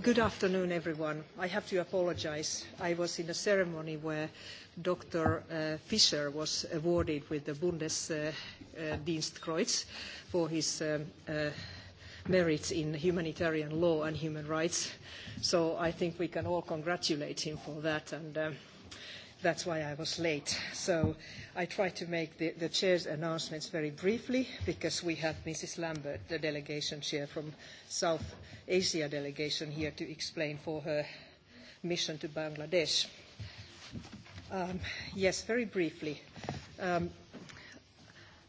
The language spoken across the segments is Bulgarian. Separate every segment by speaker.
Speaker 1: good afternoon, everyone. I have to apologise. I was in a ceremony where Dr. Fischer was awarded with the Bundesdienstkreuz for his merits in humanitarian law and human rights. So I think we can all congratulate him for that. And That's why I was late. So I try to make the, the chair's announcements very briefly because we have Mrs. Lambert, the delegation chair from South Asia delegation here to explain for her mission to Bangladesh. Um, yes, very briefly. Um,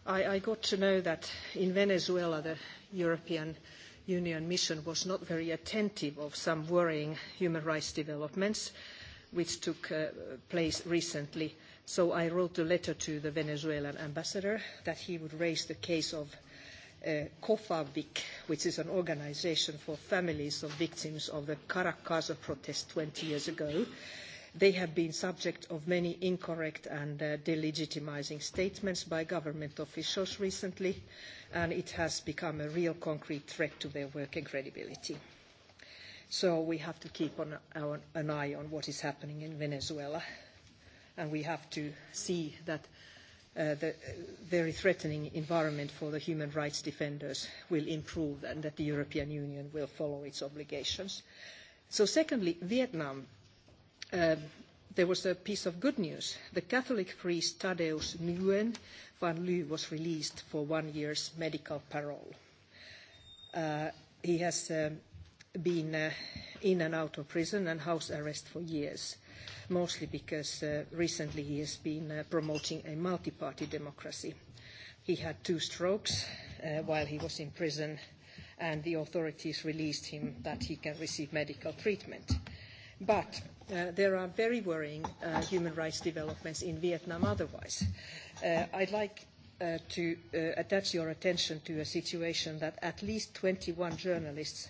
Speaker 1: I, I got to know that in Venezuela the European Union mission was not very attentive of some worrying human rights developments which took place recently. So I wrote a letter to the Venezuelan ambassador that he would raise the case of COFAVIC, which is an organisation for families of victims of the Caracas protest twenty years ago. They have been subject of many incorrect and delegitimising statements by government officials recently, and it has become a real concrete threat to their work and credibility. So we have to keep an eye on what is happening in Venezuela. And we have to see that the very threatening environment for the human rights defenders will improve and that the European Union will follow its obligations. So secondly, Vietnam. there was a piece of good news. The Catholic priest Thaddeus Nguyen Van Lu was released for one year's medical parole. he has been in and out of prison and house arrest for years, mostly because recently he has been promoting a multi-party democracy. He had two strokes while he was in prison, and the authorities released him that he can receive medical treatment. But there are very worrying human rights developments in Vietnam otherwise. I'd like to attach your attention to a situation that at least twenty one journalists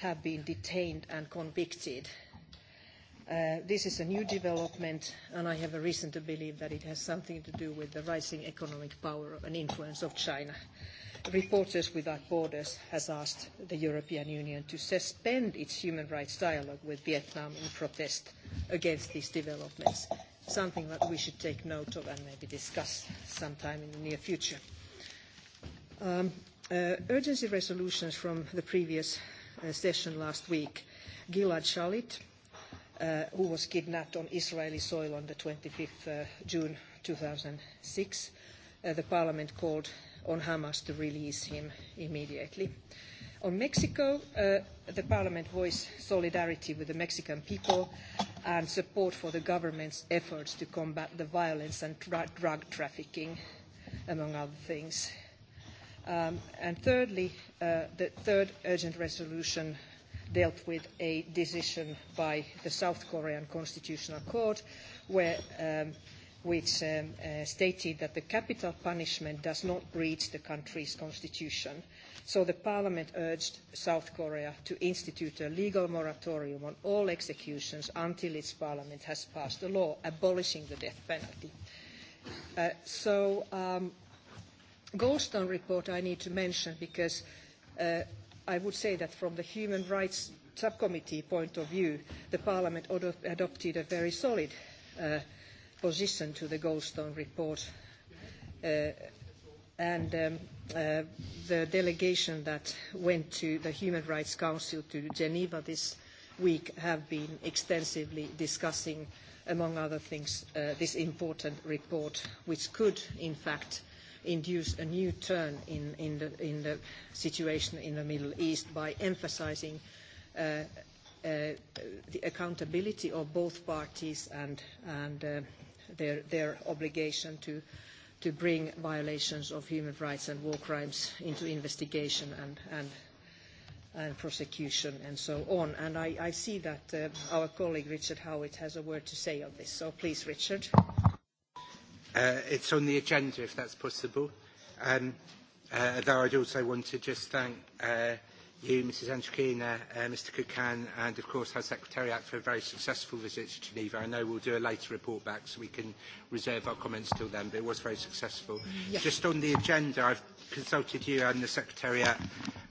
Speaker 1: have been detained and convicted. This is a new development, and I have a reason to believe that it has something to do with the rising economic power and influence of China. Reporters Without Borders has asked the European Union to suspend its human rights dialogue with Vietnam in protest against these developments, something that we should take note of and maybe discuss sometime in the near future. urgency resolutions from the previous session last week, Gilad Shalit, who was kidnapped on Israeli soil on the 25th uh, June 2006. Uh, the parliament called on Hamas to release him immediately. On Mexico, the parliament voiced solidarity with the Mexican people and support for the government's efforts to combat the violence and drug trafficking, among other things and thirdly, the third urgent resolution dealt with a decision by the South Korean Constitutional Court where which stated that the capital punishment does not breach the country's constitution. So the parliament urged South Korea to institute a legal moratorium on all executions until its parliament has passed a law abolishing the death penalty. so Goldstone report I need to mention because I would say that from the human rights subcommittee point of view, the Parliament adopted a very solid position to the Goldstone report. and the delegation that went to the Human Rights Council to Geneva this week have been extensively discussing, among other things, this important report, which could, in fact, induce a new turn in, in, the, in the situation in the Middle East by emphasizing uh, the accountability of both parties and, and uh, their, their obligation to, to bring violations of human rights and war crimes into investigation and, and, and prosecution and so on. And I, I see that uh, our colleague Richard Howitt has a word to say on this. So please, Richard.
Speaker 2: Uh, it's on the agenda, if that's possible. Um, uh, though I'd also want to just thank uh, you, Mrs. Angelina, uh, Mr. Kukan, and of course our Secretariat for a very successful visit to Geneva. I know we'll do a later report back so we can reserve our comments till then, but it was very successful. Yes. Just on the agenda, I've consulted you and the Secretariat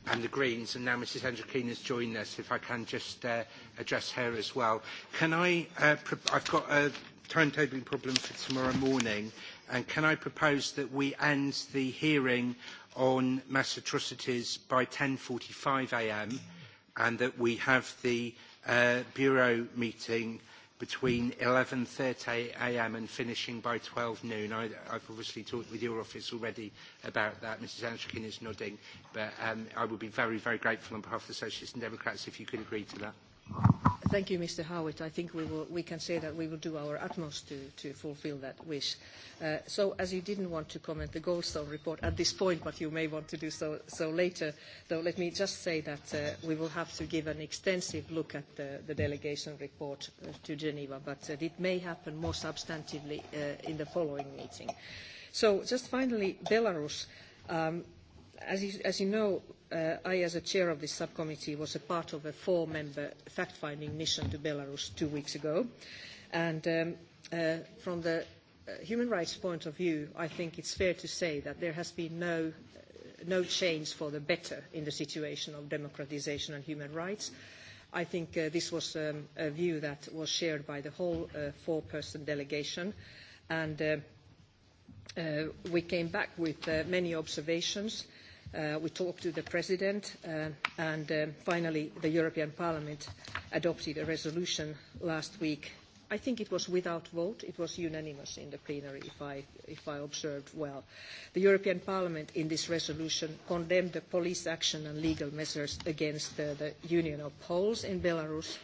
Speaker 2: and the Greens, and now Mrs. Angelina has joined us. If I can just uh, address her as well. Can I, uh, I've got a timetabling problem for tomorrow morning. And can I propose that we end the hearing on mass atrocities by 10.45am and that we have the uh, Bureau meeting between 11.30am and finishing by 12 noon. I, I've obviously talked with your office already about that. Mrs Anshikin is nodding, but um, I would be very, very grateful on behalf of the Socialists and Democrats if you could agree to that.
Speaker 1: Thank you, Mr. Howitt. I think we, will, we can say that we will do our utmost to, to fulfil that wish. Uh, so, as you didn't want to comment the Goldstone report at this point, but you may want to do so, so later, though let me just say that uh, we will have to give an extensive look at the, the delegation report uh, to Geneva, but uh, it may happen more substantively uh, in the following meeting. So, just finally, Belarus. Um, As you know, I, as a chair of this subcommittee, was a part of a four-member fact-finding mission to Belarus two weeks ago. And from the human rights point of view, I think it's fair to say that there has been no, no change for the better in the situation of democratisation and human rights. I think this was a view that was shared by the whole four-person delegation. And we came back with many observations – we talked to the President, and finally the European Parliament adopted a resolution last week. I think it was without vote. It was unanimous in the plenary, if I, if I observed well. The European Parliament in this resolution condemned the police action and legal measures against the Union of Poles in Belarus,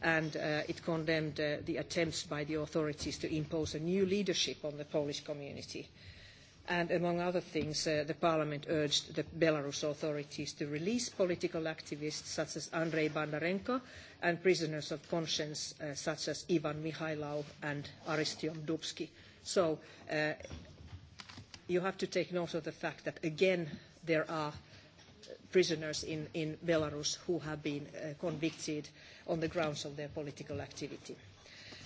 Speaker 1: and it condemned the attempts by the authorities to impose a new leadership on the Polish community and among other things, the Parliament urged the Belarus authorities to release political activists such as Andrei Bandarenko and prisoners of conscience such as Ivan Mihailov and Aristyom Dubsky. So you have to take note of the fact that, again, there are prisoners in, Belarus who have been convicted on the grounds of their political activity.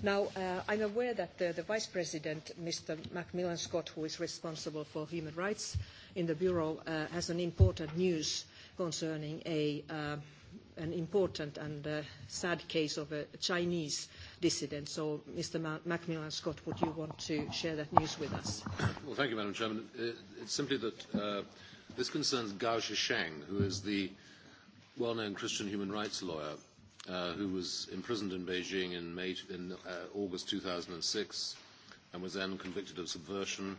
Speaker 1: Now, I'm aware that the Vice President, Mr. Macmillan Scott, who is responsible for human rights in the Bureau, has an important news concerning an important and sad case of a Chinese dissident. So, Mr. Macmillan Scott, would you want to share that news with us?
Speaker 3: Well, thank you, Madam Chairman. It's simply that this concerns Gao Shisheng, who is the well-known Christian human rights lawyer uh, who was imprisoned in Beijing in, May, in uh, August 2006 and was then convicted of subversion,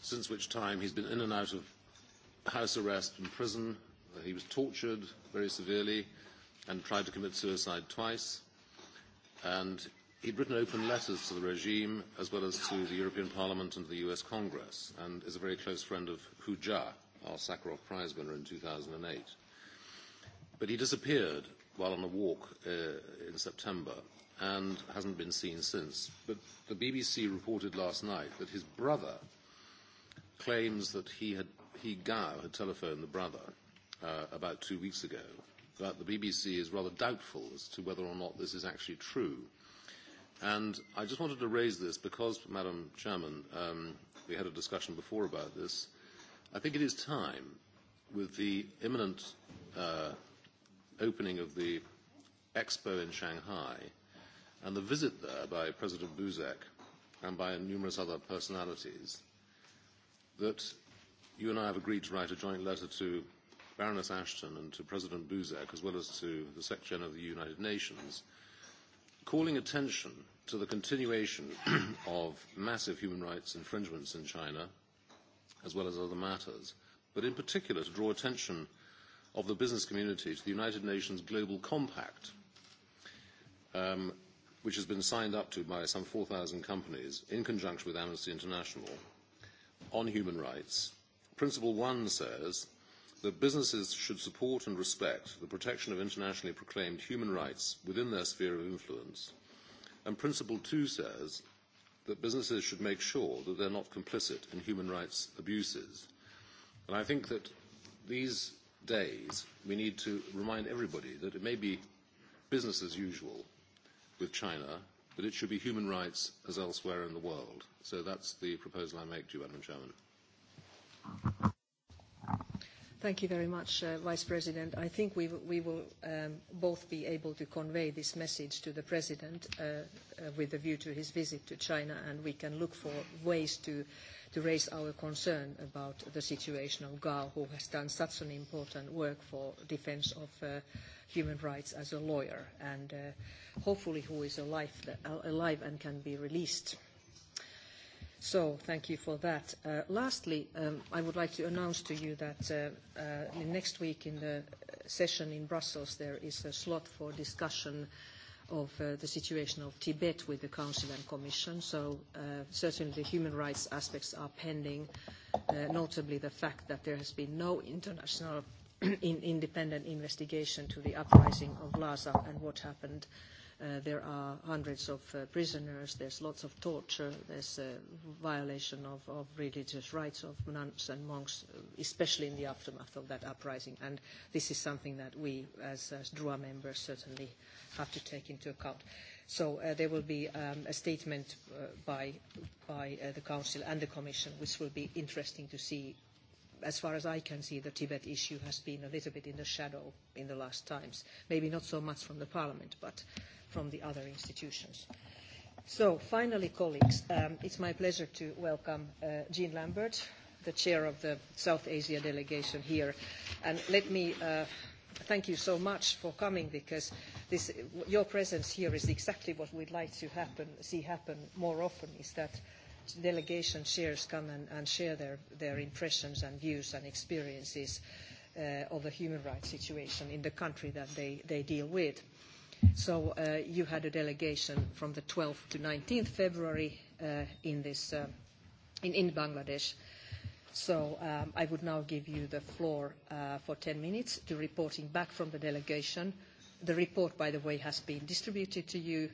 Speaker 3: since which time he's been in and out of house arrest and prison. He was tortured very severely and tried to commit suicide twice. And he'd written open letters to the regime as well as to the European Parliament and the US Congress and is a very close friend of Hu Jia, our Sakharov Prize winner in 2008. But he disappeared while on a walk uh, in September and hasn't been seen since. But the BBC reported last night that his brother claims that he, had, he Gao, had telephoned the brother uh, about two weeks ago, but the BBC is rather doubtful as to whether or not this is actually true. And I just wanted to raise this because, Madam Chairman, um, we had a discussion before about this. I think it is time, with the imminent uh, opening of the expo in Shanghai and the visit there by President Buzek and by numerous other personalities that you and I have agreed to write a joint letter to Baroness Ashton and to President Buzek, as well as to the Secretary General of the United Nations, calling attention to the continuation of massive human rights infringements in China, as well as other matters, but in particular to draw attention of the business community to the United Nations Global Compact, um, which has been signed up to by some 4,000 companies in conjunction with Amnesty International on human rights. Principle one says that businesses should support and respect the protection of internationally proclaimed human rights within their sphere of influence. And Principle two says that businesses should make sure that they're not complicit in human rights abuses. And I think that these days, we need to remind everybody that it may be business as usual with China, but it should be human rights as elsewhere in the world. So that's the proposal I make to you, Madam Chairman.
Speaker 1: Thank you very much, Vice President. I think we will both be able to convey this message to the President with a view to his visit to China, and we can look for ways to to raise our concern about the situation of Gao, who has done such an important work for defense of human rights as a lawyer, and hopefully who is alive, alive and can be released. So thank you for that. Lastly, I would like to announce to you that next week in the session in Brussels, there is a slot for discussion of uh, the situation of Tibet with the Council and Commission. So uh, certainly the human rights aspects are pending, uh, notably the fact that there has been no international in independent investigation to the uprising of Lhasa and what happened uh, there are hundreds of prisoners, there's lots of torture, there's a violation of, of religious rights of nuns and monks, especially in the aftermath of that uprising. And this is something that we, as, as DRUA members, certainly have to take into account. So there will be a statement by, by the Council and the Commission, which will be interesting to see as far as I can see, the Tibet issue has been a little bit in the shadow in the last times. Maybe not so much from the Parliament, but from the other institutions. So finally, colleagues, um, it's my pleasure to welcome uh, Jean Lambert, the chair of the South Asia delegation here. And let me uh, thank you so much for coming because this, your presence here is exactly what we'd like to happen, see happen more often is that delegation chairs come and, and share their, their impressions and views and experiences uh, of the human rights situation in the country that they, they deal with. So you had a delegation from the 12th to 19th February in this in in Bangladesh. So I would now give you the floor for 10 minutes to reporting back from the delegation. The report, by the way, has been distributed to you.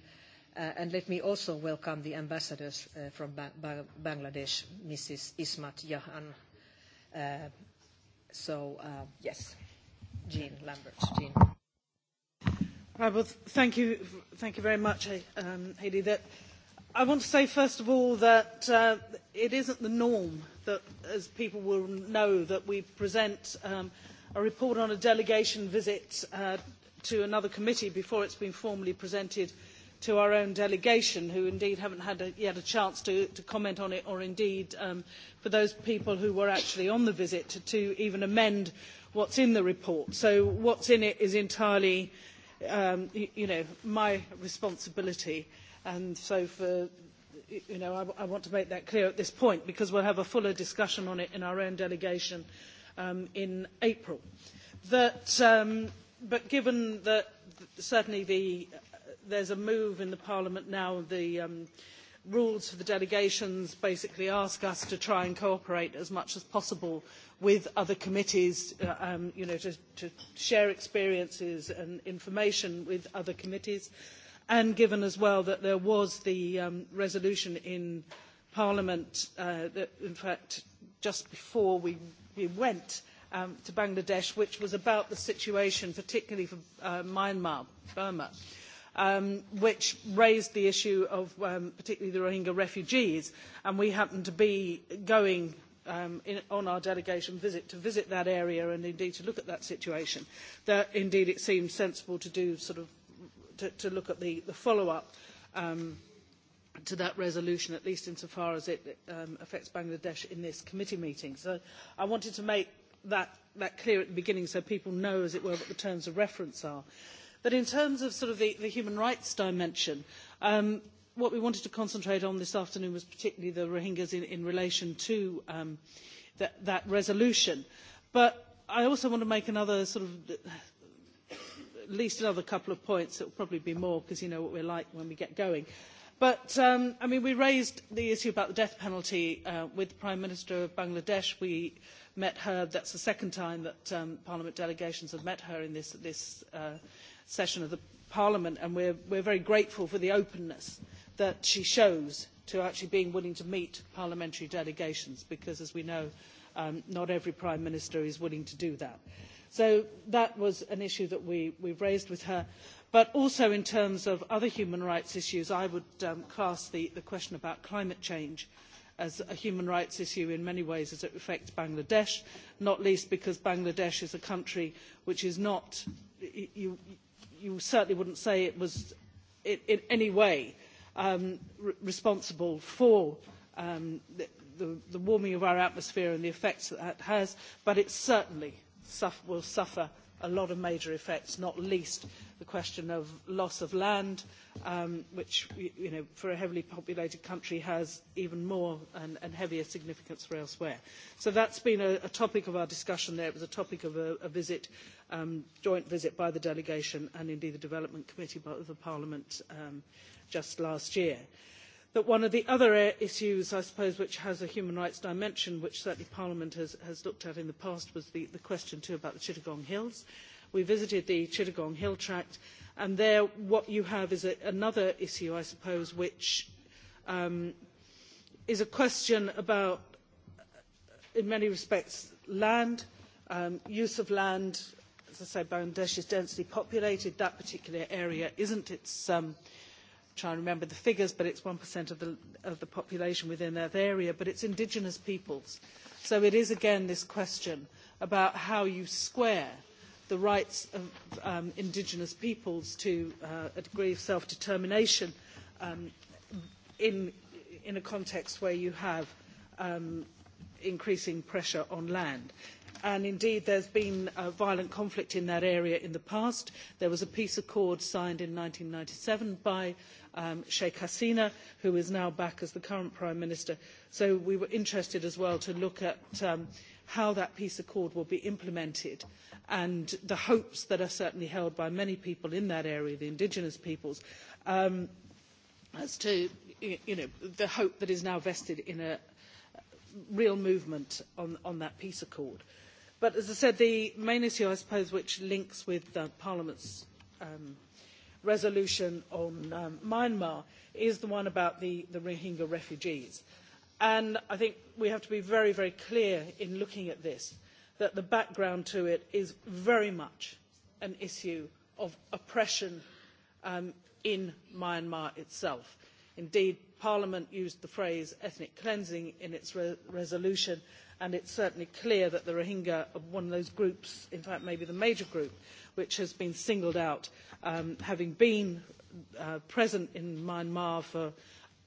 Speaker 1: And let me also welcome the ambassadors from Bangladesh, Mrs. Ismat Jahan.
Speaker 4: So yes, Jean Lambert. Jean thank you, thank you very much, um, That I want to say first of all that it isn't the norm that, as people will know, that we present a report on a delegation visit to another committee before it's been formally presented to our own delegation, who indeed haven't had a, yet a chance to, to comment on it, or indeed for those people who were actually on the visit to, to even amend what's in the report. So what's in it is entirely um, you, know, my responsibility. And so for, you know, I, I want to make that clear at this point because we'll have a fuller discussion on it in our own delegation um, in April. That, um, but given that certainly the, there's a move in the Parliament now, the um, rules for the delegations basically ask us to try and cooperate as much as possible with other committees, to, share experiences and information with other committees, and given as well that there was the resolution in Parliament that, in fact, just before we, went to Bangladesh, which was about the situation, particularly for Myanmar, Burma which raised the issue of particularly the Rohingya refugees. And we happened to be going on our delegation visit to visit that area and indeed to look at that situation, that indeed it seems sensible to do sort of to, look at the, follow-up to that resolution, at least insofar as it affects Bangladesh in this committee meeting. So I wanted to make that, clear at the beginning so people know, as it were, what the terms of reference are. But in terms of sort of the, human rights dimension, what we wanted to concentrate on this afternoon was particularly the Rohingyas in, in relation to um, that, that resolution. But I also want to make another sort of at least another couple of points. It will probably be more because you know what we're like when we get going. But um, I mean, we raised the issue about the death penalty uh, with the Prime Minister of Bangladesh. We met her. That's the second time that um, Parliament delegations have met her in this, this uh, session of the Parliament, and we're, we're very grateful for the openness uh, that she shows to actually being willing to meet parliamentary delegations because, as we know, not every Prime Minister is willing to do that. So that was an issue that we, we raised with her. But also in terms of other human rights issues, I would class the, the question about climate change as a human rights issue in many ways as it affects Bangladesh, not least because Bangladesh is a country which is not, you, certainly would not say it was in any way responsible for the, warming of our atmosphere and the effects that that has, but it certainly will suffer a lot of major effects, not least the question of loss of land, which for a heavily populated country has even more and, heavier significance for elsewhere. So that has been a, topic of our discussion there. It was a topic of a, visit joint visit by the delegation and indeed the Development Committee of the Parliament just last year. That one of the other issues, I suppose, which has a human rights dimension, which certainly Parliament has, looked at in the past, was the, question too about the Chittagong Hills. We visited the Chittagong Hill Tract, and there what you have is another issue, I suppose, which is a question about, in many respects, land, use of land, as I say, Bangladesh is densely populated. That particular area isn't its, um, trying to remember the figures, but it's 1% of the, of the population within that area, but it's indigenous peoples. So it is again this question about how you square the rights of um, indigenous peoples to uh, a degree of self-determination um, in, in a context where you have um, increasing pressure on land and indeed there has been violent conflict in that area in the past. There was a peace accord signed in ninety seven by Sheikh Hasina, who is now back as the current Prime Minister. So we were interested as well to look at how that peace accord will be implemented and the hopes that are certainly held by many people in that area, the indigenous peoples, as to the hope that is now vested in a real movement on, that peace accord. But as I said, the main issue, I suppose, which links with Parliament's resolution on Myanmar is the one about the, Rohingya refugees. And I think we have to be very, very clear in looking at this that the background to it is very much an issue of oppression in Myanmar itself. Indeed, Parliament used the phrase ethnic cleansing in its resolution, and it is certainly clear that the Rohingya are one of those groups, in fact maybe the major group, which has been singled out, having been present in Myanmar for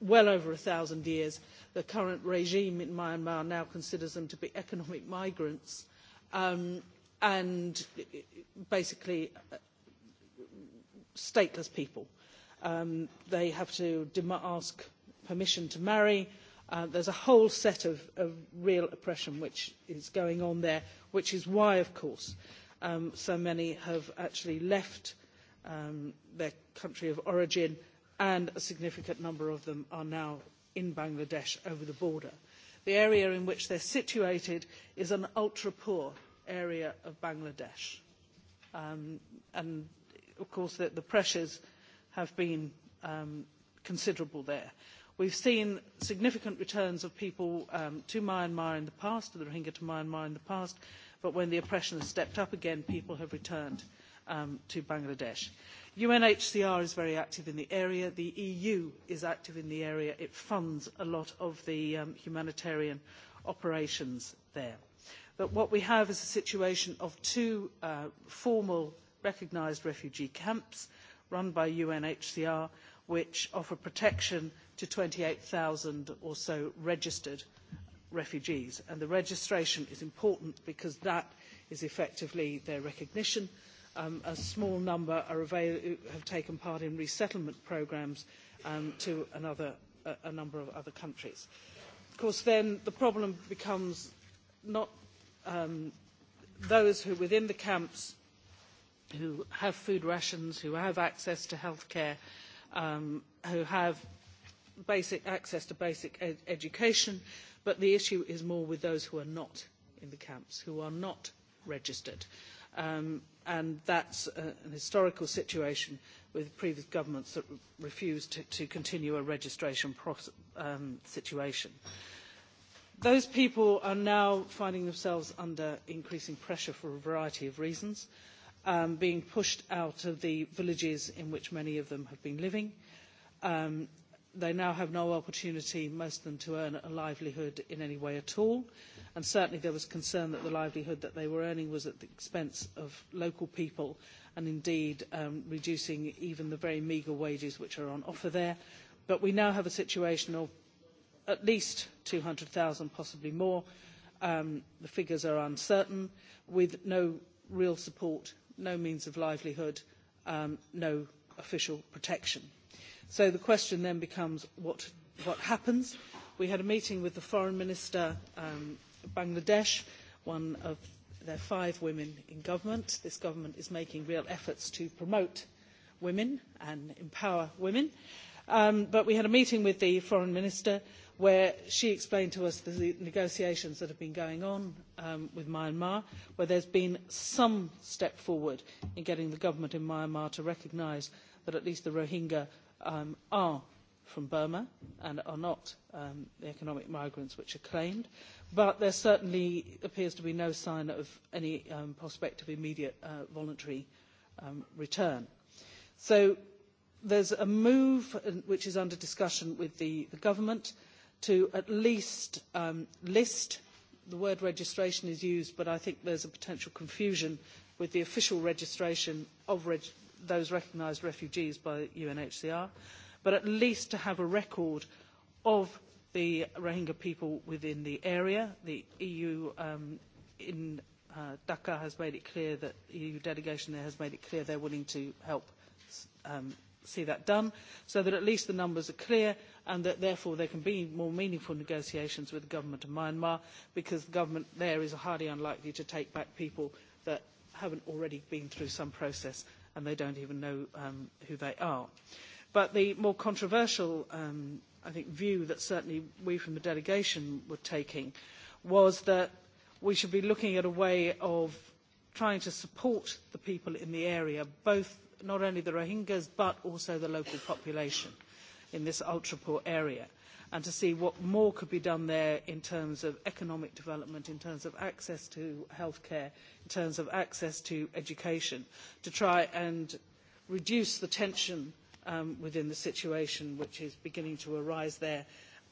Speaker 4: well over a thousand years. The current regime in Myanmar now considers them to be economic migrants and basically stateless people. they have to ask permission to marry There is a whole set of, real oppression which is going on there, which is why, of course, so many have actually left their country of origin, and a significant number of them are now in Bangladesh over the border. The area in which they are situated is an ultra-poor area of Bangladesh. and, of course, the, pressures have been considerable there. We have seen significant returns of people to Myanmar in the past, to the Rohingya to Myanmar in the past, but when the oppression has stepped up again, people have returned to Bangladesh. UNHCR is very active in the area. The EU is active in the area. It funds a lot of the humanitarian operations there. But what we have is a situation of two formal recognised refugee camps run by UNHCR, which offer protection to twenty eight 28,000 or so registered refugees. And the registration is important because that is effectively their recognition. a small number have taken part in resettlement programmes to a number of other countries. Of course, then the problem becomes not those who within the camps who have food rations, who have access to health care, who have basic access to basic ed- education, but the issue is more with those who are not in the camps, who are not registered. Um, and that's an historical situation with previous governments that refused to, to continue a registration um, situation. Those people are now finding themselves under increasing pressure for a variety of reasons, um, being pushed out of the villages in which many of them have been living, um, they now have no opportunity, most of them, to earn a livelihood in any way at all. And certainly there was concern that the livelihood that they were earning was at the expense of local people and indeed reducing even the very meagre wages which are on offer there. But we now have a situation of at least two hundred 200,000, possibly more. the figures are uncertain, with no real support, no means of livelihood, no official protection So the question then becomes what, what happens? We had a meeting with the foreign minister um, Bangladesh, one of their five women in government. This government is making real efforts to promote women and empower women. but we had a meeting with the foreign minister where she explained to us the negotiations that have been going on with Myanmar, where there has been some step forward in getting the government in Myanmar to recognise that at least the Rohingya um, are from Burma and are not um, the economic migrants which are claimed. But there certainly appears to be no sign of any um, prospect of immediate uh, voluntary um, return. So there's a move which is under discussion with the, the government to at least um, list the word registration is used, but I think there's a potential confusion with the official registration of those recognised refugees by UNHCR, but at least to have a record of the Rohingya people within the area. The EU in Dhaka has made it clear that the EU delegation there has made it clear they are willing to help see that done, so that at least the numbers are clear and that therefore there can be more meaningful negotiations with the government of Myanmar because the government there is highly unlikely to take back people that haven't already been through some process and they don't even know um, who they are. But the more controversial, um, I think, view that certainly we from the delegation were taking was that we should be looking at a way of trying to support the people in the area, both not only the Rohingyas but also the local population in this ultra-poor area and to see what more could be done there in terms of economic development, in terms of access to healthcare, in terms of access to education, to try and reduce the tension within the situation which is beginning to arise there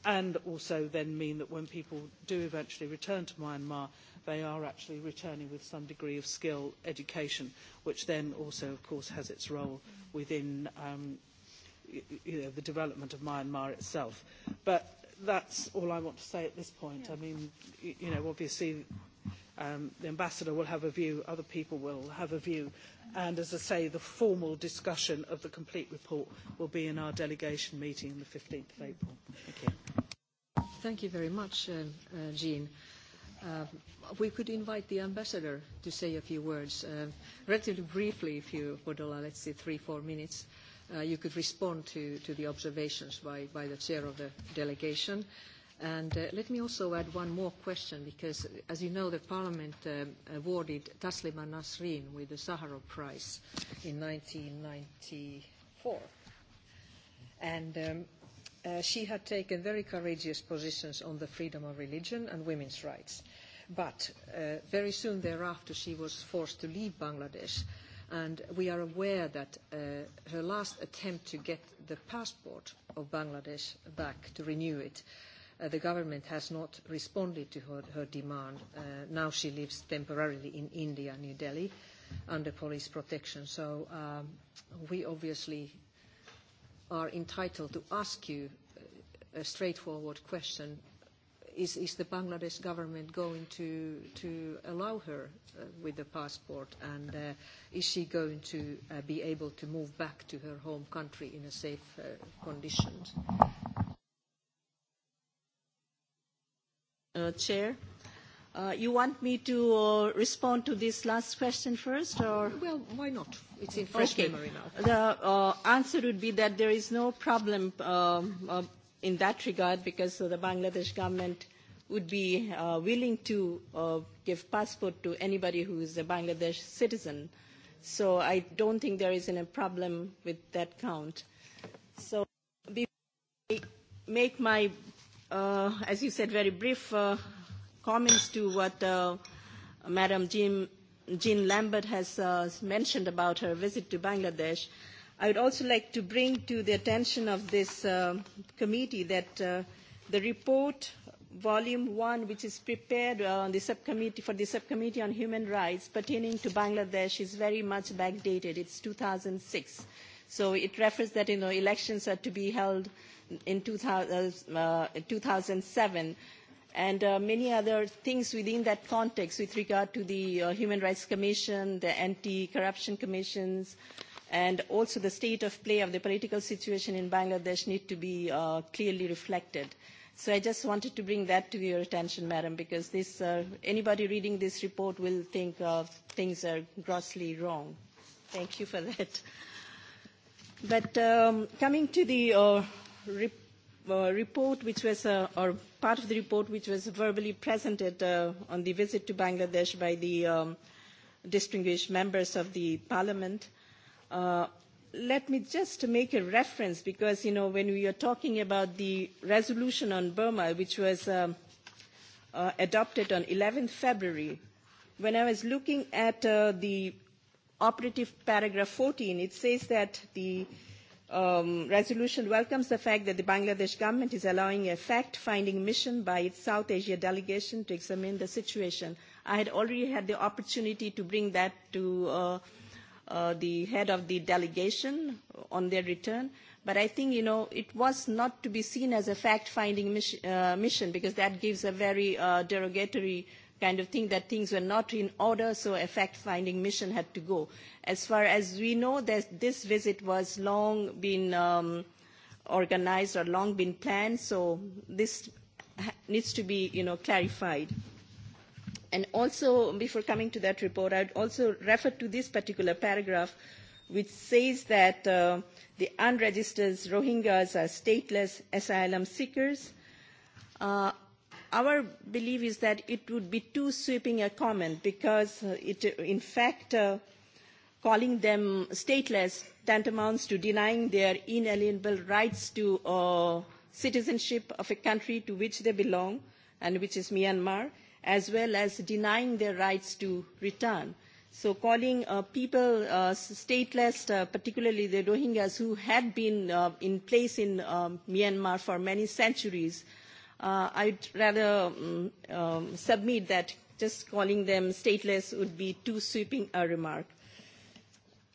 Speaker 4: and also then mean that when people do eventually return to Myanmar, they are actually returning with some degree of skill education, which then also, of course, has its role within you know, the development of Myanmar itself. But that's all I want to say at this point. I mean, you know, obviously um, the ambassador will have a view, other people will have a view. And as I say, the formal discussion of the complete report will be in our delegation meeting on the 15th of April. Thank
Speaker 5: you.
Speaker 1: Thank you very much, uh, uh, Jean. Uh, we could invite the ambassador to say a few words, uh, relatively briefly, if you would allow, let's say three, four minutes. Uh, you could respond to, to the observations by, by the chair of the delegation. And uh, let me also add one more question, because as you know, the Parliament um, awarded Taslima Nasreen with the Sakharov Prize in 1994. And um, uh, she had taken very courageous positions on the freedom of religion and women's rights. But uh, very soon thereafter, she was forced to leave Bangladesh and we are aware that her last attempt to get the passport of Bangladesh back, to renew it, the government has not responded to her, demand. now she lives temporarily in India, New Delhi, under police protection. So we obviously are entitled to ask you a straightforward question is, is the Bangladesh government going to, to allow her uh, with the passport and uh, is she going to uh, be able to move back to her home country in a safe uh, conditions?
Speaker 6: Uh, Chair, uh, you want me to uh, respond to this last question first, or well, why not? It's in fresh okay. memory now. The uh, answer would be that there is no problem um uh, in that regard because the Bangladesh government would be uh, willing to uh, give passport to anybody who is a Bangladesh citizen. So I don't think there is any problem with that count. So before I make my, uh, as you said, very brief uh, comments to what uh, Madam Jean, Jean Lambert has uh, mentioned about her visit to Bangladesh, uh, I would also like to bring to the attention of this committee that the report volume one, which is prepared on the subcommittee for the subcommittee on human rights pertaining to Bangladesh is very much backdated. It's 2006. So it refers that you know elections are to be held in 2000, uh, 2007 and uh, many other things within that context with regard to the uh, Human Rights Commission, the Anti-Corruption Commissions, uh, and also the state of play of the political situation in Bangladesh need to be uh, clearly reflected. So I just wanted to bring that to your attention, madam, because this, uh, anybody reading this report will think uh, things are grossly wrong. Thank you for that. But um, coming to the uh, report, uh, report which was uh, or part of the report which was verbally presented uh, on the visit to Bangladesh by the um, distinguished members of the parliament. Uh, let me just make a reference because, you know, when we are talking about the resolution on Burma, which was um, uh, adopted on 11th February, when I was looking at uh, the operative paragraph 14, it says that the um, resolution welcomes the fact that the Bangladesh government is allowing a fact-finding mission by its South Asia delegation to examine the situation. I had already had the opportunity to bring that to uh, uh, the head of the delegation on their return. But I think, you know, it was not to be seen as a fact-finding mission, uh, mission because that gives a very uh, derogatory kind of thing that things were not in order, so a fact-finding mission had to go. As far as we know, this visit was long been um, organized or long been planned, so this needs to be, you know, clarified. And also, before coming to that report, I would also refer to this particular paragraph, which says that uh, the unregistered Rohingyas are stateless asylum seekers. Uh, our belief is that it would be too sweeping a comment because it, in fact, uh, calling them stateless tantamounts to denying their inalienable rights to uh, citizenship of a country to which they belong and which is Myanmar as well as denying their rights to return. So calling uh, people uh, stateless, uh, particularly the Rohingyas who had been uh, in place in um, Myanmar for many centuries, uh, I'd rather um, um, submit that just calling them stateless would be too sweeping a remark.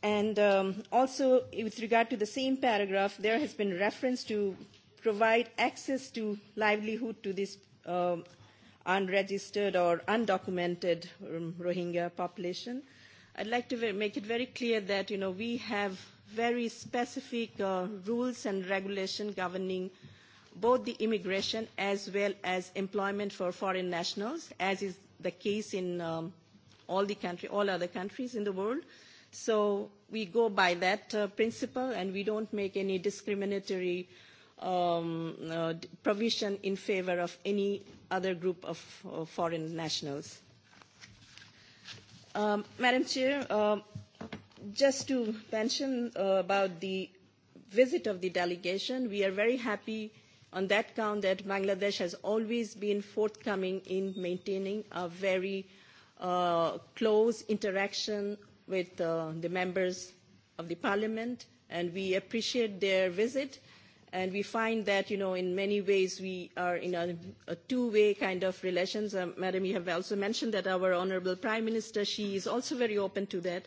Speaker 6: And um, also, with regard to the same paragraph, there has been reference to provide access to livelihood to these unregistered or undocumented Rohingya population. I'd like to make it very clear that you know, we have very specific uh, rules and regulation governing both the immigration as well as employment for foreign nationals, as is the case in um, all the country, all other countries in the world. So we go by that uh, principle, and we don't make any discriminatory uh, um, uh, provision in favor of any other group of uh, foreign nationals. Um, Madam Chair, uh, just to mention uh, about the visit of the delegation, we are very happy on that count that Bangladesh has always been forthcoming in maintaining a very uh, close interaction with uh, the members of the parliament, and we appreciate their visit And we find that, you know, in many ways we are in a, a two-way kind of relations. Um, Madam, you have also mentioned that our Honourable Prime Minister, she is also very open to that,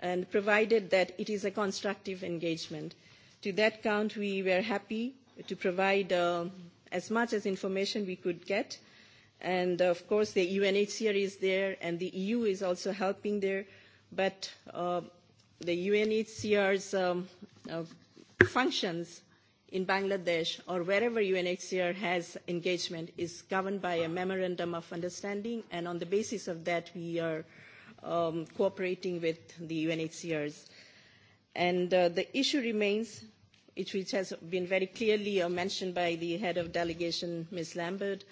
Speaker 6: and provided that it is a constructive engagement. To that count, we were happy to provide uh, as much as information we could get. And of course, the UNHCR is there, and the EU is also helping there. But uh, the UNHCR's um, uh, functions in Bangladesh or wherever UNHCR has engagement is governed by a memorandum of understanding and on the basis of that we are um, cooperating with the UNHCRs. And uh, the issue remains, which, which has been very clearly uh, mentioned by the head of delegation, Ms. Lambert,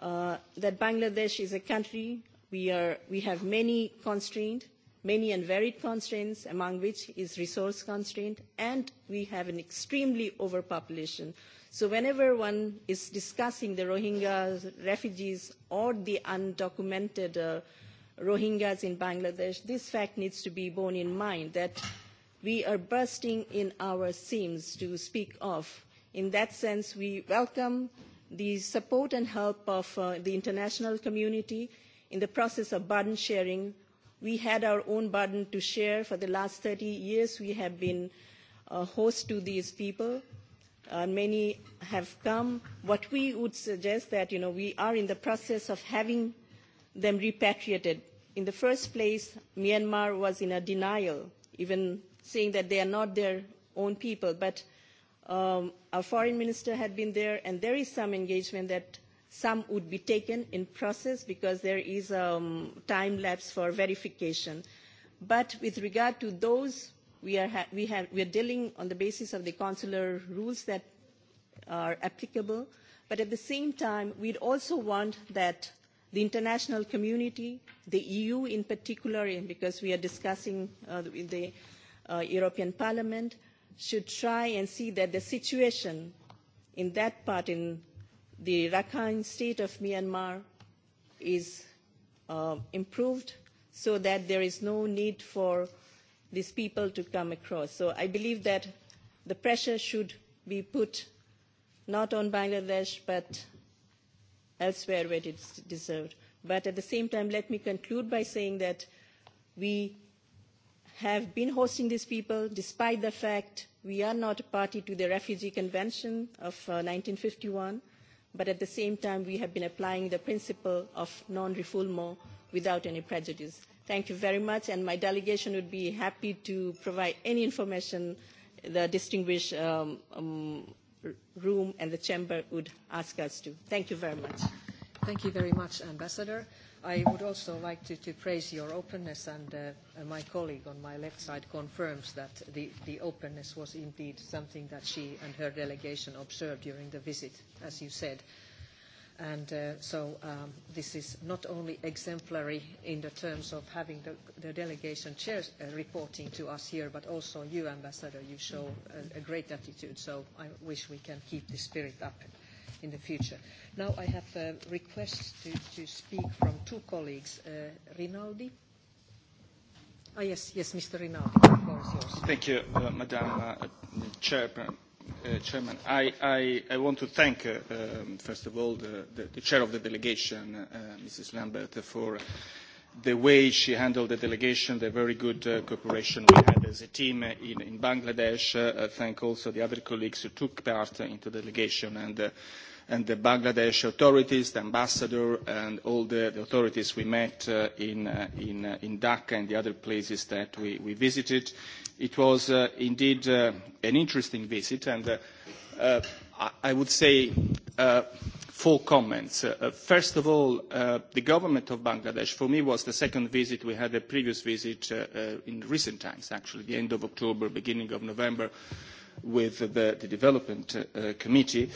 Speaker 6: uh, that Bangladesh is a country we, are, we have many constraints many and varied constraints, among which is resource constraint, and we have an extremely overpopulation. So whenever one is discussing the Rohingya refugees or the undocumented uh, Rohingyas in Bangladesh, this fact needs to be borne in mind that we are bursting in our seams to speak of. In that sense, we welcome the support and help of the international community in the process of burden sharing We had our own burden to share. For the last 30 years, we have been a host to these people. Uh, many have come. What we would suggest that, you know, we are in the process of having them repatriated. In the first place, Myanmar was in a denial, even saying that they are not their own people. But um, our foreign minister had been there, and there is some engagement that Some would be taken in process because there is a time lapse for verification. But with regard to those, we are, ha we have, we are dealing on the basis of the consular rules that are applicable. But at the same time, we'd also want that the international community, the EU in particular, and because we are discussing uh, with the uh, European Parliament, should try and see that the situation in that part in the Rakhine state of Myanmar is uh, improved so that there is no need for these people to come across. So I believe that the pressure should be put not on Bangladesh but elsewhere where it's deserved. But at the same time, let me conclude by saying that we have been hosting these people despite the fact we are not a party to the Refugee Convention of uh, 1951 but at the same time we have been applying the principle of non-refoulement without any prejudice. Thank you very much, and my delegation would be happy to provide any information the distinguished um, um, room and the chamber would ask us to. Thank you very much. Thank you very much, Ambassador. I would also
Speaker 1: like to, to praise your openness, and uh, my colleague on my left side confirms that the, the openness was indeed something that she and her delegation observed during the visit, as you said. And uh, so um, this is not only exemplary in the terms of having the, the delegation chairs uh, reporting to us here, but also you, Ambassador, you show a, a great attitude. So I wish we can keep this spirit up in the future. Now I have a request to to speak from two colleagues. Rinaldi? Ah, yes, yes, Mr. Rinaldi, the floor is yours.
Speaker 7: Thank you, Madam Chairman uh, Chairman. I, I, I want to thank, uh, um, first of all, the, the, the chair of the delegation, uh, Mrs. Lambert, for the way she handled the delegation, the very good uh, cooperation we had as a team in, in Bangladesh. Uh, thank also the other colleagues who took part in the delegation and uh, and the Bangladesh authorities, the ambassador, and all the, authorities we met in, Dhaka and the other places that we, visited. It was indeed an interesting visit, and I would say four comments. first of all, the government of Bangladesh, for me, was the second visit. We had a previous visit in recent times, actually, the end of October, beginning of November, with the, Development Committee,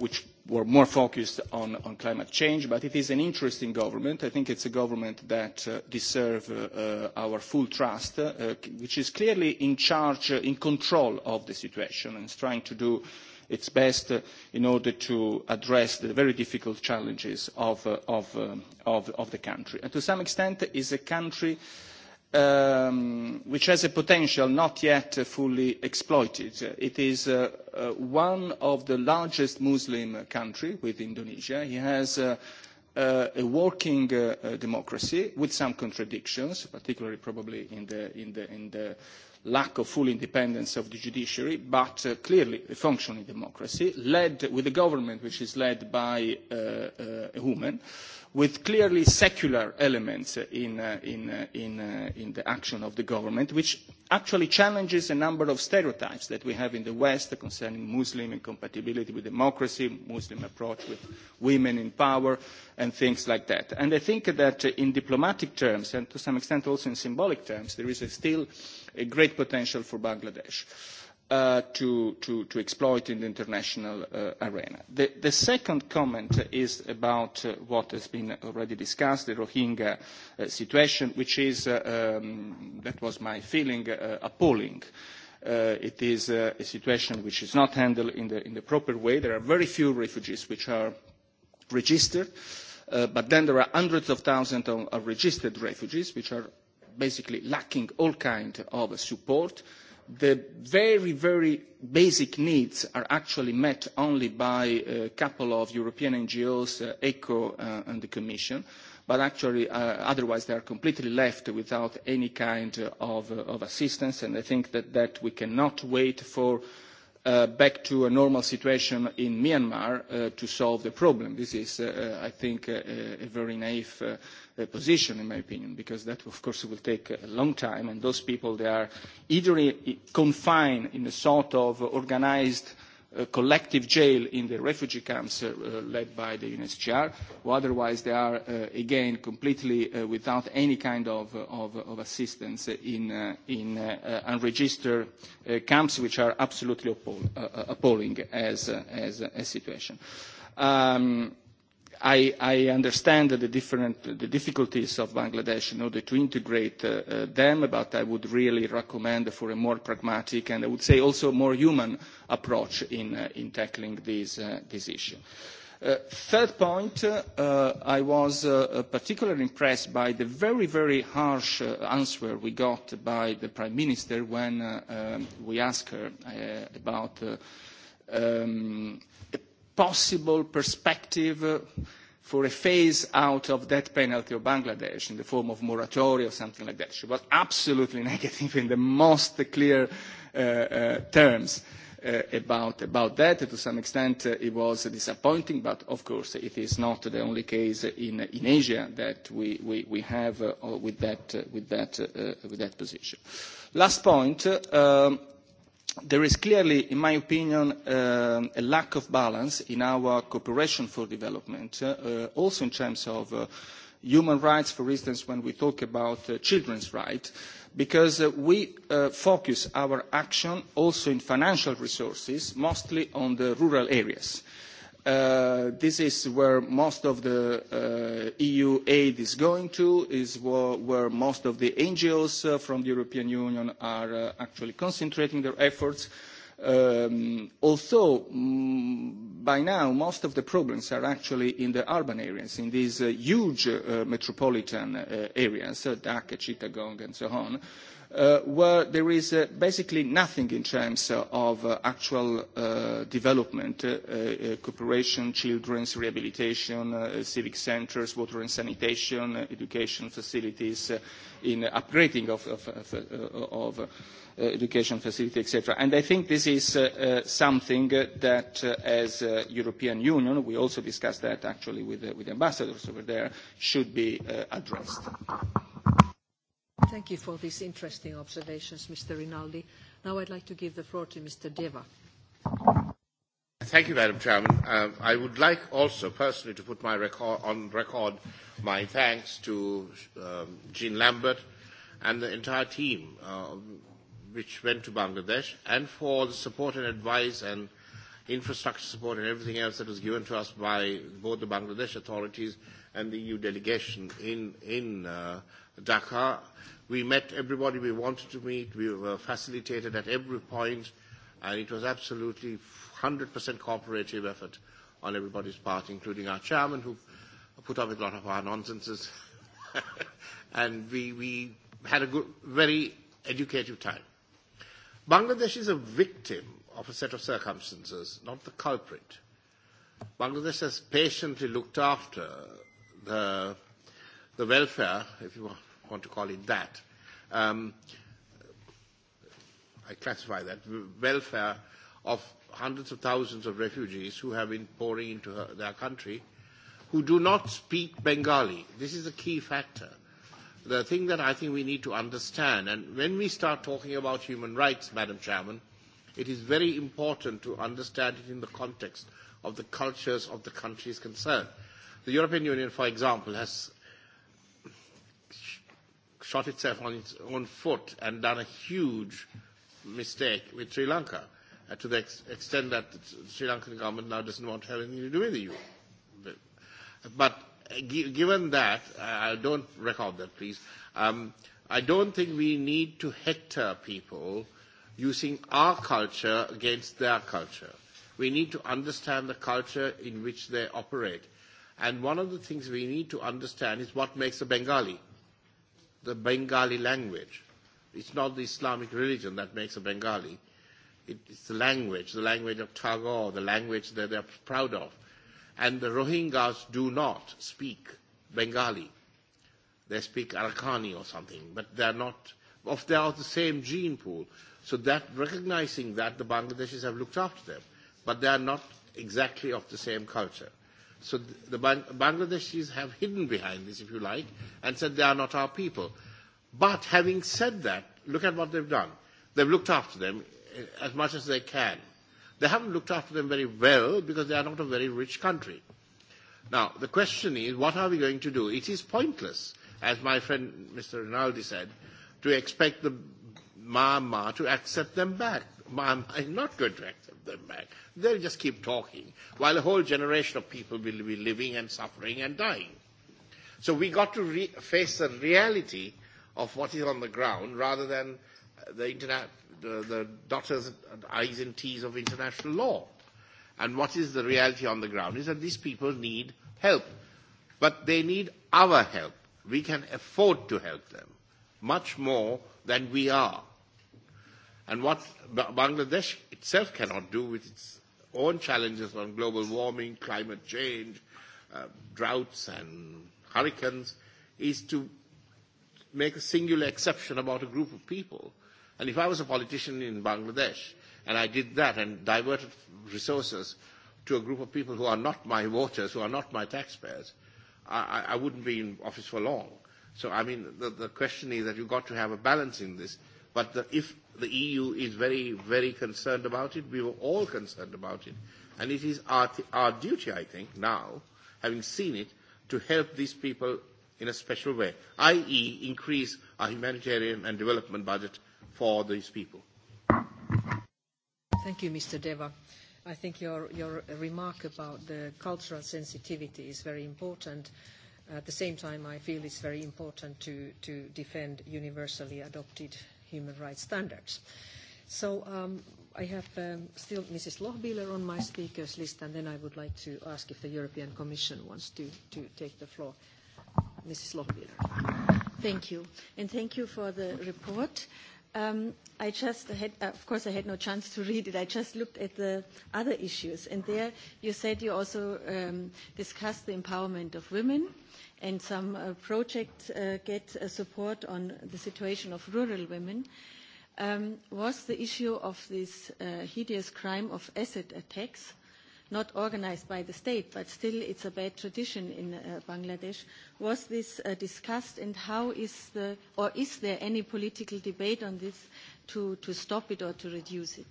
Speaker 7: which were more focused on, climate change. But it is an interesting government. I think it's a government that deserves our full trust, which is clearly in charge, in control of the situation, and is trying to do uh, its best in order to address the very difficult challenges of, the country. And to some extent, it is a country which has a potential not yet fully exploited. It is one of the largest Muslim countries with Indonesia. It has a working democracy with some contradictions, particularly probably in the lack of full independence of the judiciary, but clearly a functioning democracy, led with a government which is led by a woman, with clearly secular elements in, the action of the government, which actually challenges a number of stereotypes that we have in the West concerning Muslim incompatibility with democracy, Muslim approach with women in power, and things like that. And I think that in diplomatic terms, and to some extent also in symbolic terms, there is still a great potential for Bangladesh to exploit in the international arena. The second comment is about what has been already discussed, the Rohingya situation, which is, that was my feeling, appalling. It is a situation which is not handled in the proper way. There are very few refugees which are registered, but then there are hundreds of thousands of registered refugees, which are basically lacking all kind of support. The very, very basic needs are actually met only by a couple of European NGOs, ECHO and the Commission, but actually otherwise they are completely left without any kind of, assistance, and I think that, we cannot wait for back to a normal situation in Myanmar to solve the problem. This is, I think, a very naive position, in my opinion, because that, of course, will take a long time, and those people, they are either confined in a sort of organised collective jail in the refugee camps led by the UNHCR, or otherwise they are, again, completely without any kind of, assistance in, unregistered camps, which are absolutely appalling as, a situation. Um, I, I understand the, different, the difficulties of Bangladesh in order to integrate them, but I would really recommend for a more pragmatic and I would say also more human approach in, tackling this, issue. third point, I was particularly impressed by the very, very harsh answer we got by the Prime Minister when we asked her about possible perspective for a phase out of death penalty of Bangladesh in the form of moratorium or something like that. She was absolutely negative in the most clear terms about that. To some extent, it was disappointing, but of course, it is not the only case in Asia that we have with that position. Last point, there is clearly, in my opinion, a lack of balance in our cooperation for development, also in terms of human rights, for instance, when we talk about children's rights, because we focus our action also in financial resources, mostly on the rural areas this is where most of the EU aid is going to, is where most of the NGOs from the European Union are actually concentrating their efforts. although by now most of the problems are actually in the urban areas, in these huge metropolitan areas, Dhaka, Chittagong and so on, where there is basically nothing in terms of actual development, cooperation, children's rehabilitation, civic centres, water and sanitation, education facilities, in upgrading of education facility, etc. And I think this is something that, as a European Union, we also discussed that actually with the ambassadors over there, should be addressed.
Speaker 1: Thank you for these interesting observations, Mr. Rinaldi. Now I'd like to give the floor to Mr. Deva.
Speaker 8: Thank you, Madam Chairman. Uh, I would like also personally to put my record, on record my thanks to um, Jean Lambert and the entire team uh, which went to Bangladesh and for the support and advice and infrastructure support and everything else that was given to us by both the Bangladesh authorities and the EU delegation in, in uh, Dhaka. We met everybody we wanted to meet. We were facilitated at every point, and it was absolutely 100% cooperative effort on everybody's part, including our chairman, who put up with a lot of our nonsenses. and we, we had a good, very educative time. Bangladesh is a victim of a set of circumstances, not the culprit. Bangladesh has patiently looked after the, the welfare, if you want, want to call it that. Um, I classify that welfare of hundreds of thousands of refugees who have been pouring into her, their country, who do not speak Bengali. This is a key factor. The thing that I think we need to understand, and when we start talking about human rights, Madam Chairman, it is very important to understand it in the context of the cultures of the countries concerned. The European Union, for example, has shot itself on its own foot and done a huge mistake with Sri Lanka uh, to the ex- extent that the Sri Lankan government now doesn't want to have anything to do with the EU. But, but given that, uh, don't record that, please. Um, I don't think we need to hector people using our culture against their culture. We need to understand the culture in which they operate. And one of the things we need to understand is what makes a Bengali the Bengali language. It's not the Islamic religion that makes a Bengali. It's the language, the language of Tagore, the language that they're proud of. And the Rohingyas do not speak Bengali. They speak Arakani or something, but they're not, of, they are the same gene pool. So that recognizing that, the Bangladeshis have looked after them, but they are not exactly of the same culture. So the Bangladeshis have hidden behind this, if you like, and said they are not our people. But having said that, look at what they've done. They've looked after them as much as they can. They haven't looked after them very well because they are not a very rich country. Now, the question is, what are we going to do? It is pointless, as my friend Mr. Rinaldi said, to expect the Myanmar to accept them back. Myanmar is not going to accept them back. They'll just keep talking, while a whole generation of people will be living and suffering and dying. So we got to re- face the reality of what is on the ground rather than the, interna- the, the dotters and I's and T's of international law. And what is the reality on the ground is that these people need help. But they need our help. We can afford to help them much more than we are And what Bangladesh itself cannot do with its own challenges on global warming, climate change, uh, droughts and hurricanes is to make a singular exception about a group of people. And if I was a politician in Bangladesh and I did that and diverted resources to a group of people who are not my voters, who are not my taxpayers, I, I wouldn't be in office for long. So, I mean, the, the question is that you've got to have a balance in this. But the, if the EU is very, very concerned about it. We were all concerned about it. And it is our, our duty, I think, now, having seen it, to help these people in a special way, i.e. increase our humanitarian and development budget for these people.
Speaker 1: Thank you, Mr. Deva. I think your, your remark about the cultural sensitivity is very important. At the same time, I feel it's very important to, to defend universally adopted human rights standards. So um, I have um, still Mrs. Lochbihler on my speakers list, and then I would like to ask if the European Commission wants to, to take the floor. Mrs. Lochbihler.
Speaker 9: Thank you, and thank you for the report. Um, I just had, of course, I had no chance to read it. I just looked at the other issues, and there you said you also um, discussed the empowerment of women and some uh, projects uh, get uh, support on the situation of rural women, um, was the issue of this uh, hideous crime of asset attacks, not organized by the state, but still it's a bad tradition in uh, Bangladesh. Was this uh, discussed and how is the, or is there any political debate on this to, to stop it or to reduce it?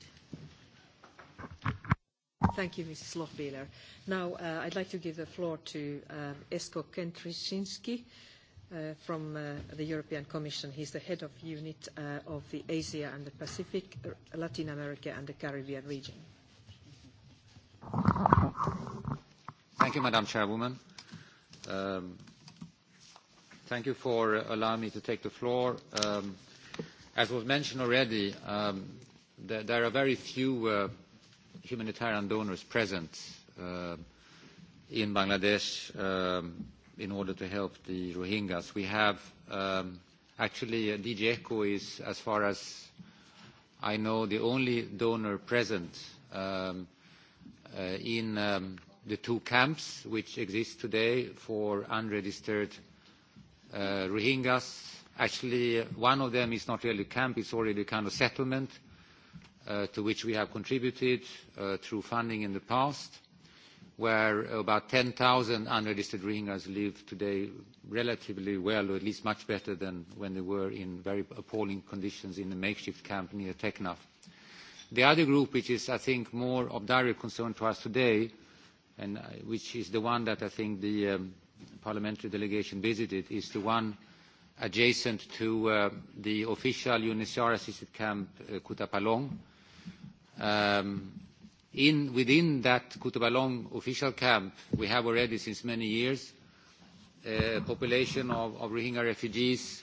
Speaker 9: Thank you, Mrs. Lochbihler. Now,
Speaker 1: uh, I'd like to give the floor to uh Esko Kentryshinsky uh, from uh, the European Commission. He's the head of unit uh, of the Asia and the Pacific, Latin America and the Caribbean region.
Speaker 10: Thank you, Madam Chairwoman. Um, thank you for allowing me to take the floor. Um, as was mentioned already, um, there, there are very few uh, humanitarian donors present in Bangladesh in order to help the Rohingyas. We have actually DG ECHO is, as far as I know, the only donor present in the two camps which exist today for unregistered Rohingyas. Actually, one of them is not really a camp, it's already a kind of settlement to which we have contributed through funding in the past, where about 10,000 unregistered Rohingyas live today relatively well, or at least much better than when they were in very appalling conditions in the makeshift camp near Teknaf. The other group, which is, I think, more of direct concern to us today, and which is the one that I think the parliamentary delegation visited, is the one adjacent to the official UNHCR-assisted camp, Kutapalong. Within that Kutupalong official camp, we have already since many years a population of Rohingya refugees,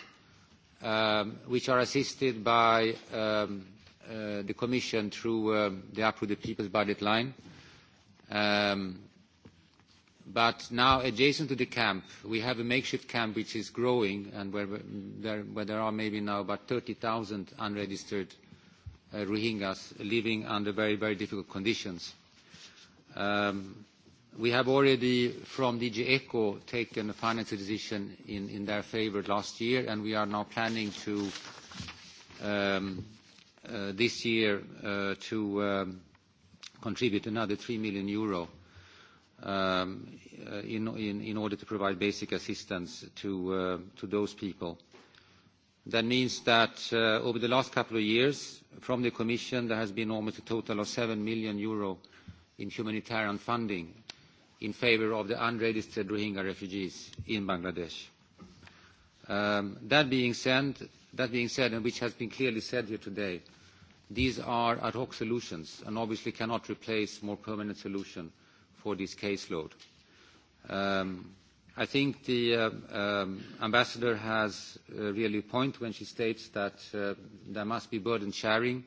Speaker 10: which are assisted by the commission through the APRU, People's Budget Line. But now adjacent to the camp, we have a makeshift camp which is growing and where, there, where there are maybe now about 30,000 unregistered uh, Rohingyas living under very, very difficult conditions. Um, we have already from DG ECHO taken a financial decision in, in their favor last year and we are now planning to um, uh, this year uh, to um, contribute another 3 million euro uh, in order to provide basic assistance to those people. That means that over the last couple of years, from the Commission, there has been almost a total of 7 million euro in humanitarian funding in favor of the unregistered Rohingya refugees in Bangladesh. That being said, and which has been clearly said here today, these are ad hoc solutions and obviously cannot replace more permanent solution for this caseload. Um, I think the uh, um, ambassador has uh, really a point when she states that uh, there must be burden sharing.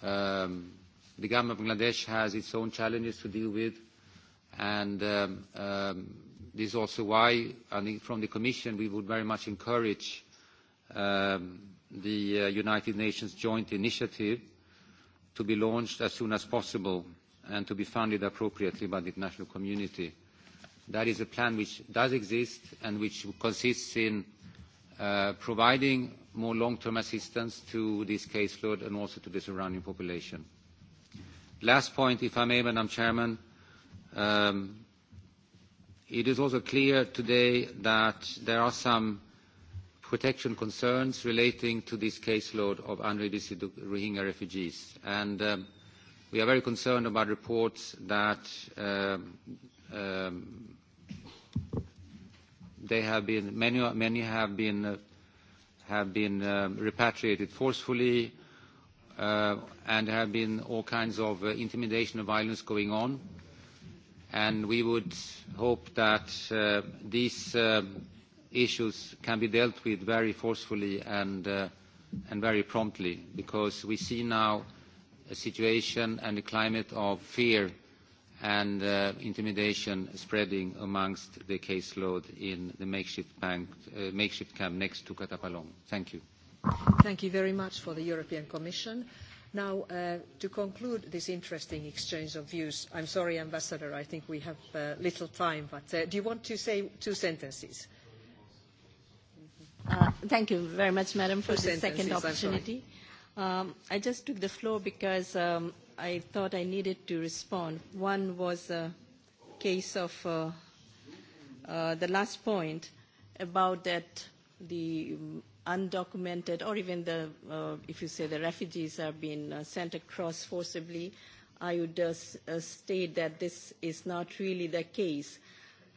Speaker 10: Um, the government of Bangladesh has its own challenges to deal with, and um, um, this is also why, I think from the Commission, we would very much encourage um, the uh, United Nations joint initiative to be launched as soon as possible and to be funded appropriately by the international community. That is a plan which does exist and which consists in providing more long-term assistance to this caseload and also to the surrounding population. Last point, if I may, Madam Chairman. It is also clear today that there are some protection concerns relating to this caseload of unregistered Rohingya refugees. and We are very concerned about reports that they have been many many have been have been repatriated forcefully, and there have been all kinds of intimidation and violence going on. And we would hope that these issues can be dealt with very forcefully and very promptly, because we see now a situation and a climate of fear and intimidation spreading amongst the caseload in the makeshift camp next to Katapalong. Thank you.
Speaker 1: Thank you very much for the European Commission. Now, to conclude this interesting exchange of views, I'm sorry, Ambassador, I think we have little time, but do you want to say two sentences?
Speaker 6: Thank you very much, Madam, for the second opportunity. Um, I just took the floor because um, I thought I needed to respond. One was a case of uh, uh, the last point about that the undocumented or even the, uh, if you say the refugees are being uh, sent across forcibly, I would uh, uh, state that this is not really the case.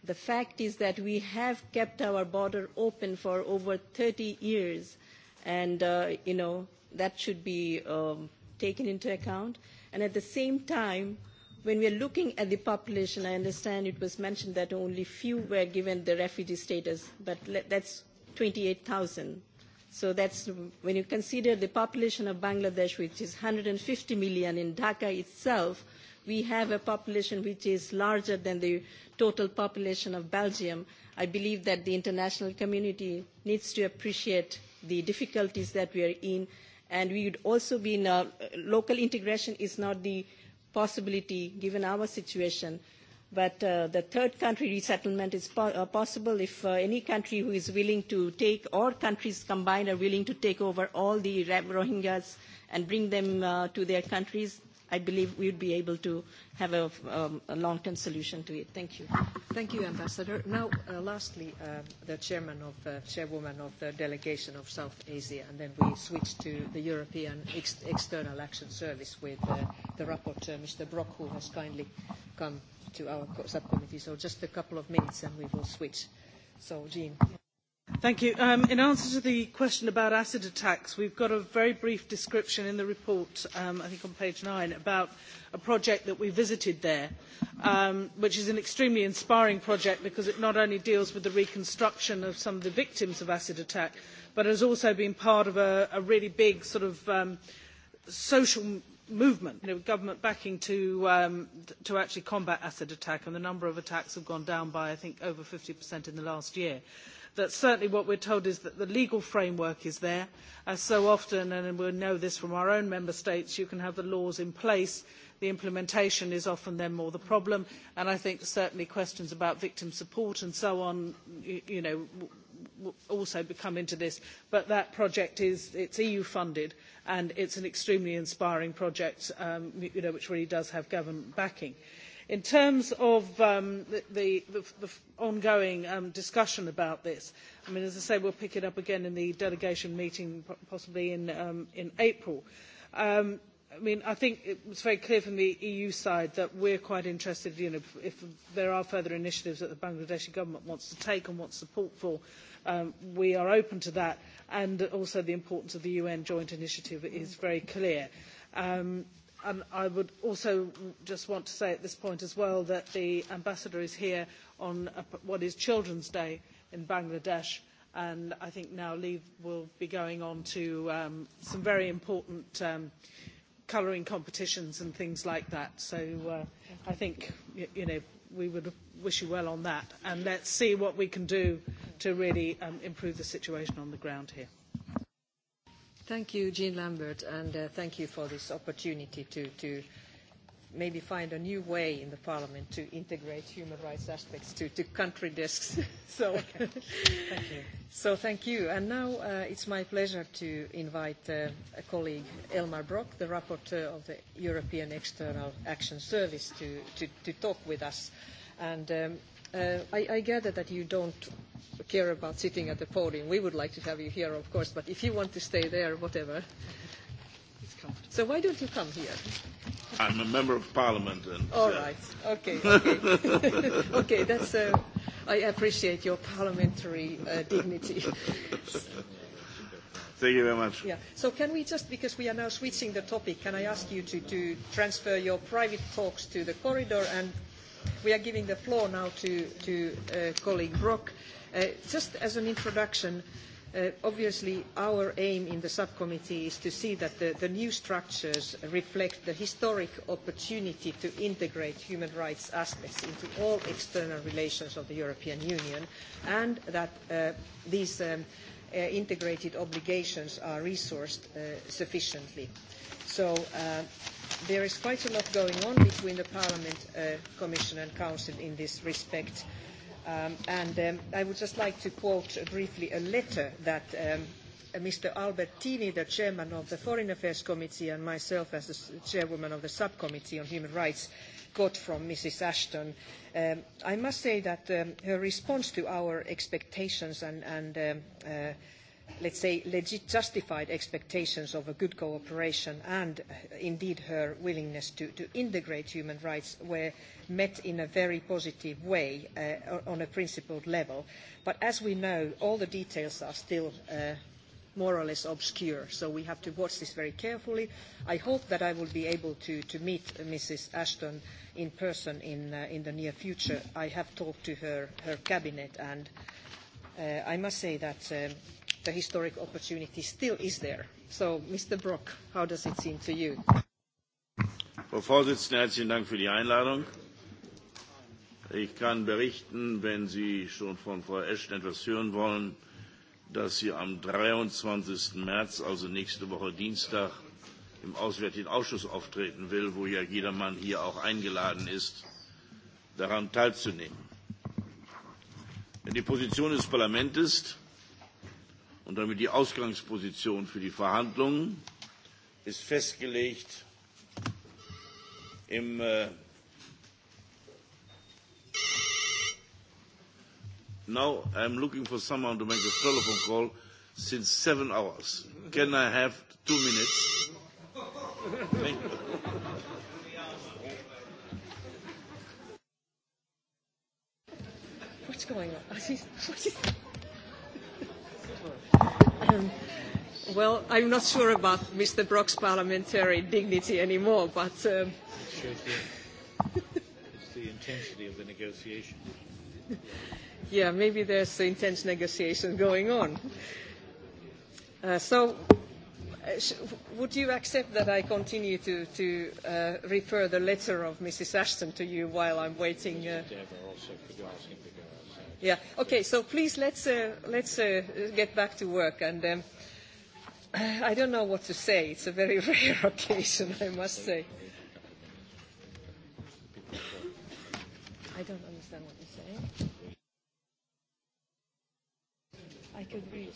Speaker 6: The fact is that we have kept our border open for over 30 years and, uh, you know, that should be um, taken into account. And at the same time, when we are looking at the population, I understand it was mentioned that only few were given the refugee status, but that's 28,000. So that's when you consider the population of Bangladesh, which is 150 million in Dhaka itself, we have a population which is larger than the total population of Belgium. I believe that the international community needs to appreciate the difficulties that we are in And we would also be in a, local integration is not the possibility given our situation. But uh, the third country resettlement is po- uh, possible if uh, any country who is willing to take, or countries combined are willing to take over all the Rohingyas and bring them uh, to their countries, I believe we would be able to have a, um a long-term solution to it. Thank you.
Speaker 1: Thank you, Ambassador. Now, uh lastly, uh the chairman of, chairwoman of the delegation of South Asia, and then we switch to the European External Action Service with uh the rapporteur, Mr. Brok, who has kindly come to our subcommittee.
Speaker 4: So just a couple of minutes, and we will switch. So, Jean in answer to the question about acid attacks, we have got a very brief description in the report, I think on page nine, about a project that we visited there, which is an extremely inspiring project because it not only deals with the reconstruction of some of the victims of acid attack, but has also been part of a, really big sort of social movement, you know, government backing to, to actually combat acid attack, and the number of attacks have gone down by, I think, over 50% in the last year that certainly what we are told is that the legal framework is there. As so often, and we know this from our own member states, you can have the laws in place, the implementation is often then more the problem, and I think certainly questions about victim support and so on, you know, also come into this but that project is it's EU funded and it's an extremely inspiring project which really does have government backing. Uh, In terms of the, ongoing discussion about this, I mean, as I say, we'll pick it up again in the delegation meeting, possibly in, April. I mean, I think it was very clear from the EU side that we're quite interested, you know, if there are further initiatives that the Bangladeshi government wants to take and wants support for, we are open to that. And also the importance of the UN joint initiative is very clear and I would also just want to say at this point as well that the ambassador is here on what is Children's Day in Bangladesh, and I think now Lee will be going on to some very important colouring competitions and things like that. So I think you know we would wish you well on that, and let's see what we can do to really improve the situation on the ground here. Thank you, Jean Lambert, and uh, thank you for this opportunity
Speaker 1: to, to maybe find a new way in the Parliament to integrate human rights aspects to, to country desks. so, thank you. so thank you. And now uh, it's my pleasure to invite uh, a colleague, Elmar Brok, the rapporteur of the European External Action Service, to, to, to talk with us. And um, uh, I, I gather that you don't care about sitting at the podium. We would like to have you here, of course, but if you want to stay there, whatever. So why don't you come here?
Speaker 11: I'm a member of parliament. And, All right. Okay. Okay. okay that's. Uh,
Speaker 1: I appreciate your parliamentary uh, dignity.
Speaker 11: Thank you very much.
Speaker 1: Yeah. So can we just, because we are now switching the topic, can I ask you to, to transfer your private talks to the corridor? And we are giving the floor now to, to uh, colleague Brock just as an introduction, obviously our aim in the subcommittee is to see that the, new structures reflect the historic opportunity to integrate human rights aspects into all external relations of the European Union and that these integrated obligations are resourced sufficiently. So there is quite a lot going on between the Parliament, Commission and Council in this respect and I would just like to quote briefly a letter that Mr. Albertini, the chairman of the Foreign Affairs Committee, and myself as the chairwoman of the subcommittee on human rights got from Mrs. Ashton. I must say that her response to our expectations and, and let's say, legit justified expectations of a good cooperation and indeed her willingness to, integrate human rights were met in a very positive way on a principled level. But as we know, all the details are still more or less obscure, so we have to watch this very carefully. I hope that I will be able to, to meet Mrs. Ashton in person in, uh, in the near future. I have talked to her, her cabinet, and uh, I must say that um, the historic opportunity still is there. So, Mr. Brok, how does it seem to you?
Speaker 11: Frau Vorsitzende, herzlichen Dank für die Einladung. Ich kann berichten, wenn Sie schon von Frau Ashton etwas hören wollen, dass sie am 23. März, also nächste Woche Dienstag, im Auswärtigen Ausschuss auftreten will, wo ja jedermann hier auch eingeladen ist, daran teilzunehmen. Wenn die Position des Parlaments ist und damit die Ausgangsposition für die Verhandlungen ist festgelegt im Now I'm looking for someone to make a telephone call since seven hours. Can I have two minutes? Thank you.
Speaker 1: What's going on? What is... um, well, I'm not sure about Mr. Brock's parliamentary dignity anymore, but. Um,
Speaker 12: the, it's the intensity of the negotiation
Speaker 1: yeah, maybe there's intense negotiation going on. Uh, so sh would you accept that I continue to, to uh, refer the letter of Mrs. Ashton to you while I'm waiting? Uh, yeah. Okay. So please let's uh, let's uh, get back to work. And um, I don't know what to say. It's a very rare occasion, I must say.
Speaker 13: I
Speaker 1: don't know. I could read.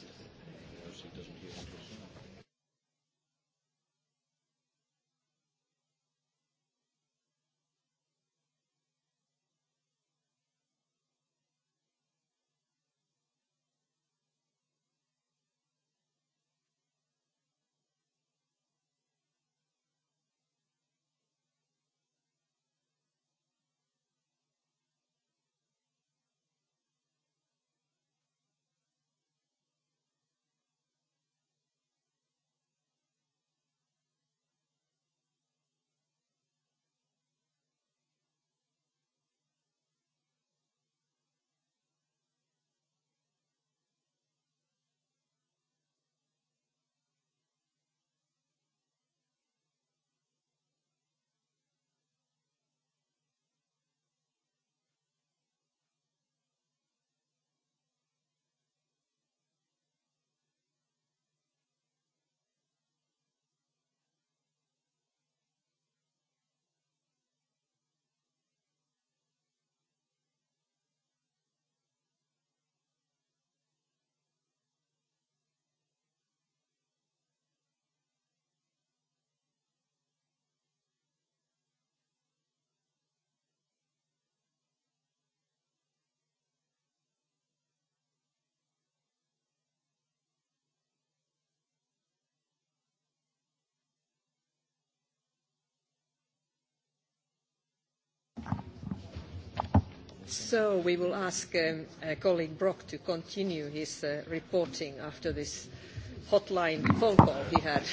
Speaker 1: So we will ask colleague Brok to continue his reporting after this hotline phone call he had.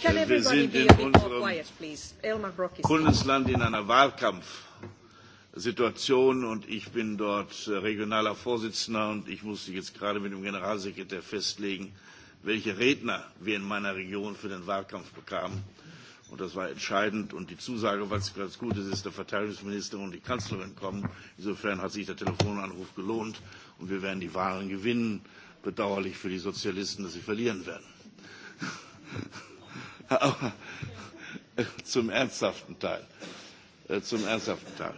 Speaker 11: Can everybody be a bit more quiet,
Speaker 1: please? Elmar Brock is
Speaker 11: Bundesland in einer Wahlkampfsituation und ich bin dort regionaler Vorsitzender und ich musste jetzt gerade mit dem Generalsekretär festlegen, welche Redner wir in meiner Region für den Wahlkampf bekamen und das war entscheidend, und die Zusage, was ganz gut ist, ist, der Verteidigungsminister und die Kanzlerin kommen. Insofern hat sich der Telefonanruf gelohnt und wir werden die Wahlen gewinnen. Bedauerlich für die Sozialisten, dass sie verlieren werden. Aber zum ernsthaften Teil. Zum ernsthaften Teil.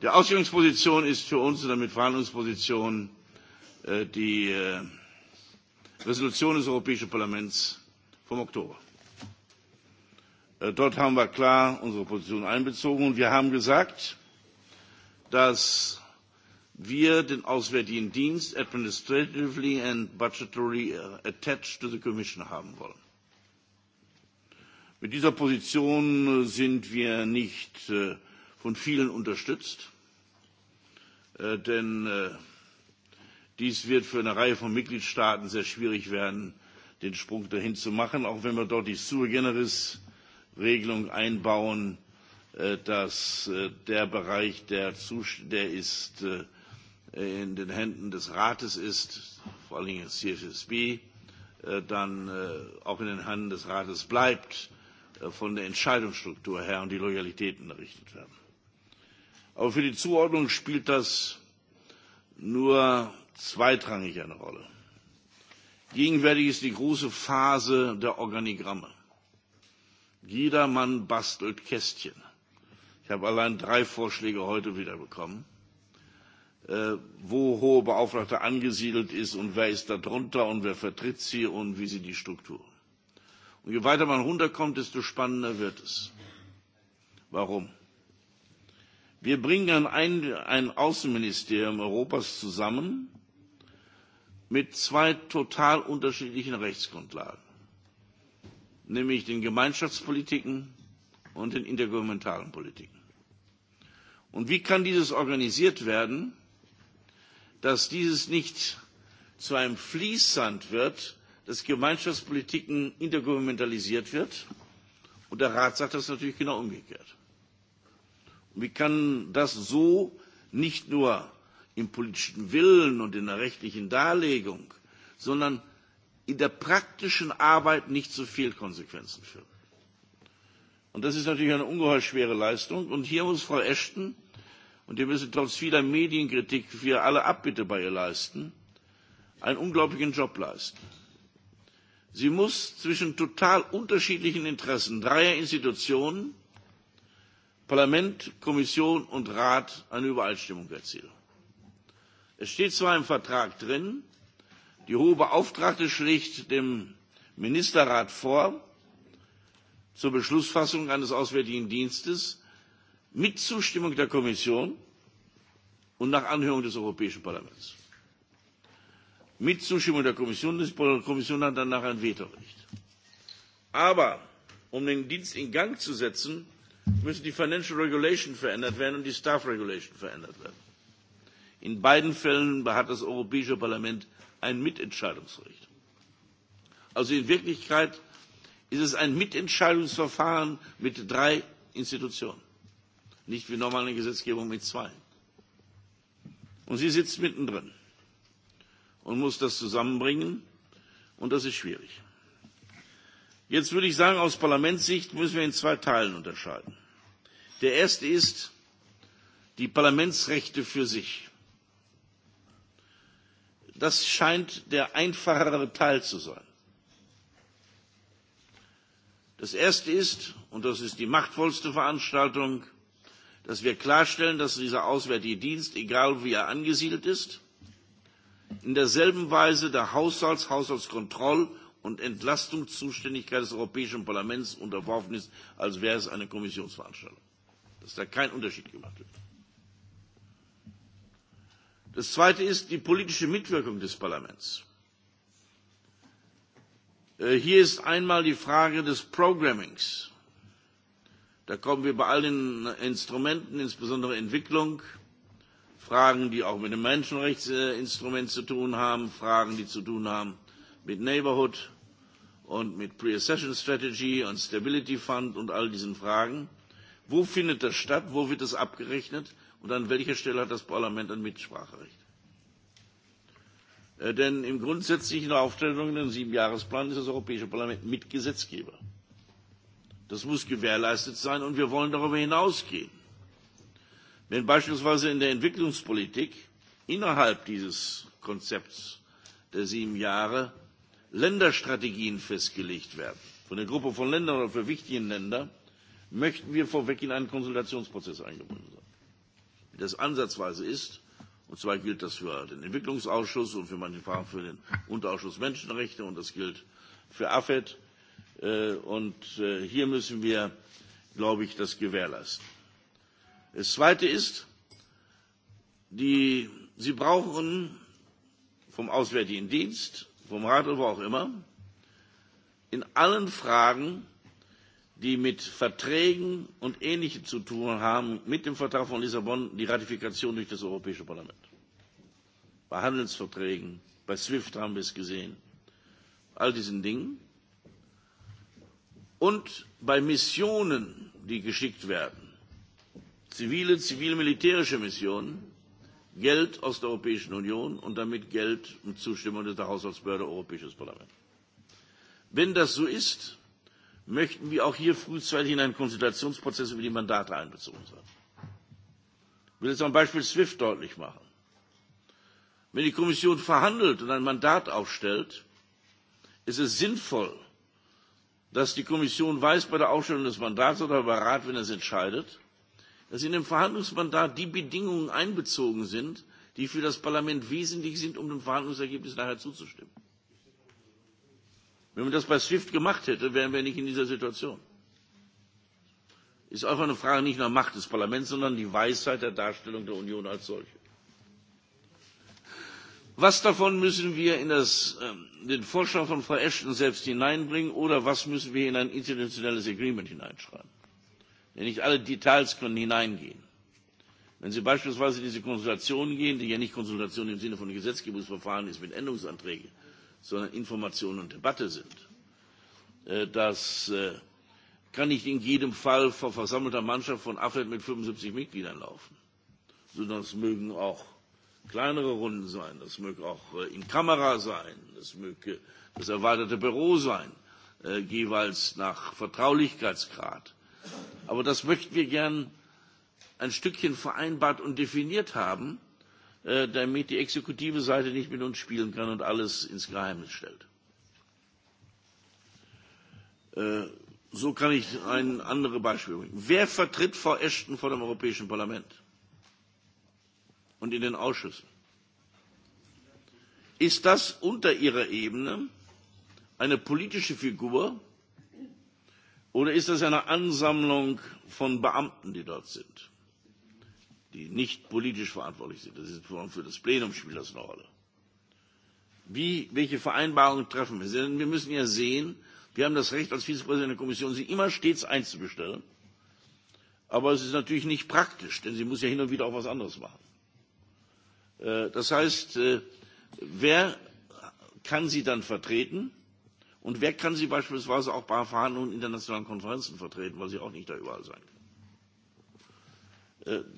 Speaker 11: Die Ausführungsposition ist für uns und damit Verhandlungsposition die Resolution des Europäischen Parlaments vom Oktober. Dort haben wir klar unsere Position einbezogen und wir haben gesagt, dass wir den Auswärtigen Dienst administratively and budgetarily attached to the Commission haben wollen. Mit dieser Position sind wir nicht von vielen unterstützt, denn dies wird für eine Reihe von Mitgliedstaaten sehr schwierig werden, den Sprung dahin zu machen, auch wenn wir dort die Sui Generis Regelung einbauen, dass der Bereich, der, in den Händen des Rates ist, vor allen Dingen CSB dann auch in den Händen des Rates bleibt, von der Entscheidungsstruktur her und die Loyalitäten errichtet werden. Aber für die Zuordnung spielt das nur zweitrangig eine Rolle. Gegenwärtig ist die große Phase der Organigramme. Jedermann bastelt Kästchen. Ich habe allein drei Vorschläge heute wieder bekommen, wo hohe Beauftragte angesiedelt ist und wer ist da drunter und wer vertritt sie und wie sind die Strukturen. Und je weiter man runterkommt, desto spannender wird es. Warum? Wir bringen ein, ein Außenministerium Europas zusammen mit zwei total unterschiedlichen Rechtsgrundlagen nämlich den Gemeinschaftspolitiken und den intergouvernementalen Politiken. Und wie kann dieses organisiert werden, dass dieses nicht zu einem Fließsand wird, dass Gemeinschaftspolitiken intergouvernementalisiert wird? Und der Rat sagt das natürlich genau umgekehrt. Und wie kann das so nicht nur im politischen Willen und in der rechtlichen Darlegung, sondern in der praktischen Arbeit nicht zu Fehlkonsequenzen führen. Und das ist natürlich eine ungeheuer schwere Leistung. Und hier muss Frau Ashton, und wir müssen trotz vieler Medienkritik für alle Abbitte bei ihr leisten, einen unglaublichen Job leisten. Sie muss zwischen total unterschiedlichen Interessen dreier Institutionen, Parlament, Kommission und Rat eine Übereinstimmung erzielen. Es steht zwar im Vertrag drin, Die hohe Beauftragte schlägt dem Ministerrat vor, zur Beschlussfassung eines Auswärtigen Dienstes mit Zustimmung der Kommission und nach Anhörung des Europäischen Parlaments. Mit Zustimmung der Kommission, die Kommission hat danach ein Vetorecht. Aber um den Dienst in Gang zu setzen, müssen die Financial Regulation verändert werden und die Staff Regulation verändert werden. In beiden Fällen hat das Europäische Parlament ein Mitentscheidungsrecht. Also in Wirklichkeit ist es ein Mitentscheidungsverfahren mit drei Institutionen, nicht wie normal eine Gesetzgebung mit zwei. Und sie sitzt mittendrin und muss das zusammenbringen, und das ist schwierig. Jetzt würde ich sagen, aus Parlamentssicht müssen wir in zwei Teilen unterscheiden. Der erste ist die Parlamentsrechte für sich. Das scheint der einfachere Teil zu sein. Das erste ist, und das ist die machtvollste Veranstaltung, dass wir klarstellen, dass dieser Auswärtige Dienst, egal wie er angesiedelt ist, in derselben Weise der Haushalts-, Haushaltskontroll- und Entlastungszuständigkeit des Europäischen Parlaments unterworfen ist, als wäre es eine Kommissionsveranstaltung. Dass da kein Unterschied gemacht wird. Das Zweite ist die politische Mitwirkung des Parlaments. Hier ist einmal die Frage des Programmings. Da kommen wir bei allen Instrumenten, insbesondere Entwicklung, Fragen, die auch mit dem Menschenrechtsinstrument zu tun haben, Fragen, die zu tun haben mit Neighbourhood und mit Pre-Accession Strategy und Stability Fund und all diesen Fragen. Wo findet das statt? Wo wird das abgerechnet? Und an welcher Stelle hat das Parlament ein Mitspracherecht? Denn im grundsätzlichen Aufstellung, im Siebenjahresplan, ist das Europäische Parlament Mitgesetzgeber. Das muss gewährleistet sein und wir wollen darüber hinausgehen. Wenn beispielsweise in der Entwicklungspolitik innerhalb dieses Konzepts der sieben Jahre Länderstrategien festgelegt werden, von der Gruppe von Ländern oder für wichtigen Länder, möchten wir vorweg in einen Konsultationsprozess eingebunden sein das ansatzweise ist, und zwar gilt das für den Entwicklungsausschuss und für manche Fragen für den Unterausschuss Menschenrechte und das gilt für AFET. Und hier müssen wir, glaube ich, das gewährleisten. Das Zweite ist, die, Sie brauchen vom Auswärtigen Dienst, vom Rat oder wo auch immer, in allen Fragen die mit Verträgen und Ähnlichem zu tun haben, mit dem Vertrag von Lissabon, die Ratifikation durch das Europäische Parlament. Bei Handelsverträgen, bei SWIFT haben wir es gesehen, all diesen Dingen. Und bei Missionen, die geschickt werden, zivile, zivil-militärische Missionen, Geld aus der Europäischen Union und damit Geld mit Zustimmung der Haushaltsbehörde Europäisches Parlament. Wenn das so ist, möchten wir auch hier frühzeitig in einen Konsultationsprozess über die Mandate einbezogen sein. Ich will es am Beispiel SWIFT deutlich machen. Wenn die Kommission verhandelt und ein Mandat aufstellt, ist es sinnvoll, dass die Kommission weiß bei der Aufstellung des Mandats oder beim Rat, wenn er es entscheidet, dass in dem Verhandlungsmandat die Bedingungen einbezogen sind, die für das Parlament wesentlich sind, um dem Verhandlungsergebnis nachher zuzustimmen. Wenn man das bei SWIFT gemacht hätte, wären wir nicht in dieser Situation. Ist einfach eine Frage nicht nach Macht des Parlaments, sondern die Weisheit der Darstellung der Union als solche. Was davon müssen wir in den Vorschlag von Frau Ashton selbst hineinbringen oder was müssen wir in ein internationales Agreement hineinschreiben? Denn nicht alle Details können hineingehen. Wenn Sie beispielsweise in diese Konsultation gehen, die ja nicht Konsultation im Sinne von Gesetzgebungsverfahren ist mit Änderungsanträgen, sondern Information und Debatte sind. Das kann nicht in jedem Fall vor versammelter Mannschaft von AFED mit 75 Mitgliedern laufen, sondern es mögen auch kleinere Runden sein, das möge auch in Kamera sein, das möge das erweiterte Büro sein, jeweils nach Vertraulichkeitsgrad. Aber das möchten wir gern ein Stückchen vereinbart und definiert haben, damit die exekutive Seite nicht mit uns spielen kann und alles ins Geheimnis stellt. So kann ich ein anderes Beispiel bringen. Wer vertritt Frau Ashton vor dem Europäischen Parlament und in den Ausschüssen? Ist das unter ihrer Ebene eine politische Figur oder ist das eine Ansammlung von Beamten, die dort sind? die nicht politisch verantwortlich sind. Das ist vor allem für das Plenum spielt das eine Rolle. Wie, welche Vereinbarungen treffen wir? Denn wir müssen ja sehen, wir haben das Recht als Vizepräsident der Kommission, sie immer stets einzubestellen. Aber es ist natürlich nicht praktisch, denn sie muss ja hin und wieder auch was anderes machen. Das heißt, wer kann sie dann vertreten? Und wer kann sie beispielsweise auch bei Verhandlungen in internationalen Konferenzen vertreten, weil sie auch nicht da überall sein kann?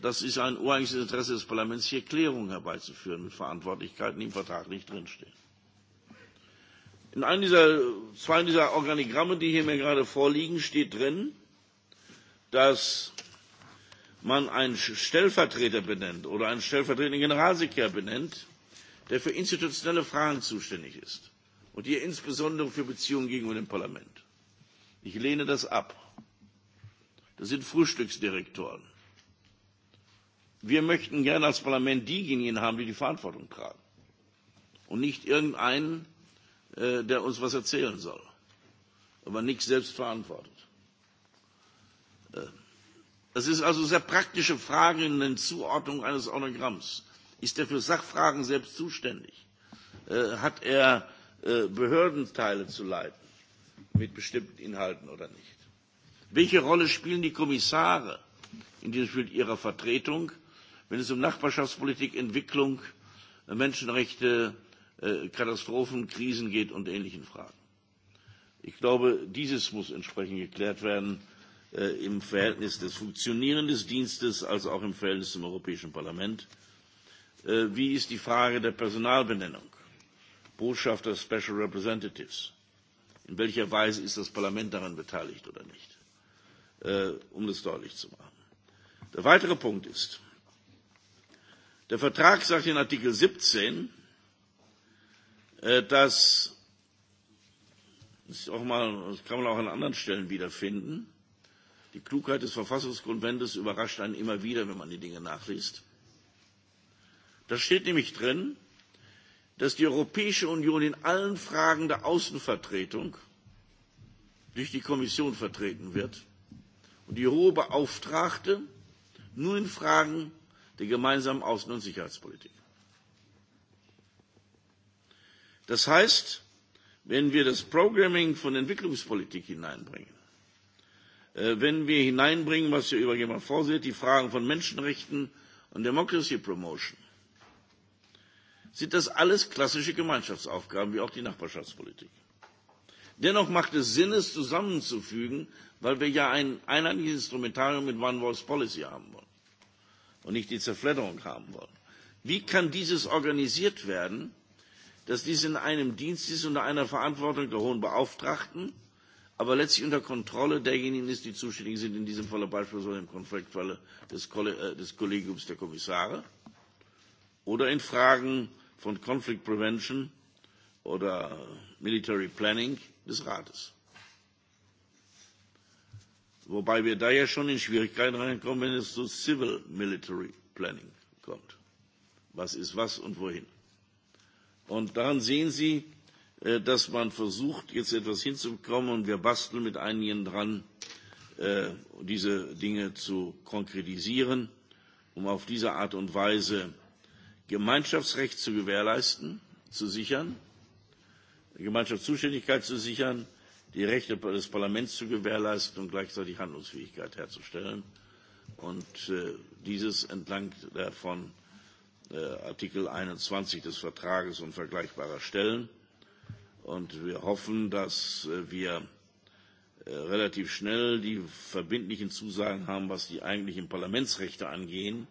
Speaker 11: das ist ein ureigenes Interesse des Parlaments, hier Klärungen herbeizuführen, mit Verantwortlichkeiten die im Vertrag nicht drinstehen. In einem dieser, zwei dieser Organigramme, die hier mir gerade vorliegen, steht drin, dass man einen Stellvertreter benennt oder einen stellvertretenden Generalsekretär benennt, der für institutionelle Fragen zuständig ist und hier insbesondere für Beziehungen gegenüber dem Parlament. Ich lehne das ab. Das sind Frühstücksdirektoren wir möchten gerne als Parlament diejenigen haben, die die Verantwortung tragen. Und nicht irgendeinen, der uns was erzählen soll, aber nicht selbst verantwortet. Das ist also sehr praktische Frage in der Zuordnung eines Organigramms. Ist er für Sachfragen selbst zuständig? Hat er Behördenteile zu leiten mit bestimmten Inhalten oder nicht? Welche Rolle spielen die Kommissare in ihrer Vertretung wenn es um Nachbarschaftspolitik, Entwicklung, Menschenrechte, Katastrophen, Krisen geht und ähnlichen Fragen. Ich glaube, dieses muss entsprechend geklärt werden im Verhältnis des Funktionierens des Dienstes als auch im Verhältnis zum Europäischen Parlament. Wie ist die Frage der Personalbenennung? Botschafter, Special Representatives. In welcher Weise ist das Parlament daran beteiligt oder nicht? Um das deutlich zu machen. Der weitere Punkt ist, Der Vertrag sagt in Artikel 17, dass das, auch mal, das kann man auch an anderen Stellen wiederfinden, die Klugheit des Verfassungskonventes überrascht einen immer wieder, wenn man die Dinge nachliest. Da steht nämlich drin, dass die Europäische Union in allen Fragen der Außenvertretung durch die Kommission vertreten wird und die hohe Beauftragte nur in Fragen der gemeinsamen Außen- und Sicherheitspolitik. Das heißt, wenn wir das Programming von Entwicklungspolitik hineinbringen, wenn wir hineinbringen, was hier übrigens mal vorsieht, die Fragen von Menschenrechten und Democracy Promotion, sind das alles klassische Gemeinschaftsaufgaben, wie auch die Nachbarschaftspolitik. Dennoch macht es Sinn, es zusammenzufügen, weil wir ja ein einheitliches Instrumentarium mit One Voice Policy haben wollen und nicht die Zerfledderung haben wollen. Wie kann dieses organisiert werden, dass dies in einem Dienst ist, unter einer Verantwortung der hohen Beauftragten, aber letztlich unter Kontrolle derjenigen ist, die zuständig sind, in diesem Falle beispielsweise im Konfliktfalle des, des Kollegiums der Kommissare oder in Fragen von Conflict Prevention oder Military Planning des Rates. Wobei wir da ja schon in Schwierigkeiten reinkommen, wenn es zu Civil Military Planning kommt. Was ist was und wohin? Und daran sehen Sie, dass man versucht, jetzt etwas hinzubekommen und wir basteln mit einigen dran, diese Dinge zu konkretisieren, um auf diese Art und Weise Gemeinschaftsrecht zu gewährleisten, zu sichern, Gemeinschaftszuständigkeit zu sichern, die Rechte des Parlaments zu gewährleisten und gleichzeitig Handlungsfähigkeit herzustellen. Und dieses entlang von Artikel 21 des Vertrages und vergleichbarer Stellen. Und wir hoffen, dass wir relativ schnell die verbindlichen Zusagen haben, was die eigentlichen Parlamentsrechte angehen,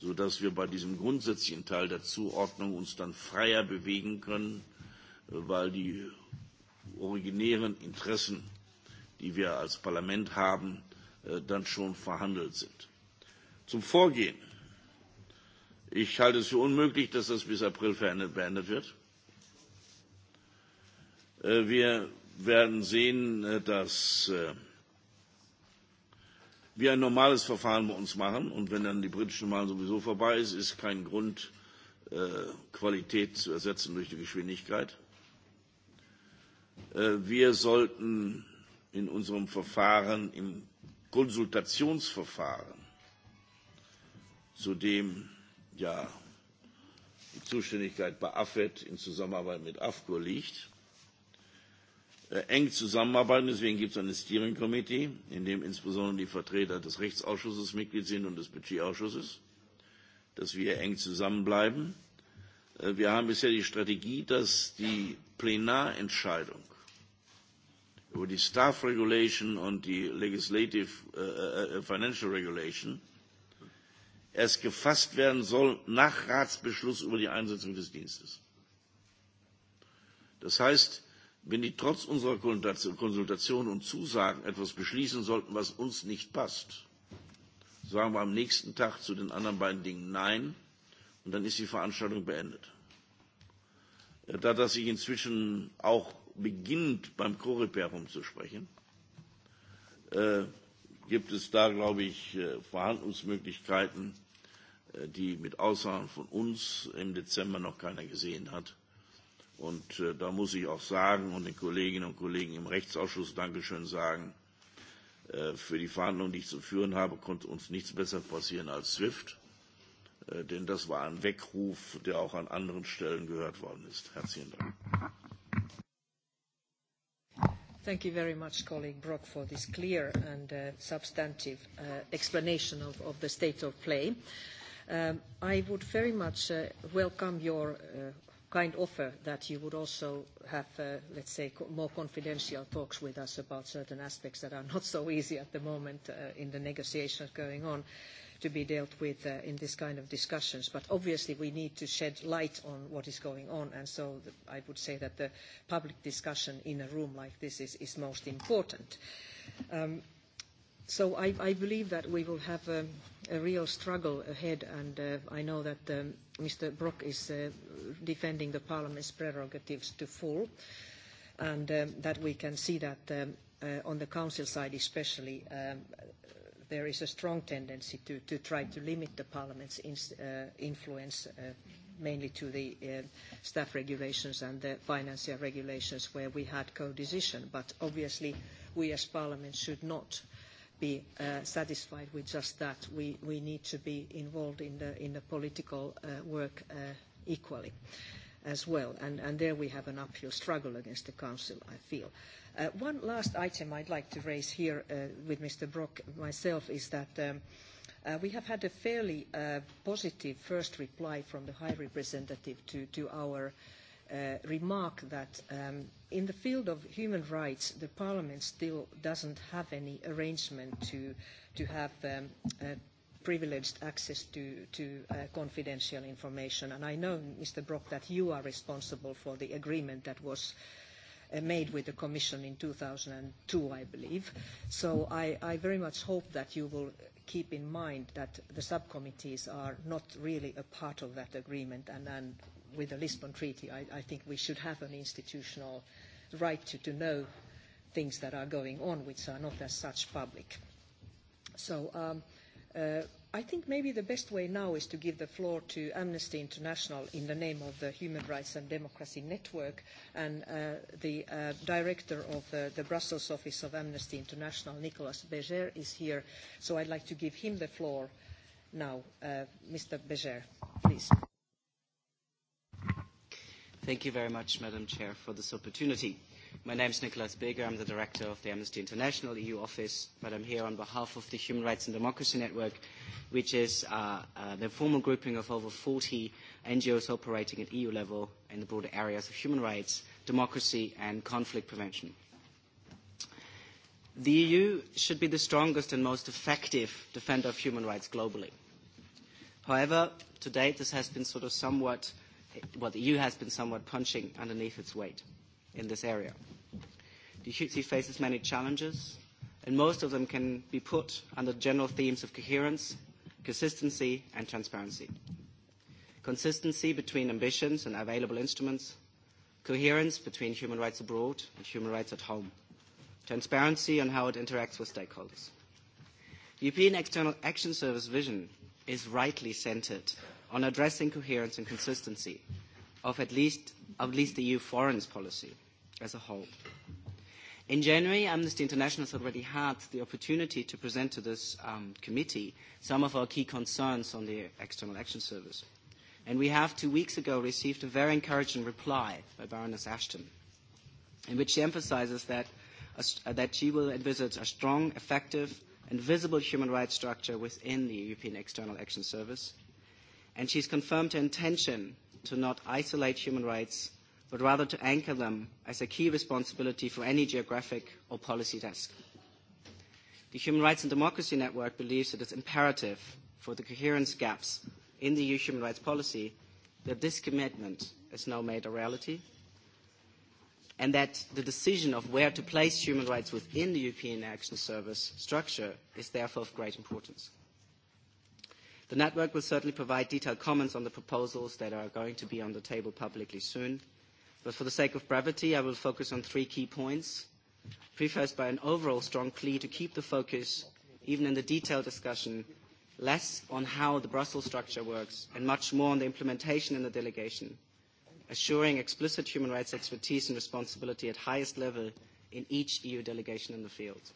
Speaker 11: sodass wir bei diesem grundsätzlichen Teil der Zuordnung uns dann freier bewegen können, weil die originären Interessen, die wir als Parlament haben, dann schon verhandelt sind. Zum Vorgehen. Ich halte es für unmöglich, dass das bis April beendet wird. Wir werden sehen, dass wir ein normales Verfahren bei uns machen. Und wenn dann die britische Wahl sowieso vorbei ist, ist kein Grund, Qualität zu ersetzen durch die Geschwindigkeit wir sollten in unserem Verfahren, im Konsultationsverfahren, zu dem ja die Zuständigkeit bei AFET in Zusammenarbeit mit AFCO liegt, eng zusammenarbeiten. Deswegen gibt es eine Steering Committee, in dem insbesondere die Vertreter des Rechtsausschusses Mitglied sind und des Budgetausschusses, dass wir eng zusammenbleiben Wir haben bisher die Strategie, dass die Plenarentscheidung über die Staff Regulation und die Legislative Financial Regulation erst gefasst werden soll nach Ratsbeschluss über die Einsetzung des Dienstes. Das heißt, wenn die trotz unserer Konsultation und Zusagen etwas beschließen sollten, was uns nicht passt, sagen wir am nächsten Tag zu den anderen beiden Dingen Nein und dann ist die Veranstaltung beendet. Da das sich inzwischen auch beginnt, beim Choreperum zu sprechen, gibt es da, glaube ich, Verhandlungsmöglichkeiten, die mit Ausnahme von uns im Dezember noch keiner gesehen hat. Und da muss ich auch sagen und den Kolleginnen und Kollegen im Rechtsausschuss Dankeschön sagen, für die Verhandlungen, die ich zu führen habe, konnte uns nichts besser passieren als SWIFT denn das war ein Weckruf, der auch an anderen Stellen gehört worden ist. Herzlichen Dank.
Speaker 1: Thank you very much, colleague Brok, for this clear and uh, substantive uh, explanation of, of the state of play. Um, I would very much uh, welcome your uh, kind offer that you would also have, uh, let's say, more confidential talks with us about certain aspects that are not so easy at the moment uh, in the negotiations going on. Uh, to be dealt with in this kind of discussions. But obviously we need to shed light on what is going on, and so I would say that the public discussion in a room like this is, is most important. so I, I believe that we will have a, a real struggle ahead, and I know that Mr. Brok is defending the Parliament's prerogatives to full, and that we can see that on the Council side especially, there is a strong tendency to, to try to limit the parliament's in, uh, influence uh, mainly to the uh, staff regulations and the financial regulations where we had co-decision. But obviously we as parliament should not be uh, satisfied with just that. We, we need to be involved in the, in the political uh, work uh, equally. Uh, as well. And, and there we have an uphill struggle against the Council, I feel. Uh, one last item I'd like to raise here uh, with Mr. Brock myself is that um, uh, we have had a fairly uh, positive first reply from the High Representative to, to our uh, remark that um, in the field of human rights, the Parliament still doesn't have any arrangement to, to have um, uh, privileged access to, to uh, confidential information. And I know, Mr. Brok, that you are responsible for the agreement that was made with the Commission in 2002, I believe. So I, I very much hope that you will keep in mind that the subcommittees are not really a part of that agreement. And, and with the Lisbon Treaty, I, I think we should have an institutional right to, to know things that are going on, which are not as such public. So um, I think maybe the best way now is to give the floor to Amnesty International in the name of the Human Rights and Democracy Network and the director of the Brussels office of Amnesty International, Nicolas Beger, is here. So I'd like to give him the floor now. Mr. Beger, please.
Speaker 14: Thank you very much, Madam Chair, for this opportunity. My name is Nicholas Beger. I'm the director of the Amnesty International EU office, but I'm here on behalf of the Human Rights and Democracy Network, which is uh, uh, the formal grouping of over 40 NGOs operating at EU level in the broader areas of human rights, democracy, and conflict prevention. The EU should be the strongest and most effective defender of human rights globally. However, to date, this has been sort of somewhat, well, the EU has been somewhat punching underneath its weight in this area. The She faces many challenges, and most of them can be put under general themes of coherence, consistency, and transparency. Consistency between ambitions and available instruments, coherence between human rights abroad and human rights at home, transparency on how it interacts with stakeholders. The European External Action Service vision is rightly centred on addressing coherence and consistency of at least, of least EU foreign policy as a whole. In January, Amnesty International has already had the opportunity to present to this um, committee some of our key concerns on the External Action Service. And we have two weeks ago received a very encouraging reply by Baroness Ashton, in which she emphasizes that, uh, that she will envisage a strong, effective, and visible human rights structure within the European External Action Service. And she's confirmed her intention to not isolate human rights, but rather to anchor them as a key responsibility for any geographic or policy desk. The Human Rights and Democracy Network believes it is imperative for the coherence gaps in the EU human rights policy that this commitment is now made a reality and that the decision of where to place human rights within the European Action Service structure is therefore of great importance. The network will certainly provide detailed comments on the proposals that are going to be on the table publicly soon. But for the sake of brevity, I will focus on three key points, prefaced by an overall strong plea to keep the focus, even in the detailed discussion, less on how the Brussels structure works and much more on the implementation in the delegation, assuring explicit human rights expertise and responsibility at highest level in each EU delegation in the field.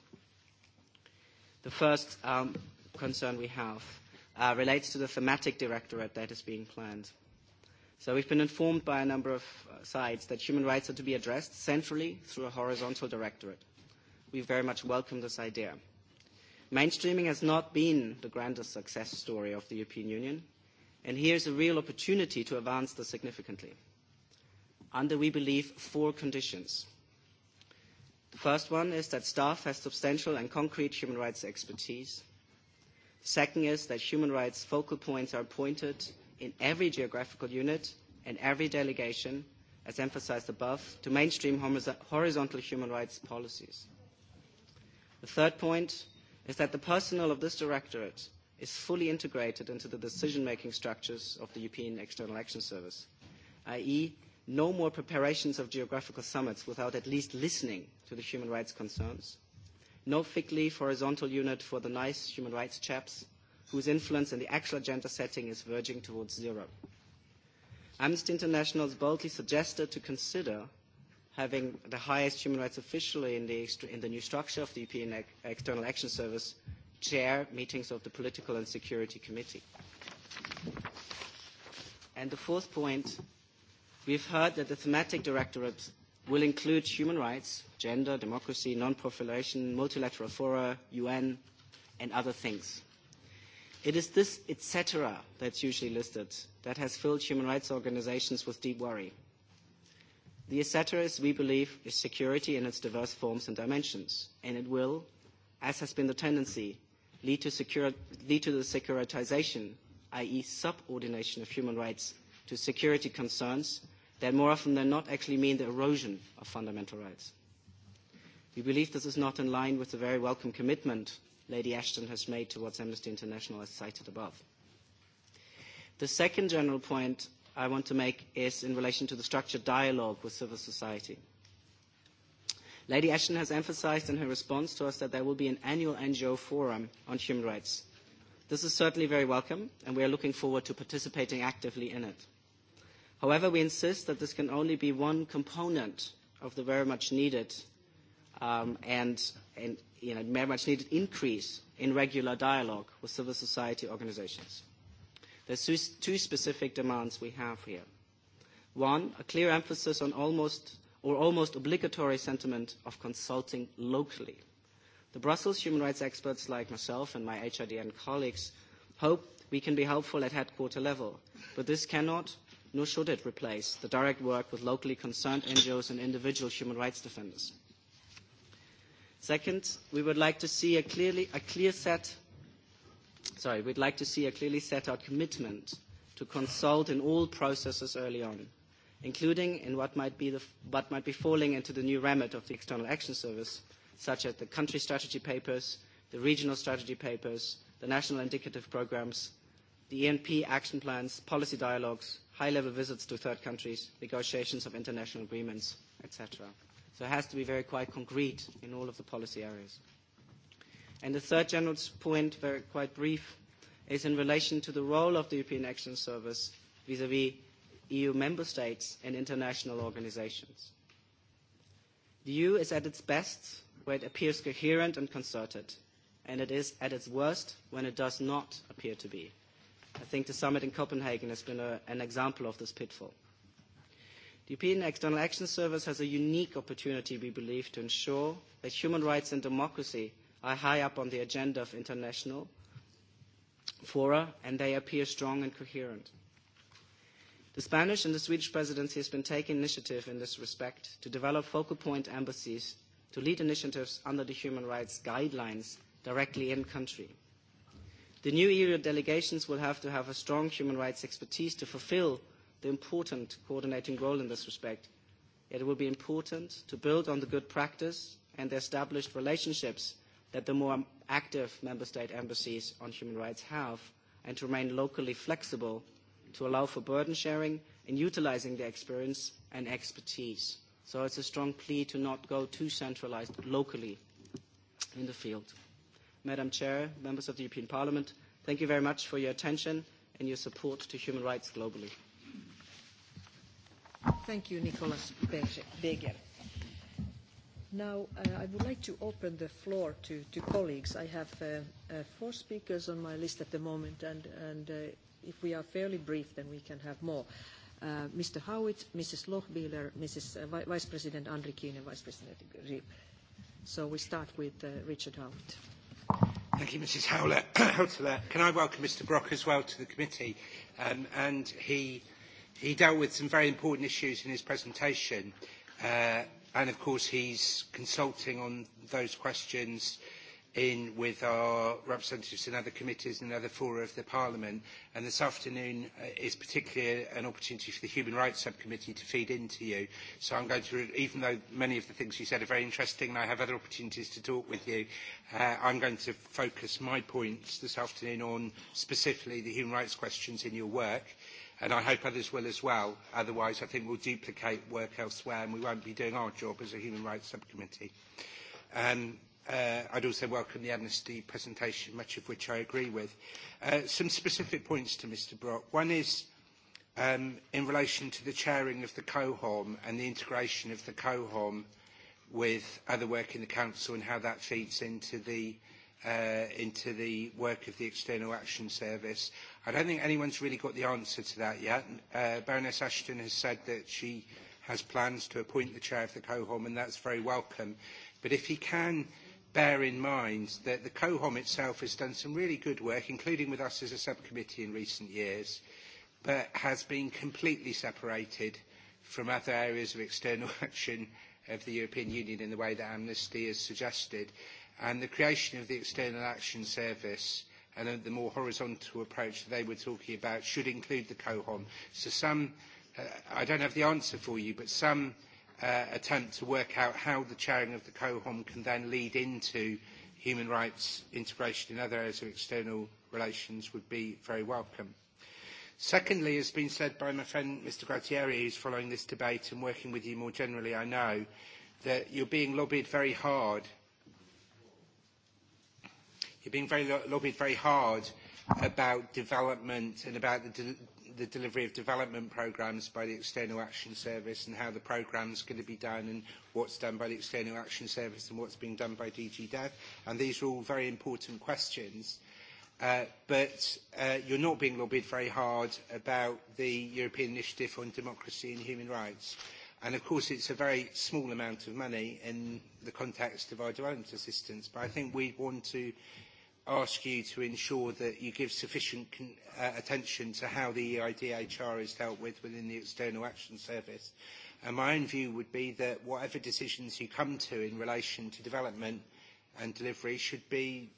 Speaker 14: The first um, concern we have uh, relates to the thematic directorate that is being planned. So we've been informed by a number of sides that human rights are to be addressed centrally through a horizontal directorate. We very much welcome this idea. Mainstreaming has not been the grandest success story of the European Union, and here is a real opportunity to advance this significantly. Under, we believe, four conditions. The first one is that staff has substantial and concrete human rights expertise. Second is that human rights focal points are appointed in every geographical unit and every delegation, as emphasised above, to mainstream horizontal human rights policies. The third point is that the personnel of this directorate is fully integrated into the decision-making structures of the European External Action Service, i.e., no more preparations of geographical summits without at least listening to the human rights concerns, no fig leaf horizontal unit for the nice human rights chaps whose influence in the actual agenda setting is verging towards zero. Amnesty International has boldly suggested to consider having the highest human rights official in the, in the new structure of the European External Action Service chair meetings of the Political and Security Committee. And the fourth point, we've heard that the thematic directorates will include human rights, gender, democracy, non-proliferation, multilateral fora, UN, and other things. It is this etc. that's usually listed that has filled human rights organizations with deep worry. The etc. is, we believe, is security in its diverse forms and dimensions, and it will, as has been the tendency, lead to, secure, lead to the securitization, i.e. subordination of human rights to security concerns that more often than not actually mean the erosion of fundamental rights. We believe this is not in line with the very welcome commitment Lady Ashton has made towards Amnesty International as cited above. The second general point I want to make is in relation to the structured dialogue with civil society. Lady Ashton has emphasised in her response to us that there will be an annual NGO forum on human rights. This is certainly very welcome, and we are looking forward to participating actively in it. However, we insist that this can only be one component of the very much needed um, and, and you know, very much needed increase in regular dialogue with civil society organizations. There's two, two specific demands we have here. One, a clear emphasis on almost or almost obligatory sentiment of consulting locally. The Brussels human rights experts like myself and my HRDN colleagues hope we can be helpful at headquarter level, but this cannot nor should it replace the direct work with locally concerned NGOs and individual human rights defenders. Second, we would like to see a clearly a clear set sorry, we'd like to see a clearly set out commitment to consult in all processes early on, including in what might be the what might be falling into the new remit of the External Action Service, such as the country strategy papers, the regional strategy papers, the national indicative programmes, the ENP action plans, policy dialogues, high-level visits to third countries, negotiations of international agreements, etc. So it has to be very quite concrete in all of the policy areas. And the third general point, very quite brief, is in relation to the role of the European Action Service vis-à-vis EU member states and international organizations. The EU is at its best where it appears coherent and concerted, and it is at its worst when it does not appear to be. I think the summit in Copenhagen has been a, an example of this pitfall. The European External Action Service has a unique opportunity, we believe, to ensure that human rights and democracy are high up on the agenda of international fora and they appear strong and coherent. The Spanish and the Swedish presidency has been taking initiative in this respect to develop focal point embassies to lead initiatives under the human rights guidelines directly in country. The new EU delegations will have to have a strong human rights expertise to fulfil the important coordinating role in this respect. It will be important to build on the good practice and the established relationships that the more active member state embassies on human rights have and to remain locally flexible to allow for burden sharing and utilising their experience and expertise. So it's a strong plea to not go too centralised locally in the field. Madam Chair, members of the European Parliament, thank you very much for your attention and your support to human rights globally.
Speaker 1: Thank you, Nicolas Beger. Now, I would like to open the floor to, to colleagues. I have four speakers on my list at the moment, and, and if we are fairly brief, then we can have more. Mr. Howitt, Mrs. Lochbihler, Mrs. Vice President Andrikien, and Vice President Rieb. So we start with
Speaker 2: Richard Howitt. Thank you, Mrs. Howler. Can I welcome Mr. Brock as well to the committee? Um, and he, he dealt with some very important issues in his presentation. Uh, and of course, he's consulting on those questions in with our representatives in other committees and other fora of the Parliament. And this afternoon is particularly an opportunity for the Human Rights Subcommittee to feed into you. So I'm going to, even though many of the things you said are very interesting and I have other opportunities to talk with you, uh, I'm going to focus my points this afternoon on specifically the human rights questions in your work and I hope others will as well. Otherwise, I think we'll duplicate work elsewhere and we won't be doing our job as a Human Rights Subcommittee. Um, Uh, I'd also welcome the Amnesty presentation, much of which I agree with. Uh, some specific points to Mr Brock. One is um, in relation to the chairing of the COHOM and the integration of the COHOM with other work in the Council and how that feeds into the, uh, into the work of the External Action Service. I don't think anyone's really got the answer to that yet. Uh, Baroness Ashton has said that she has plans to appoint the chair of the COHOM and that's very welcome. But if he can bear in mind that the COHOM itself has done some really good work, including with us as a subcommittee in recent years, but has been completely separated from other areas of external action of the European Union in the way that Amnesty has suggested. And the creation of the External Action Service and the more horizontal approach that they were talking about should include the COHOM. So some, uh, I don't have the answer for you, but some uh, attempt to work out how the chairing of the COHOM can then lead into human rights integration in other areas of external relations would be very welcome. Secondly, as has been said by my friend Mr Gratieri, who is following this debate and working with you more generally, I know, that you are being lobbied very hard. are being very lobbied very hard about development and about the the delivery of development programmes by the External Action Service and how the programme is going to be done and what's done by the External Action Service and what's being done by DG Dev. And these are all very important questions. Uh, but uh, you're not being lobbied very hard about the European Initiative on Democracy and Human Rights. And of course, it's a very small amount of money in the context of our development assistance. But I think we want to ask you to ensure that you give sufficient uh, attention to how the EIDHR is dealt with within the External Action Service. And my own view would be that whatever decisions you come to in relation to development and delivery should be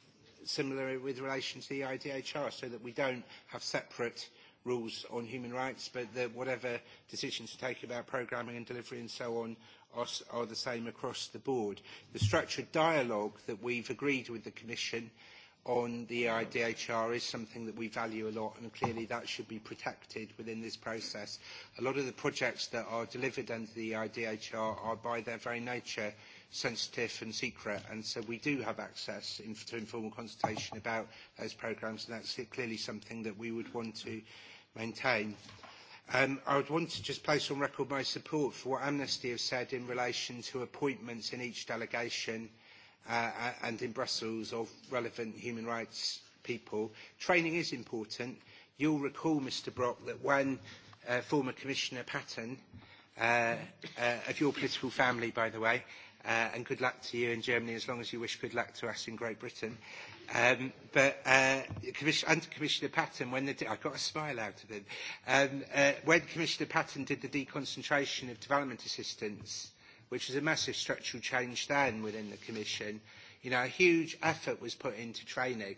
Speaker 2: similar with relation to the EIDHR so that we don't have separate rules on human rights, but that whatever decisions to take about programming and delivery and so on are, are the same across the board. The structured dialogue that we've agreed with the Commission on the EIDHR is something that we value a lot and clearly that should be protected within this process. A lot of the projects that are delivered under the EIDHR are by their very nature sensitive and secret and so we do have access in, to informal consultation about those programmes and that's clearly something that we would want to maintain. Um, I would want to just place on record my support for what Amnesty have said in relation to appointments in each delegation uh, and in Brussels of relevant human rights people. Training is important. You'll recall, Mr Brock, that one uh, former Commissioner Patton, uh, uh, of your political family, by the way, uh, and good luck to you in Germany as long as you wish good luck to us in Great Britain. Um, but uh, Commission, under Commissioner Patton, when the, I got a smile out of him, um, uh, when Commissioner Patton did the deconcentration of development assistance, which is a massive structural change then within the Commission, you know, a huge effort was put into training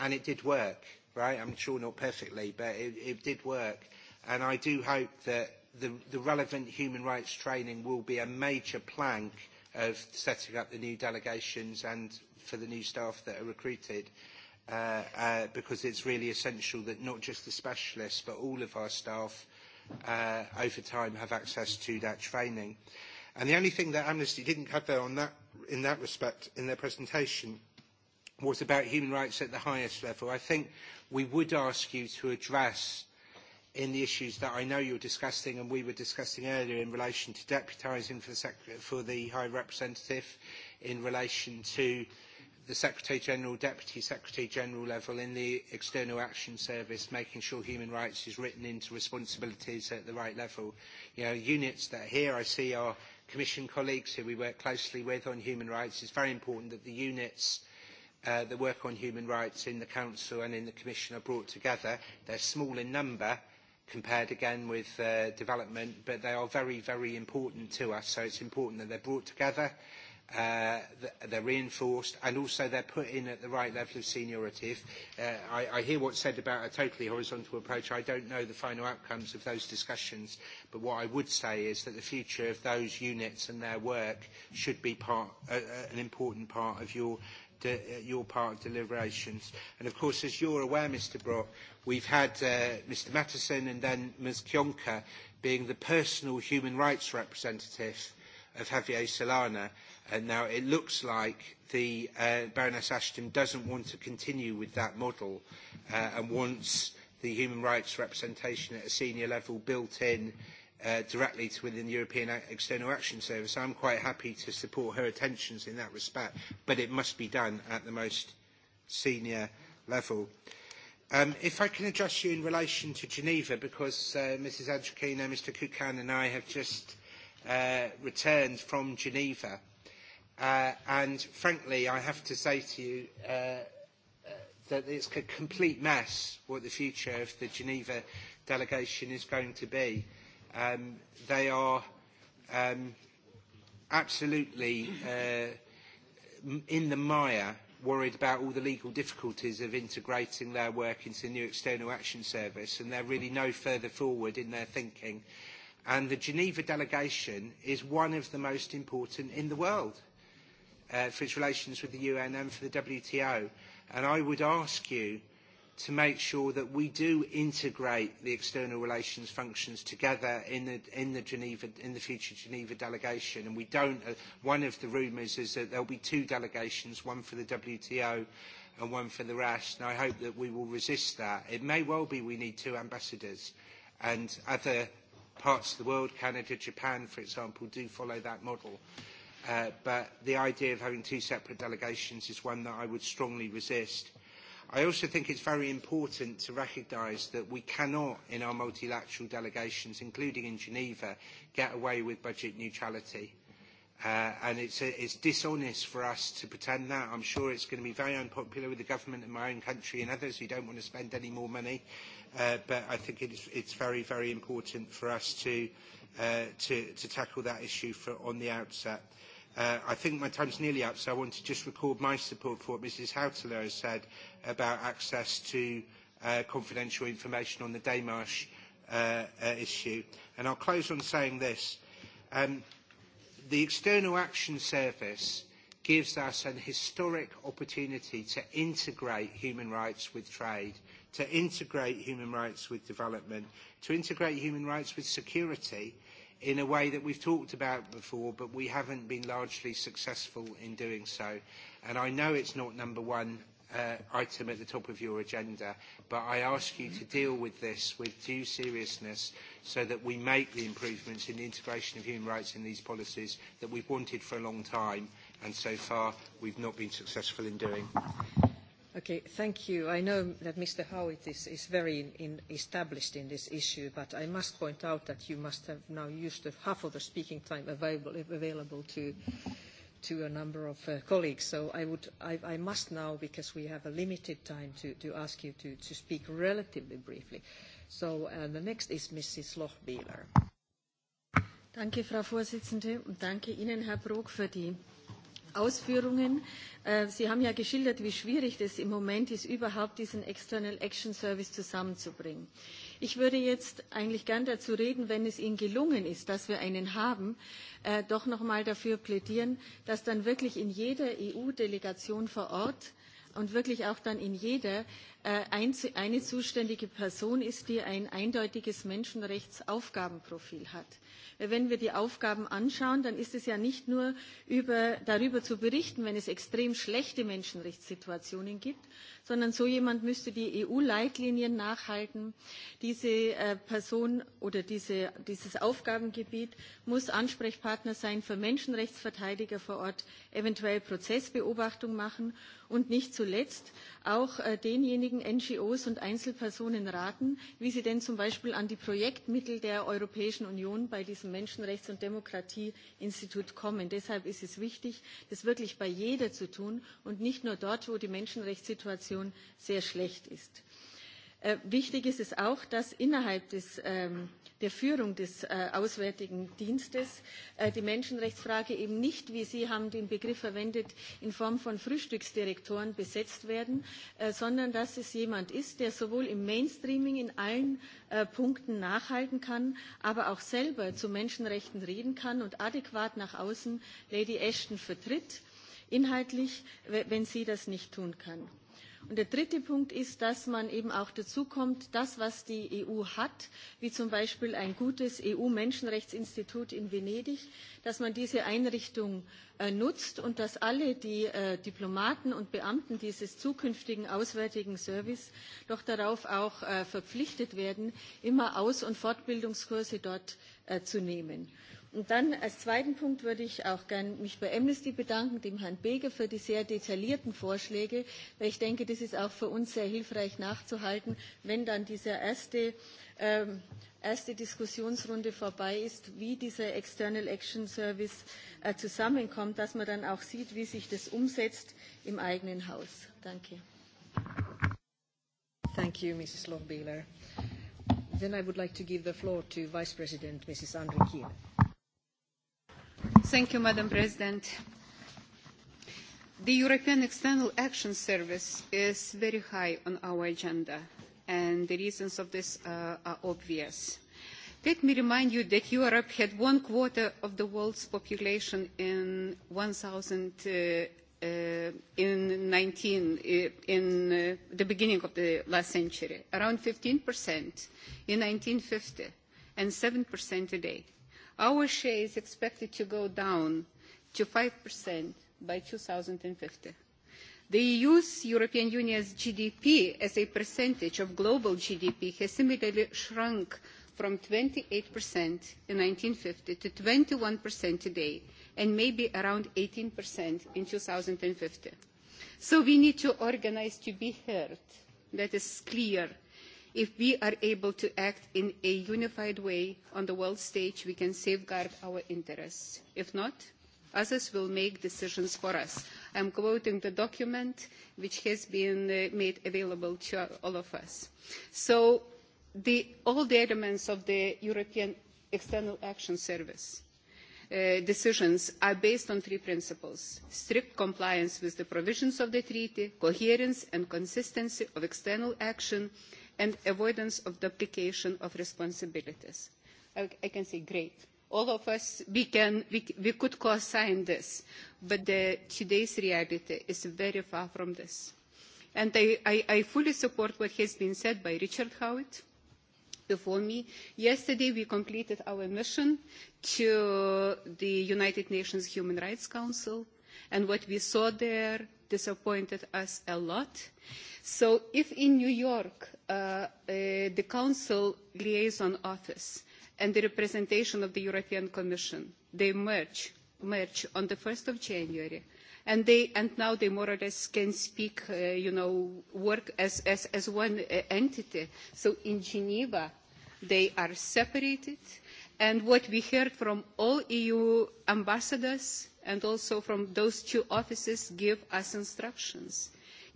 Speaker 2: and it did work, right? I'm sure not perfectly, but it, it did work. And I do hope that the, the relevant human rights training will be a major plank of setting up the new delegations and for the new staff that are recruited uh, uh, because it's really essential that not just the specialists but all of our staff uh, over time have access to that training. Uh, And the only thing that Amnesty didn't cover on that, in that respect in their presentation was about human rights at the highest level. I think we would ask you to address in the issues that I know you're discussing and we were discussing earlier in relation to deputising for the, sec for the High Representative, in relation to the Secretary General, Deputy Secretary General level in the External Action Service, making sure human rights is written into responsibilities at the right level. You know, units that here I see are Commission colleagues who we work closely with on human rights. It's very important that the units uh, that work on human rights in the Council and in the Commission are brought together. They're small in number compared again with uh, development, but they are very, very important to us. So it's important that they're brought together uh, they're reinforced, and also they're put in at the right level of seniority. If, uh, I, I hear what's said about a totally horizontal approach. I don't know the final outcomes of those discussions, but what I would say is that the future of those units and their work should be part, uh, an important part of your your part of deliberations. And of course, as you're aware, Mr Brock, we've had uh, Mr Matteson and then Ms Kionka being the personal human rights representative of Javier Solana now, it looks like the uh, Baroness Ashton doesn't want to continue with that model uh, and wants the human rights representation at a senior level built in uh, directly to within the European External Action Service. I'm quite happy to support her attentions in that respect, but it must be done at the most senior level. Um, if I can address you in relation to Geneva, because uh, Mrs. Adjokino, Mr. Kukan and I have just uh, returned from Geneva, Uh, and frankly, I have to say to you uh, that it's a complete mess what the future of the Geneva delegation is going to be. Um, they are um, absolutely uh, in the mire worried about all the legal difficulties of integrating their work into the new external action service and they're really no further forward in their thinking and the geneva delegation is one of the most important in the world uh, for its relations with the UN and for the WTO. And I would ask you to make sure that we do integrate the external relations functions together in the, in the, Geneva, in the future Geneva delegation. And we don't, uh, one of the rumours is that there'll be two delegations, one for the WTO and one for the rest. And I hope that we will resist that. It may well be we need two ambassadors and other parts of the world, Canada, Japan, for example, do follow that model. Uh, but the idea of having two separate delegations is one that I would strongly resist. I also think it's very important to recognise that we cannot, in our multilateral delegations, including in Geneva, get away with budget neutrality. Uh, and it's, it's dishonest for us to pretend that. I'm sure it's going to be very unpopular with the government in my own country and others who don't want to spend any more money. Uh, but I think it's, it's very, very important for us to, uh, to, to tackle that issue for, on the outset. Uh, Uh, I think my time's nearly up, so I want to just record my support for what Mrs Houteler has said about access to uh, confidential information on the Daymarsh uh, uh, issue. And I'll close on saying this. Um, the External Action Service gives us an historic opportunity to integrate human rights with trade, to integrate human rights with development, to integrate human rights with security, uh, in a way that we've talked about before, but we haven't been largely successful in doing so. And I know it's not number one uh, item at the top of your agenda, but I ask you to deal with this with due seriousness so that we make the improvements in the integration of human rights in these policies that we've wanted for a long time and so far we've not been successful in doing.
Speaker 1: Okay, thank you. I know that Mr. Howitt is, is very in, established in this issue, but I must point out that you must have now used half of the speaking time available, available to, to a number of uh, colleagues. So I, would, I, I must now, because we have a limited time, to, to ask you to, to speak relatively briefly. So uh, the next is Mrs. Lochbieler.
Speaker 9: Danke, Frau Vorsitzende, und danke Ihnen, Herr Brok, für die Ausführungen. Sie haben ja geschildert, wie schwierig es im Moment ist, überhaupt diesen External Action Service zusammenzubringen. Ich würde jetzt eigentlich gern dazu reden, wenn es Ihnen gelungen ist, dass wir einen haben, doch noch mal dafür plädieren, dass dann wirklich in jeder EU-Delegation vor Ort und wirklich auch dann in jeder eine zuständige Person ist, die ein eindeutiges Menschenrechtsaufgabenprofil hat. Wenn wir die Aufgaben anschauen, dann ist es ja nicht nur darüber zu berichten, wenn es extrem schlechte Menschenrechtssituationen gibt, sondern so jemand müsste die EU-Leitlinien nachhalten. Diese Person oder dieses Aufgabengebiet muss Ansprechpartner sein für Menschenrechtsverteidiger vor Ort, eventuell Prozessbeobachtung machen und nicht zuletzt auch denjenigen, einigen NGOs und Einzelpersonen raten, wie sie denn zum Beispiel an die Projektmittel der Europäischen Union bei diesem Menschenrechts- und Demokratieinstitut kommen. Deshalb ist es wichtig, das wirklich bei jeder zu tun und nicht nur dort, wo die Menschenrechtssituation sehr schlecht ist. Wichtig ist es auch, dass innerhalb des der Führung des Auswärtigen Dienstes die Menschenrechtsfrage eben nicht, wie Sie haben den Begriff verwendet, in Form von Frühstücksdirektoren besetzt werden, sondern dass es jemand ist, der sowohl im Mainstreaming in allen Punkten nachhalten kann, aber auch selber zu Menschenrechten reden kann und adäquat nach außen Lady Ashton vertritt, inhaltlich, wenn sie das nicht tun kann Und der dritte Punkt ist, dass man eben auch dazu kommt, das, was die EU hat, wie zum Beispiel ein gutes EU-Menschenrechtsinstitut in Venedig, dass man diese Einrichtung nutzt und dass alle die Diplomaten und Beamten dieses zukünftigen Auswärtigen Service doch darauf auch verpflichtet werden, immer Aus- und Fortbildungskurse dort zu nehmen. Und dann als zweiten Punkt würde ich auch gern mich bei Amnesty bedanken, dem Herrn Beger für die sehr detaillierten Vorschläge, weil ich denke, das ist auch für uns sehr hilfreich nachzuhalten, wenn dann diese erste erste Diskussionsrunde vorbei ist, wie dieser External Action Service zusammenkommt, dass man dann auch sieht, wie sich das umsetzt im eigenen Haus. Danke. Thank you, Mrs.
Speaker 1: Then I would like to give the floor to Vice President Mrs. Andrikien.
Speaker 15: Madam President. The European External Action Service is very high on our agenda, and the reasons of this are obvious. Let me remind you that Europe had one quarter of the world's population in 1000 in 19 in the beginning of the last century, around 15% in 1950, and 7% today. Our share is expected to go down to 5% by 2050. The EU's European Union's GDP as a percentage of global GDP has similarly shrunk from 28% in 1950 to 21% today and maybe around 18% in 2050. So we need to organize to be heard. That is clear If we are able to act in a unified way on the world stage, we can safeguard our interests. If not, others will make decisions for us. I am quoting the document which has been made available to all of us. So all the elements of the European External Action Service decisions are based on three principles strict compliance with the provisions of the treaty, coherence and consistency of external action, and avoidance of duplication of responsibilities. I, can say great. All of us, we, can, we, we could co-sign this, but the, today's reality is very far from this. And I, I, I fully support what has been said by Richard Howitt before me. Yesterday, we completed our mission to the United Nations Human Rights Council, and what we saw there disappointed us a lot. So if in New York, the Council liaison office and the representation of the European Commission, they merge, merge on the 1st of January, and they and now they more or less can speak uh, you know work as as as one uh, entity so in geneva they are separated And what we heard from all EU ambassadors and also from those two offices give us instructions,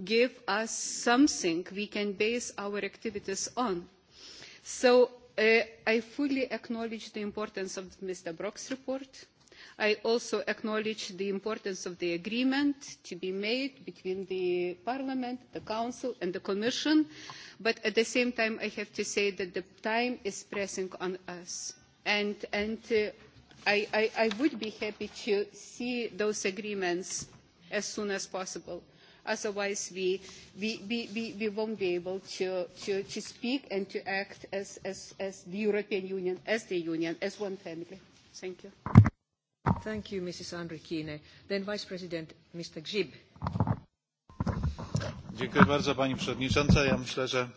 Speaker 15: give us something we can base our activities on. So I fully acknowledge the importance of Mr. Brok's report. I also acknowledge the importance of the agreement to be made between the Parliament, the Council and the Commission, but at the same time I have to say that the time is pressing on us and I, would be happy to see those agreements as soon as possible. Otherwise, we, we, we, we, won't be able to, to, to speak and to act as, as, as the European Union, as the Union, as one family. Thank you.
Speaker 1: Thank you, Mrs. Andrikine. Then Vice President, Mr. Grzyb.
Speaker 16: Dziękuję bardzo, Pani Przewodnicząca. Ja myślę, że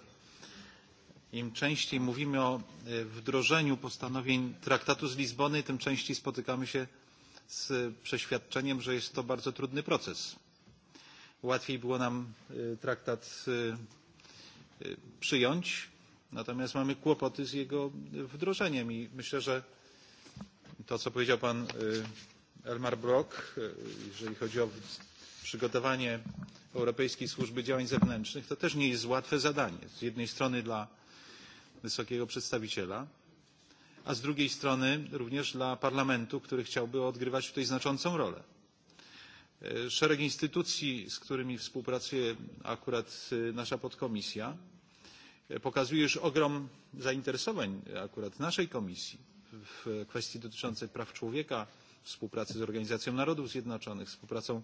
Speaker 16: Im częściej mówimy o wdrożeniu postanowień traktatu z Lizbony, tym częściej spotykamy się z przeświadczeniem, że jest to bardzo trudny proces. Łatwiej było nam traktat przyjąć, natomiast mamy kłopoty z jego wdrożeniem i myślę, że to, co powiedział pan Elmar Brok, jeżeli chodzi o przygotowanie Europejskiej Służby Działań Zewnętrznych, to też nie jest łatwe zadanie. Z jednej strony dla wysokiego przedstawiciela, a z drugiej strony również dla parlamentu, który chciałby odgrywać tutaj znaczącą rolę. Szereg instytucji, z którymi współpracuje akurat nasza podkomisja, pokazuje już ogrom zainteresowań akurat naszej komisji w kwestii dotyczącej praw człowieka, współpracy z Organizacją Narodów Zjednoczonych, współpracą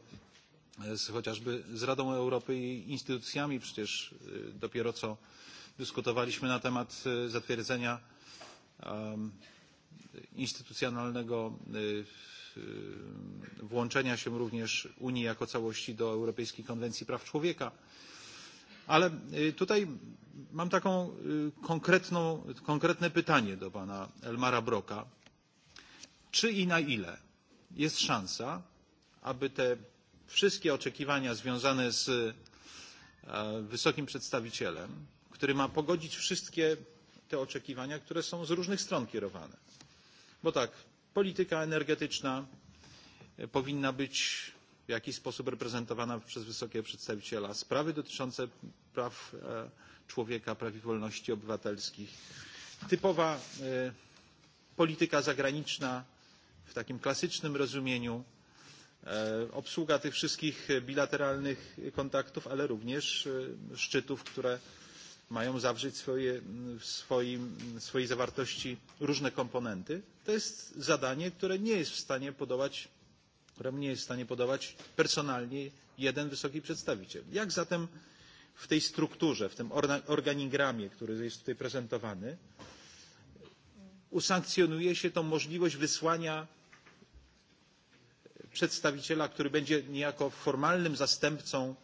Speaker 16: z, chociażby z Radą Europy i instytucjami przecież dopiero co dyskutowaliśmy na temat zatwierdzenia instytucjonalnego włączenia się również Unii jako całości do Europejskiej Konwencji Praw Człowieka. Ale tutaj mam taką konkretne pytanie do pana Elmara Broka. Czy i na ile jest szansa, aby te wszystkie oczekiwania związane z wysokim przedstawicielem który ma pogodzić wszystkie te oczekiwania, które są z różnych stron kierowane. Bo tak, polityka energetyczna powinna być w jakiś sposób reprezentowana przez wysokiego przedstawiciela. Sprawy dotyczące praw człowieka, praw i wolności obywatelskich. Typowa polityka zagraniczna w takim klasycznym rozumieniu, obsługa tych wszystkich bilateralnych kontaktów, ale również szczytów, które mają zawrzeć w swojej zawartości różne komponenty. To jest zadanie, które nie jest w stanie podołać, któremu nie jest w stanie podołać personalnie jeden wysoki przedstawiciel. Jak zatem w tej strukturze, w tym organigramie, który jest tutaj prezentowany, usankcjonuje się tą możliwość wysłania przedstawiciela, który będzie niejako formalnym zastępcą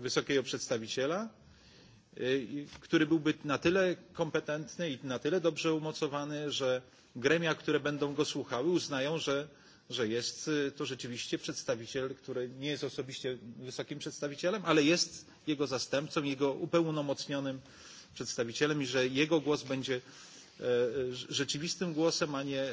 Speaker 16: wysokiego przedstawiciela, który byłby na tyle kompetentny i na tyle dobrze umocowany, że gremia, które będą go słuchały, uznają, że, jest to rzeczywiście przedstawiciel, który nie jest osobiście wysokim przedstawicielem, ale jest jego zastępcą, jego upełnomocnionym przedstawicielem i że jego głos będzie rzeczywistym głosem, a nie,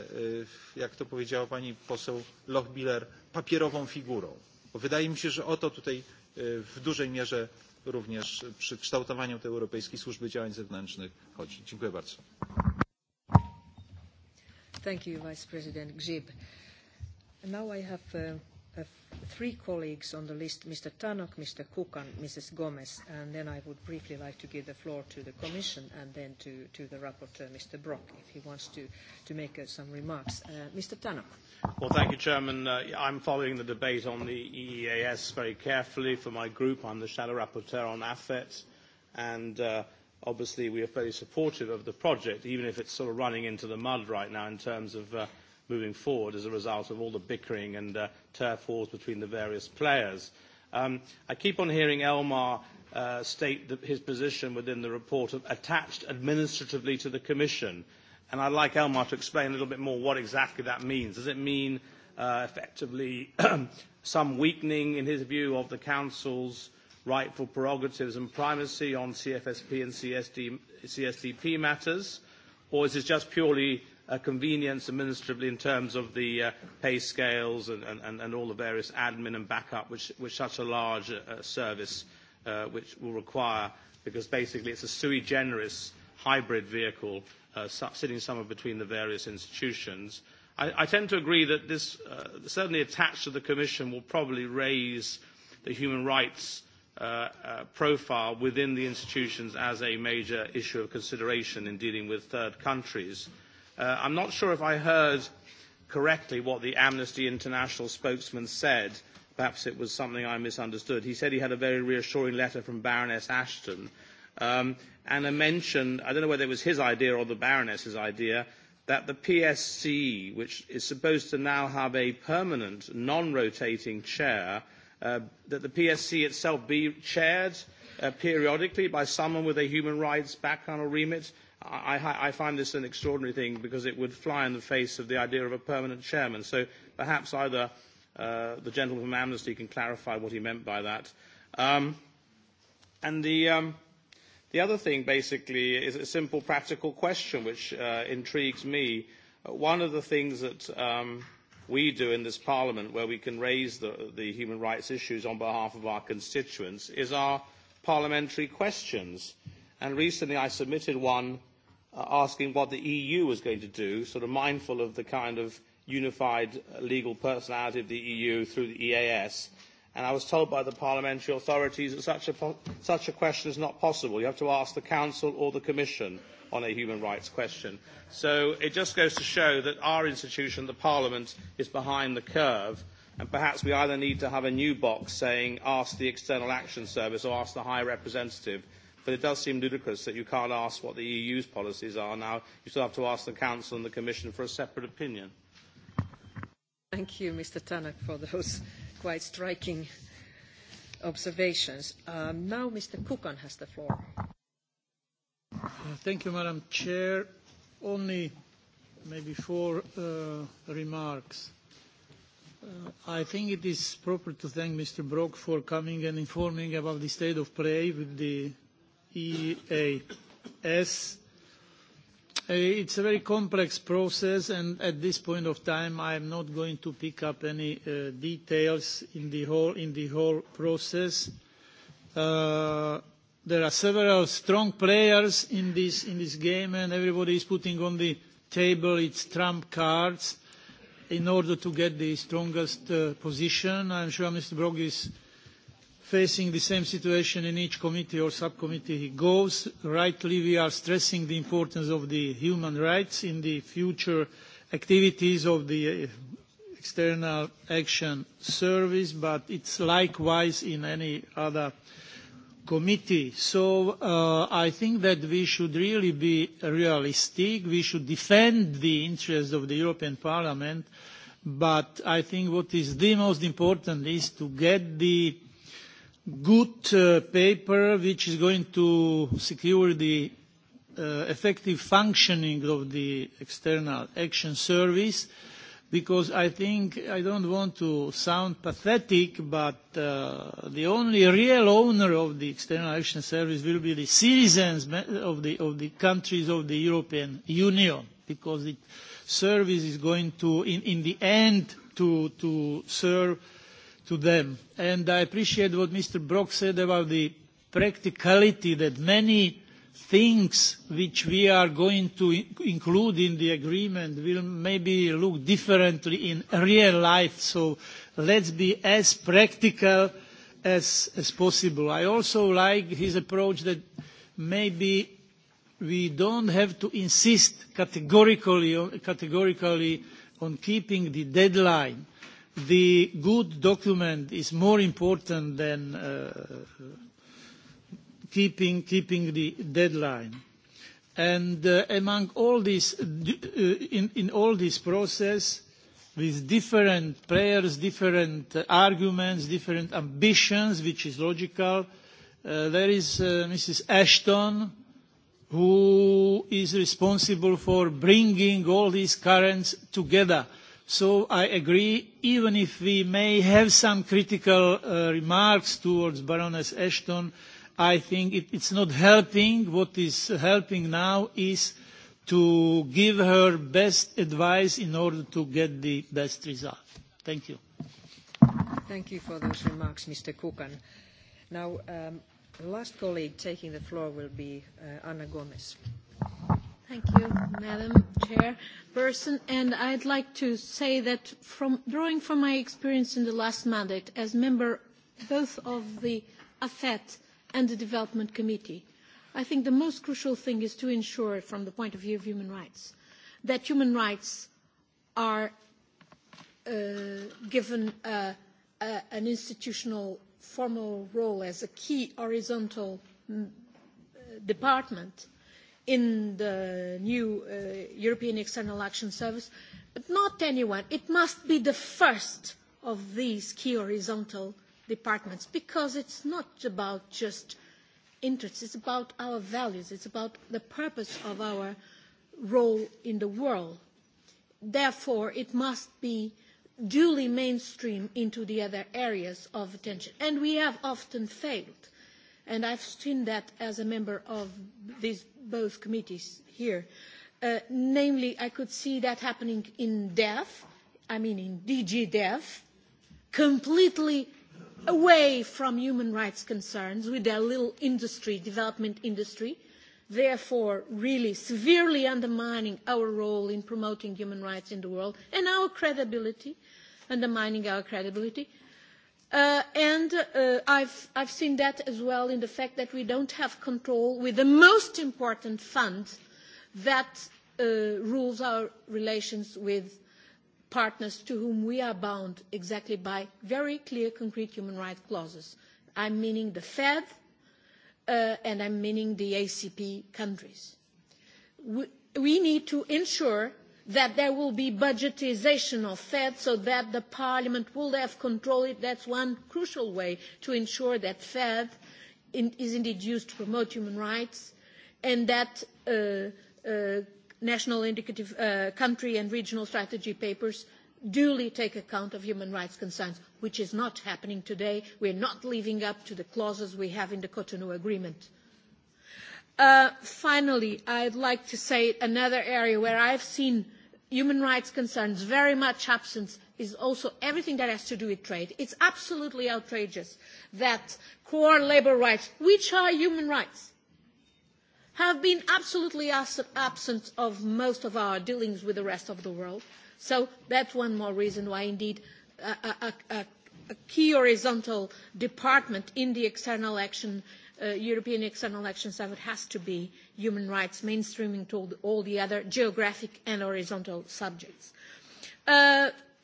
Speaker 16: jak to powiedziała pani poseł Lochbiller, papierową figurą. Wydaje mi się, że o to tutaj w dużej mierze również przy kształtowaniu tej Europejskiej Służby Działań Zewnętrznych chodzi. Dziękuję bardzo.
Speaker 1: Thank you, Vice President Grzyb. Now I have uh, three colleagues on the list, Mr. Tannock, Mr. Cook, and Mrs. Gomez, and then I would briefly like to give the floor to the Commission and then to, to the rapporteur, Mr. Brok, if he wants to, to make uh, some remarks. Uh, Mr. Tannock.
Speaker 12: Well, thank you, Chairman. Uh, I'm following the debate on the EEAS very carefully for my group. I'm the shadow rapporteur on AFET, and uh, obviously we are very supportive of the project, even if it's sort of running into the mud right now in terms of uh, – moving forward as a result of all the bickering and uh, turf wars between the various players. Um, I keep on hearing Elmar uh, state the, his position within the report of attached administratively to the Commission. And I'd like Elmar to explain a little bit more what exactly that means. Does it mean uh, effectively some weakening, in his view, of the Council's rightful prerogatives and primacy on CFSP and CSD, CSDP matters? Or is this just purely convenience administratively in terms of the pay scales and, all the various admin and backup which, such a large service which will require because basically it's a sui generis hybrid vehicle sitting somewhere between the various institutions. I, I tend to agree that this, certainly attached to the Commission, will probably raise the human rights profile within the institutions as a major issue of consideration in dealing with third countries. Uh, I'm not sure if I heard correctly what the Amnesty International spokesman said. Perhaps it was something I misunderstood. He said he had a very reassuring letter from Baroness Ashton um, and a mention, I don't know whether it was his idea or the Baroness's idea, that the PSC, which is supposed to now have a permanent, non-rotating chair, uh, that the PSC itself be chaired uh, periodically by someone with a human rights background or remit I, I find this an extraordinary thing because it would fly in the face of the idea of a permanent chairman. So perhaps either uh, the gentleman from Amnesty can clarify what he meant by that. Um, and the, um, the other thing, basically, is a simple practical question which uh, intrigues me. One of the things that um, we do in this parliament where we can raise the, the human rights issues on behalf of our constituents is our parliamentary questions. And recently I submitted one asking what the EU was going to do, sort of mindful of the kind of unified legal personality of the EU through the EAS. And I was told by the parliamentary authorities that such a, such a question is not possible. You have to ask the Council or the Commission on a human rights question. So it just goes to show that our institution, the Parliament, is behind the curve. And perhaps we either need to have a new box saying ask the External Action Service or ask the High Representative but it does seem ludicrous that you can't ask what the EU's policies are now. You still have to ask the Council and the Commission for a separate opinion.
Speaker 1: Thank you, Mr. Tannock, for those quite striking observations. Um, now Mr.
Speaker 17: Kukan has the floor. Thank you, Madam Chair. Only maybe four uh, remarks. I think it is proper to thank Mr. Brok for coming and informing about the state of play with the EAS. It's a very complex process, and at this point of time, I am not going to pick up any details in the whole process. There are several strong players in this game, and everybody is putting on the table its trump cards in order to get the strongest position. I'm sure Mr. Brok is facing the same situation in each committee or subcommittee he goes. Rightly, we are stressing the importance of the human rights in the future activities of the External Action Service, but it's likewise in any other committee. So I think that we should really be realistic. We should defend the interests of the European Parliament, but I think what is the most important is to get the good paper which is going to secure the effective functioning of the External Action Service because I think I don't want to sound pathetic, but the only real owner of the External Action Service will be the citizens of the, of the countries of the European Union because the service is going to, in, in the end, to, to serve to them. And I appreciate what Mr. Brok said about the practicality that many things which we are going to include in the agreement will maybe look differently in real life. So let's be as practical as, as possible. I also like his approach that maybe we don't have to insist categorically, categorically on keeping the deadline the good document is more important than uh, keeping, keeping the deadline. And uh, among all this, in, in all this process, with different prayers, different arguments, different ambitions, which is logical, uh, there is uh, Mrs. Ashton, who is responsible for bringing all these currents together – So I agree, even if we may have some critical remarks towards Baroness Ashton, I think it, it's not helping. What is helping now is to give her best advice in order to get the best result. Thank you.
Speaker 1: Thank you for those remarks, Mr. Kukan. Now, um, last colleague taking the floor will be uh, Anna Gomez.
Speaker 18: Thank you, Madam Chairperson. And I'd like to say that from drawing from my experience in the last mandate as member both of the AFET and the Development Committee, I think the most crucial thing is to ensure, from the point of view of human rights, that human rights are given an institutional formal role as a key horizontal department in the new European External Action Service, but not anyone. It must be the first of these key horizontal departments because it's not about just interests, it's about our values, it's about the purpose of our role in the world. Therefore, it must be duly mainstreamed into the other areas of attention. And we have often failed and I've seen that as a member of these both committees here. namely, I could see that happening in DEF, I mean in DG DEF, completely away from human rights concerns with their little industry, development industry, therefore really severely undermining our role in promoting human rights in the world and our credibility, undermining our credibility, and I have seen that as well in the fact that we don't have control with the most important fund that rules our relations with partners to whom we are bound exactly by very clear, concrete human rights clauses. I am meaning the Fed, and I am meaning the ACP countries. We need to ensure that there will be budgetisation of Fed so that the Parliament will have control. That's one crucial way to ensure that Fed is indeed used to promote human rights and that national indicative country and regional strategy papers duly take account of human rights concerns, which is not happening today. We are not living up to the clauses we have in the Cotonou Agreement finally, I'd like to say another area where I've seen human rights concerns very much absent is also everything that has to do with trade. It's absolutely outrageous that core labour rights, which are human rights, have been absolutely absent of most of our dealings with the rest of the world. So that's one more reason why, indeed, a, a, a, a key horizontal department in the external action European External Action Summit has to be human rights mainstreaming to all the other geographic and horizontal subjects.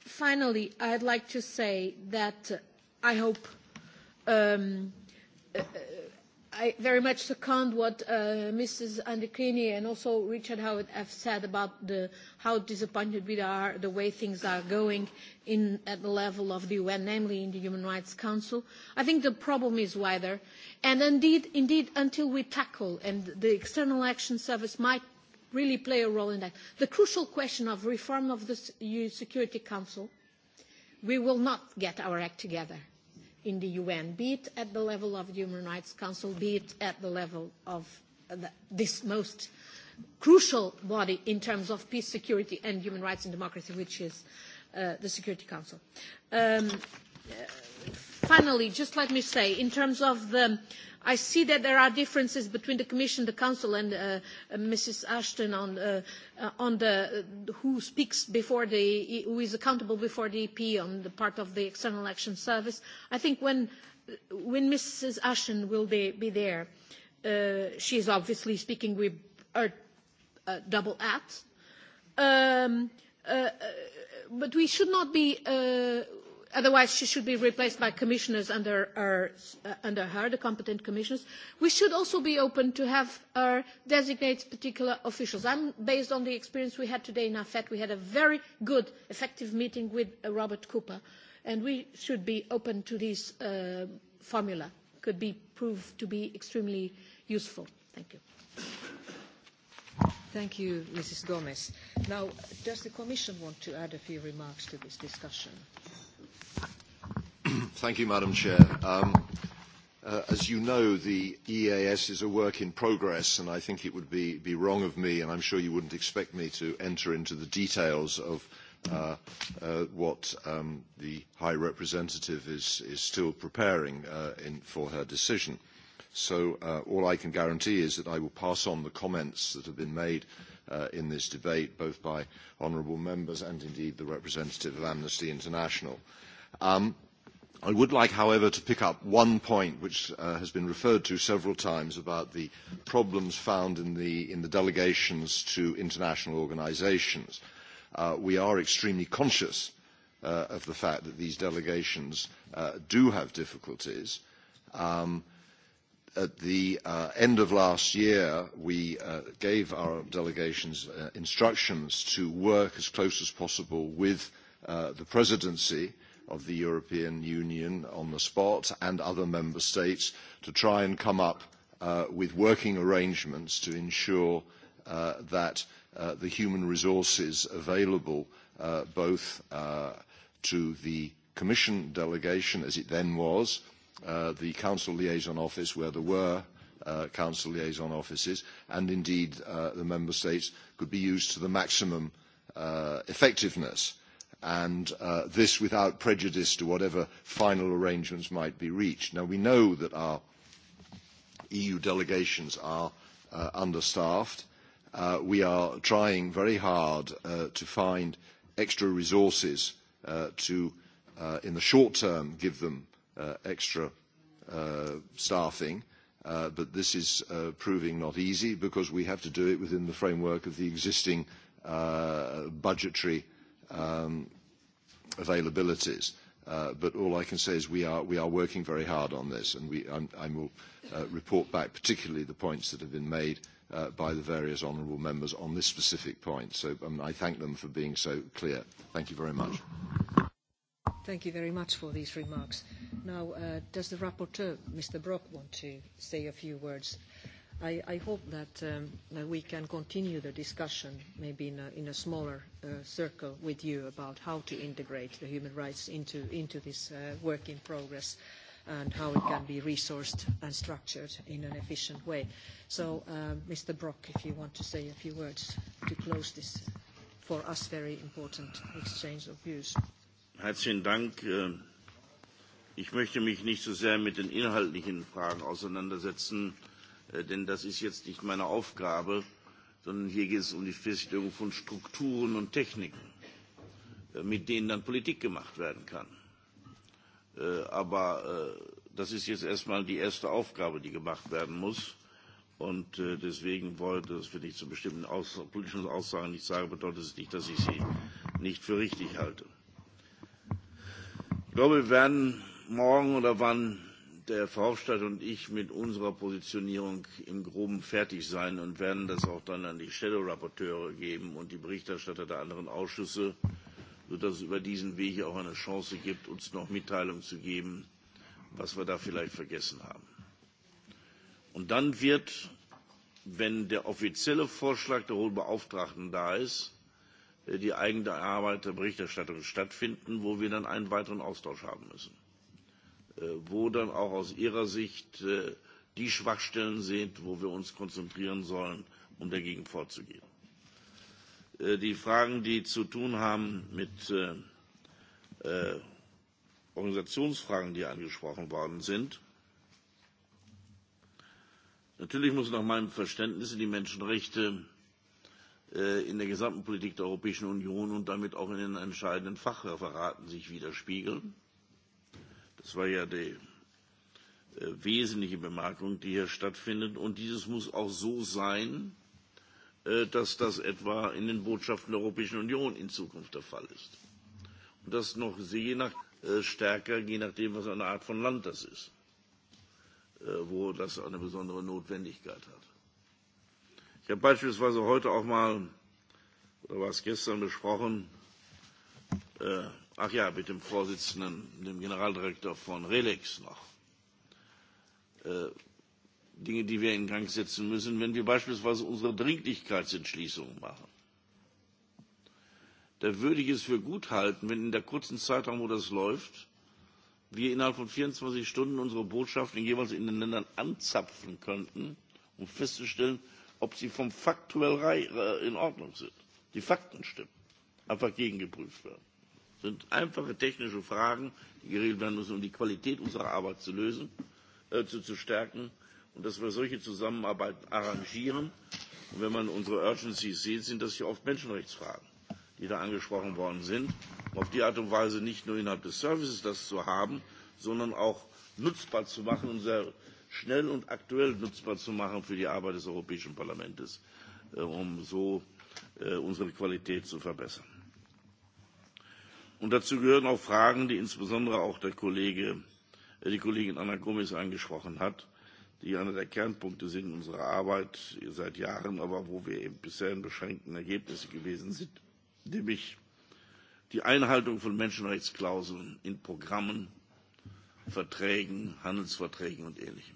Speaker 18: finally, I'd like to say that I hope I very much second what uh, Mrs. Andrikini and also Richard Howard have said about the, how disappointed we are, the way things are going in, at the level of the UN, namely in the Human Rights Council. I think the problem is wider. And indeed, indeed until we tackle, and the External Action Service might really play a role in that, the crucial question of reform of the Security Council, we will not get our act together in the UN, be it at the level of the Human Rights Council, be it at the level of this most crucial body in terms of peace, security, and human rights and democracy, which is the Security Council. finally, just let me say, in terms of the I see that there are differences between the Commission, the Council, and uh, Mrs. Ashton on, uh, on the who speaks before the who is accountable before the EP on the part of the External Action Service. I think when when Mrs. Ashton will be, be there, uh, she is obviously speaking with her uh, double at. Um, uh, but we should not be. Uh, otherwise she should be replaced by commissioners under, her, the competent commissioners. We should also be open to have her designate particular officials. I'm based on the experience we had today in AFET. We had a very good, effective meeting with Robert Cooper, and we should be open to this formula. Could be proved to be extremely useful. Thank you.
Speaker 1: Thank you, Mrs. Gomez. Now, does the Commission want to add a few remarks to this discussion?
Speaker 5: Madam President. as you know, the EAS is a work in progress, and I think it would be, be wrong of me, and I am sure you would not expect me to enter into the details of what the High Representative is, still preparing for her decision. So all I can guarantee is that I will pass on the comments that have been made in this debate, both by honourable members and indeed the representative of Amnesty International. Um, I would like, however, to pick up one point which has been referred to several times about the problems found in the, delegations to international organisations. we are extremely conscious of the fact that these delegations do have difficulties. at the end of last year, we gave our delegations instructions to work as close as possible with the presidency uh, of the European Union on the spot and other member states to try and come up with working arrangements to ensure that the human resources available both to the Commission delegation, as it then was, the Council Liaison Office, where there were Council Liaison Offices, and indeed the Member States could be used to the maximum effectiveness and this without prejudice to whatever final arrangements might be reached. Now, we know that our EU delegations are understaffed. we are trying very hard to find extra resources to, in the short term, give them extra staffing. But this is proving not easy because we have to do it within the framework of the existing budgetary um, availabilities. Uh, but all I can say is we are, we are working very hard on this, and we, I'm, I will uh, report back particularly the points that have been made uh, by the various honourable members on this specific point. So um, I thank them for being so clear. Thank you very much.
Speaker 1: Thank you very much for these remarks. Now, uh, does the rapporteur, Mr. Brok, want to say a few words? I, I hope that, um, we can continue the discussion, maybe in a, in a smaller uh, circle with you, about how to integrate the human rights into, into this uh, work in progress and how it can be resourced and structured in an efficient way. So, um, Mr. Brok, if you want to say a few words to close this, for us, very important exchange of views.
Speaker 11: Herzlichen Dank. Ich möchte mich nicht so sehr mit den inhaltlichen Fragen auseinandersetzen denn das ist jetzt nicht meine Aufgabe, sondern hier geht es um die Feststellung von Strukturen und Techniken, mit denen dann Politik gemacht werden kann. Aber das ist jetzt erst einmal die erste Aufgabe, die gemacht werden muss. Und deswegen wollte, das wenn ich zu bestimmten politischen Aussagen nicht sagen, bedeutet es nicht, dass ich sie nicht für richtig halte. Ich glaube, wir werden morgen oder wann der Verhofstadt und ich mit unserer Positionierung im Groben fertig sein und werden das auch dann an die Shadow Rapporteure geben und die Berichterstatter der anderen Ausschüsse, sodass es über diesen Weg auch eine Chance gibt, uns noch Mitteilung zu geben, was wir da vielleicht vergessen haben. Und dann wird, wenn der offizielle Vorschlag der Hohen Beauftragten da ist, die eigene Arbeit der Berichterstattung stattfinden, wo wir dann einen weiteren Austausch haben müssen wo dann auch aus Ihrer Sicht die Schwachstellen sind, wo wir uns konzentrieren sollen, um dagegen vorzugehen. Die Fragen, die zu tun haben mit Organisationsfragen, die angesprochen worden sind. Natürlich muss nach meinem Verständnis die Menschenrechte in der gesamten Politik der Europäischen Union und damit auch in den entscheidenden Fachreferaten sich widerspiegeln. Das war ja die wesentliche Bemerkung, die hier stattfindet. Und dieses muss auch so sein, dass das etwa in den Botschaften der Europäischen Union in Zukunft der Fall ist. Und das noch je nach stärker, je nachdem, was eine Art von Land das ist, wo das eine besondere Notwendigkeit hat. Ich habe beispielsweise heute auch mal, oder war es gestern besprochen, ach ja, mit dem Vorsitzenden, dem Generaldirektor von Relex noch, Dinge, die wir in Gang setzen müssen, wenn wir beispielsweise unsere Dringlichkeitsentschließungen machen. Da würde ich es für gut halten, wenn in der kurzen Zeitraum, wo das läuft, wir innerhalb von 24 Stunden unsere Botschaften jeweils in den Ländern anzapfen könnten, um festzustellen, ob sie vom faktuell in Ordnung sind. Die Fakten stimmen, einfach gegengeprüft werden sind einfache technische Fragen, die geregelt werden müssen, um die Qualität unserer Arbeit zu lösen, äh, zu, zu stärken und dass wir solche Zusammenarbeiten arrangieren. Und wenn man unsere Urgencies sieht, sind das ja oft Menschenrechtsfragen, die da angesprochen worden sind. Um auf die Art und Weise nicht nur innerhalb des Services das zu haben, sondern auch nutzbar zu machen und sehr schnell und aktuell nutzbar zu machen für die Arbeit des Europäischen Parlaments, um so unsere Qualität zu verbessern. Und dazu gehören auch Fragen, die insbesondere auch die Kollegin Anna Gomes angesprochen hat, die einer der Kernpunkte sind unserer Arbeit seit Jahren, aber wo wir eben bisher in beschränkten Ergebnissen gewesen sind, nämlich die Einhaltung von Menschenrechtsklauseln in Programmen, Verträgen, Handelsverträgen und Ähnlichem.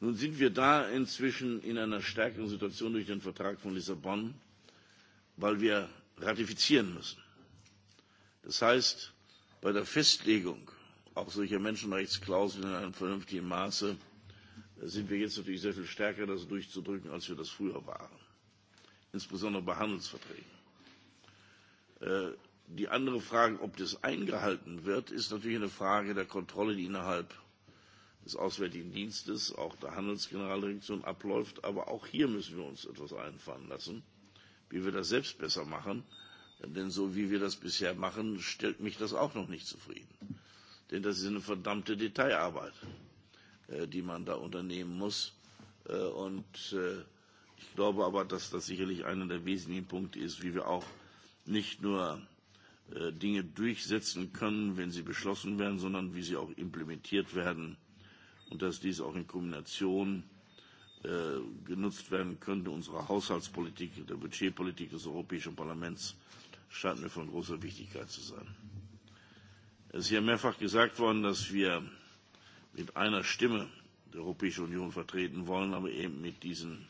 Speaker 11: Nun sind wir da inzwischen in einer stärkeren Situation durch den Vertrag von Lissabon, weil wir ratifizieren müssen. Das heißt, bei der Festlegung auch solcher Menschenrechtsklauseln in einem vernünftigen Maße sind wir jetzt natürlich sehr viel stärker, das durchzudrücken, als wir das früher waren. Insbesondere bei Handelsverträgen. Die andere Frage, ob das eingehalten wird, ist natürlich eine Frage der Kontrolle, die innerhalb des Auswärtigen Dienstes, auch der Handelsgeneraldirektion abläuft. Aber auch hier müssen wir uns etwas einfallen lassen, wie wir das selbst besser machen. Denn so wie wir das bisher machen, stellt mich das auch noch nicht zufrieden. Denn das ist eine verdammte Detailarbeit, die man da unternehmen muss. Und ich glaube aber, dass das sicherlich einer der wesentlichen Punkte ist, wie wir auch nicht nur Dinge durchsetzen können, wenn sie beschlossen werden, sondern wie sie auch implementiert werden und dass dies auch in Kombination genutzt werden könnte, unserer Haushaltspolitik, der Budgetpolitik des Europäischen Parlaments scheint mir von großer Wichtigkeit zu sein. Es ist hier mehrfach gesagt worden, dass wir mit einer Stimme die Europäische Union vertreten wollen, aber eben mit diesen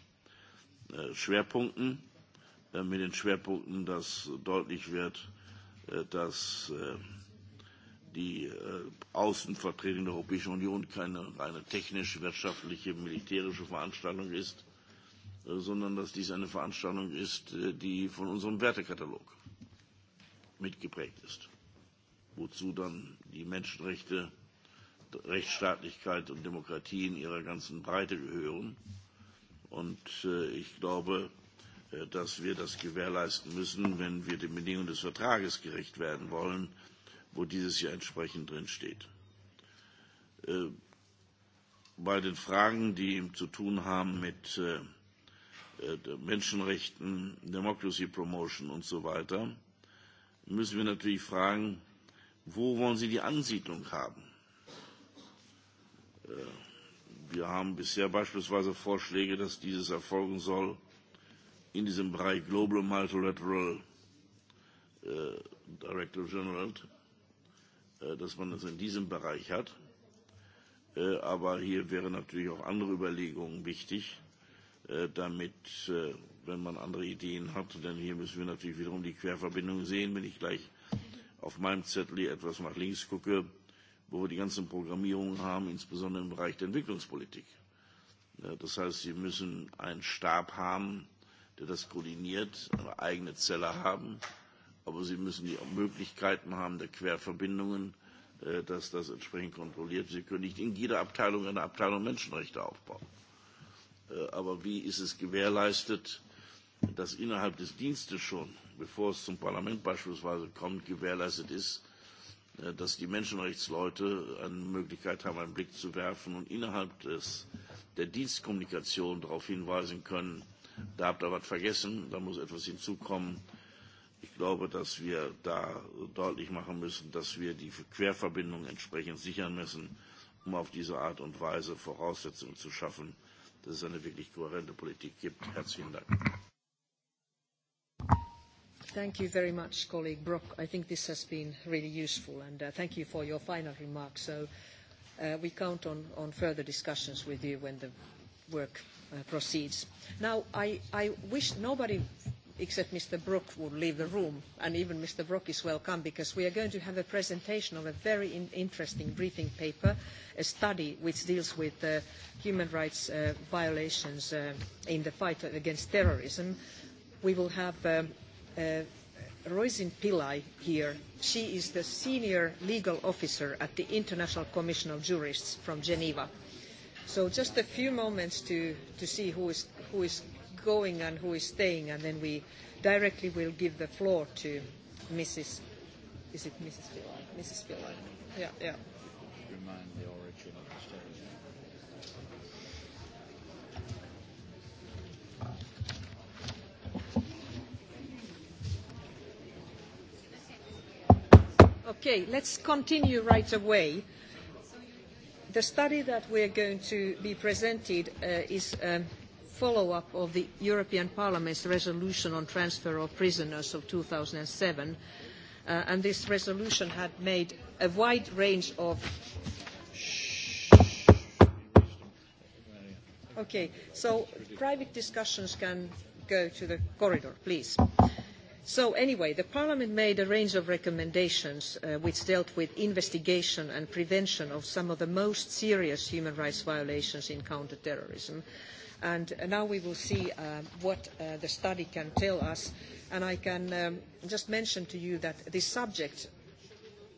Speaker 11: Schwerpunkten, mit den Schwerpunkten, dass deutlich wird, dass die Außenvertretung der Europäischen Union keine reine technisch, wirtschaftliche, militärische Veranstaltung ist, sondern dass dies eine Veranstaltung ist, die von unserem Wertekatalog mitgeprägt ist, wozu dann die Menschenrechte, Rechtsstaatlichkeit und Demokratie in ihrer ganzen Breite gehören. Und ich glaube, dass wir das gewährleisten müssen, wenn wir den Bedingungen des Vertrages gerecht werden wollen, wo dieses ja entsprechend drin steht. Bei den Fragen, die zu tun haben mit Menschenrechten, Democracy Promotion und so weiter, müssen wir natürlich fragen, wo wollen Sie die Ansiedlung haben? Wir haben bisher beispielsweise Vorschläge, dass dieses erfolgen soll in diesem Bereich Global Multilateral Director General, dass man das in diesem Bereich hat. Aber hier wären natürlich auch andere Überlegungen wichtig, damit wenn man andere Ideen hat, denn hier müssen wir natürlich wiederum die Querverbindung sehen. Wenn ich gleich auf meinem Zettel hier etwas nach links gucke, wo wir die ganzen Programmierungen haben, insbesondere im Bereich der Entwicklungspolitik. Das heißt, Sie müssen einen Stab haben, der das koordiniert, eine eigene Zelle haben, aber Sie müssen die Möglichkeiten haben der Querverbindungen, dass das entsprechend kontrolliert wird. Sie können nicht in jeder Abteilung eine Abteilung Menschenrechte aufbauen. Aber wie ist es gewährleistet, dass innerhalb des Dienstes schon, bevor es zum Parlament beispielsweise kommt, gewährleistet ist, dass die Menschenrechtsleute eine Möglichkeit haben, einen Blick zu werfen und innerhalb des, der Dienstkommunikation darauf hinweisen können, da habt ihr was vergessen, da muss etwas hinzukommen. Ich glaube, dass wir da deutlich machen müssen, dass wir die Querverbindung entsprechend sichern müssen, um auf diese Art und Weise Voraussetzungen zu schaffen, dass es eine wirklich kohärente Politik gibt. Herzlichen Dank.
Speaker 1: Thank you very much, colleague Brok. I think this has been really useful, and thank you for your final remarks. So we count on further discussions with you when the work proceeds. Now, I wish nobody except Mr. Brok would leave the room, and even Mr. Brok is welcome because we are going to have a presentation of a very interesting briefing paper, a study which deals with human rights violations in the fight against terrorism. We will have Roisin Pillai here. She is the senior legal officer at the International Commission of Jurists from Geneva. So just a few moments to, to see who is, who is going and who is staying, and then we directly will give the floor to Mrs. Is it Mrs. Pillai? Mrs. Pillai.
Speaker 13: Yeah, yeah. Remind the origin of the
Speaker 1: Okay, let's continue right away. The study that we are going to be presented is a follow-up of the European Parliament's resolution on transfer of prisoners of two thousand seven, and this resolution had made a wide range of Okay, so private discussions can go to the corridor, please. So anyway, the Parliament made a range of recommendations which dealt with investigation and prevention of some of the most serious human rights violations in counterterrorism. And now we will see what the study can tell us. And I can just mention to you that this subject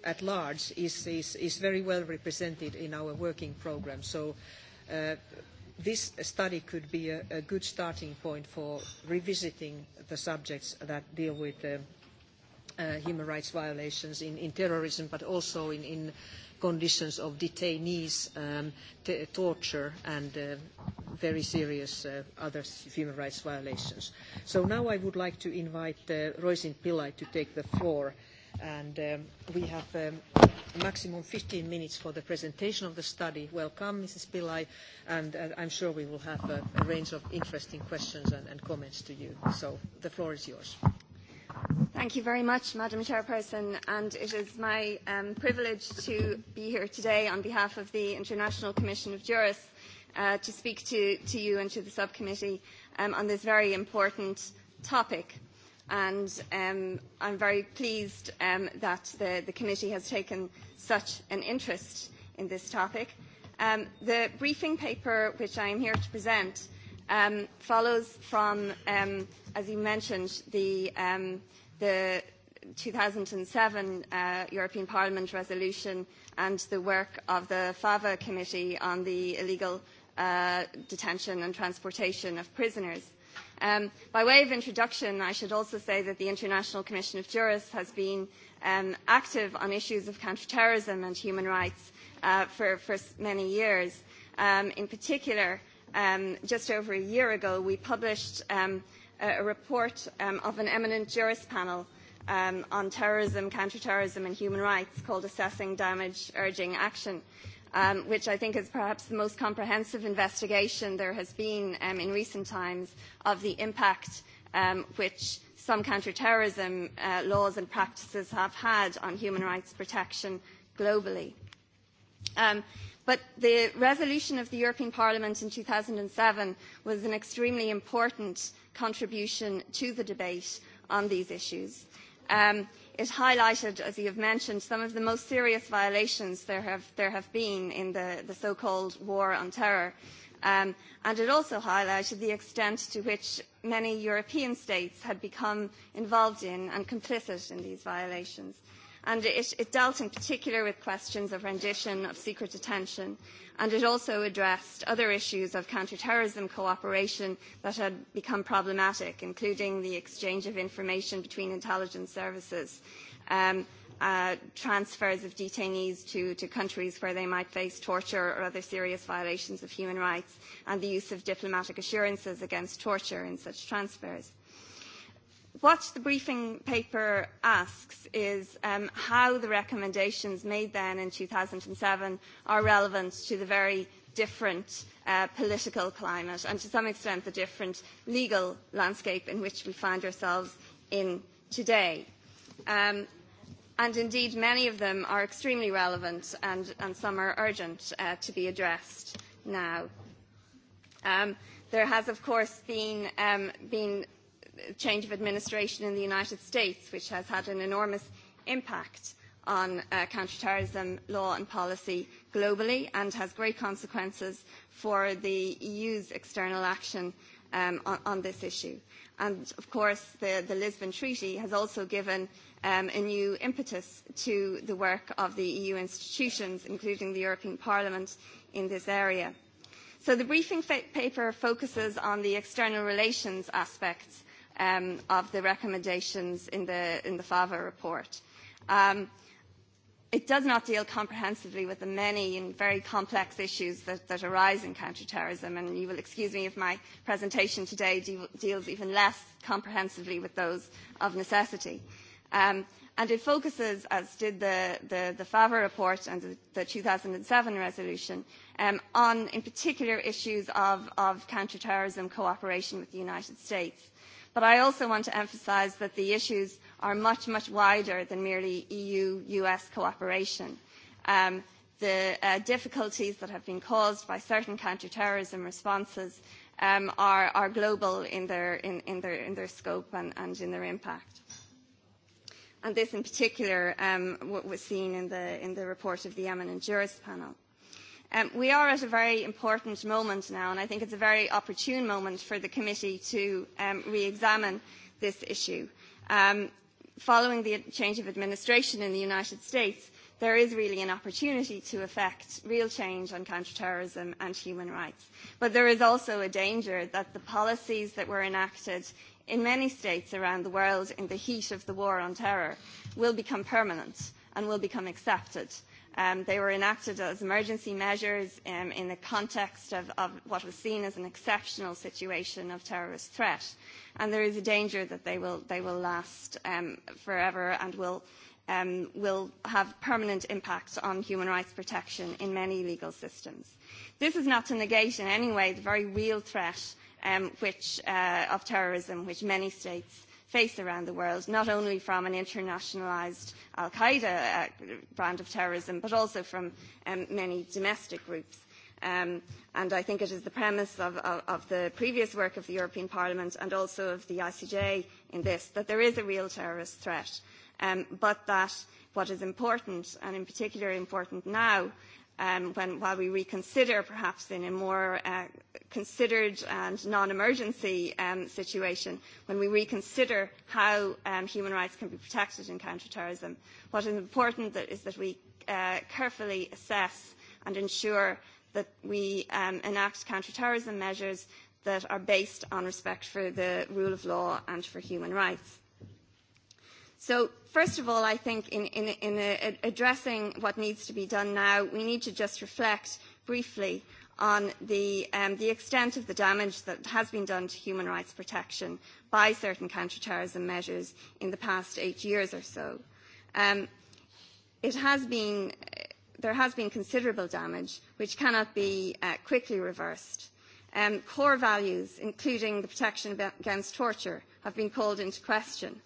Speaker 1: at large is, is, is very well represented in our working programme. So this study could be a, a good starting point for revisiting the subjects that deal with uh, uh, human rights violations in, in terrorism, but also in, in conditions of detainees, um, t- torture, and uh, very serious uh, other human rights violations. So now I would like to invite uh, Roisin Pillai to take the floor. And um, we have um, maximum 15 minutes for the presentation of the study. Welcome, Mrs. Pillai, and I'm sure we will have a range of interesting questions and comments to you. So the floor is yours.
Speaker 19: Thank you very much, Madam Chairperson, and it is my privilege to be here today on behalf of the International Commission of Jurists to speak to you and to the subcommittee on this very important topic and um, I'm very pleased um, that the, the committee has taken such an interest in this topic. Um, the briefing paper which I am here to present um, follows from, um, as you mentioned, the, um, the 2007 uh, European Parliament resolution and the work of the FAVA Committee on the illegal uh, detention and transportation of prisoners Um, by way of introduction, I should also say that the International Commission of Jurists has been um, active on issues of counterterrorism and human rights uh, for, for many years. Um, in particular, um, just over a year ago, we published um, a, a report um, of an eminent jurist panel um, on terrorism, counterterrorism and human rights called Assessing Damage, Urging Action um, which I think is perhaps the most comprehensive investigation there has been um, in recent times of the impact um, which some counterterrorism uh, laws and practices have had on human rights protection globally. Um, But the resolution of the European Parliament in two thousand seven was an extremely important contribution to the debate on these issues it highlighted, as you have mentioned, some of the most serious violations there have, there have been in the, the so-called war on terror. Um, and it also highlighted the extent to which many European states had become involved in and complicit in these violations. And it, it dealt in particular with questions of rendition, of secret detention, and it also addressed other issues of counterterrorism cooperation that had become problematic, including the exchange of information between intelligence services, um, uh, transfers of detainees to, to countries where they might face torture or other serious violations of human rights, and the use of diplomatic assurances against torture in such transfers what the briefing paper asks is um, how the recommendations made then in 2007 are relevant to the very different uh, political climate and to some extent the different legal landscape in which we find ourselves in today. Um, and indeed, many of them are extremely relevant and, and some are urgent uh, to be addressed now. Um, there has, of course, been, um, been change of administration in the United States, which has had an enormous impact on uh, counterterrorism law and policy globally and has great consequences for the EU's external action um, on, on this issue. And of course, the, the Lisbon Treaty has also given um, a new impetus to the work of the EU institutions, including the European Parliament, in this area. So the briefing paper focuses on the external relations aspects um, of the recommendations in the, in the FAVA report. Um, it does not deal comprehensively with the many and very complex issues that, that arise in counterterrorism, and you will excuse me if my presentation today de- deals even less comprehensively with those of necessity. Um, and it focuses, as did the, the, the FAVA report and the, the 2007 resolution, um, on in particular issues of, of counterterrorism cooperation with the United States But I also want to emphasise that the issues are much, much wider than merely EU-US cooperation. Um, the uh, difficulties that have been caused by certain counterterrorism responses um, are, are global in their, in, in their, in their scope and, and in their impact. And this in particular um, was seen in the, in the report of the Yemen and Jurist panel. Um, we are at a very important moment now, and I think it's a very opportune moment for the committee to um, re-examine this issue. Um, following the change of administration in the United States, there is really an opportunity to effect real change on counterterrorism and human rights. But there is also a danger that the policies that were enacted in many states around the world in the heat of the war on terror will become permanent and will become accepted Um, they were enacted as emergency measures um, in the context of, of what was seen as an exceptional situation of terrorist threat. And there is a danger that they will, they will last um, forever and will, um, will have permanent impact on human rights protection in many legal systems. This is not to negate in any way the very real threat um, which, uh, of terrorism which many states face around the world, not only from an internationalised Al Qaeda uh, brand of terrorism, but also from um, many domestic groups. Um, and I think it is the premise of, of, of the previous work of the European Parliament and also of the ICJ in this that there is a real terrorist threat, um, but that what is important, and in particular important now, um, when, while we reconsider perhaps in a more uh, considered and non-emergency um, situation, when we reconsider how um, human rights can be protected in counterterrorism, what is important that is that we uh, carefully assess and ensure that we um, enact counterterrorism measures that are based on respect for the rule of law and for human rights So first of all, I think in, in, in a, addressing what needs to be done now, we need to just reflect briefly on the, um, the extent of the damage that has been done to human rights protection by certain counterterrorism measures in the past eight years or so. Um, it has been, there has been considerable damage which cannot be uh, quickly reversed. Um, core values, including the protection against torture, have been called into question.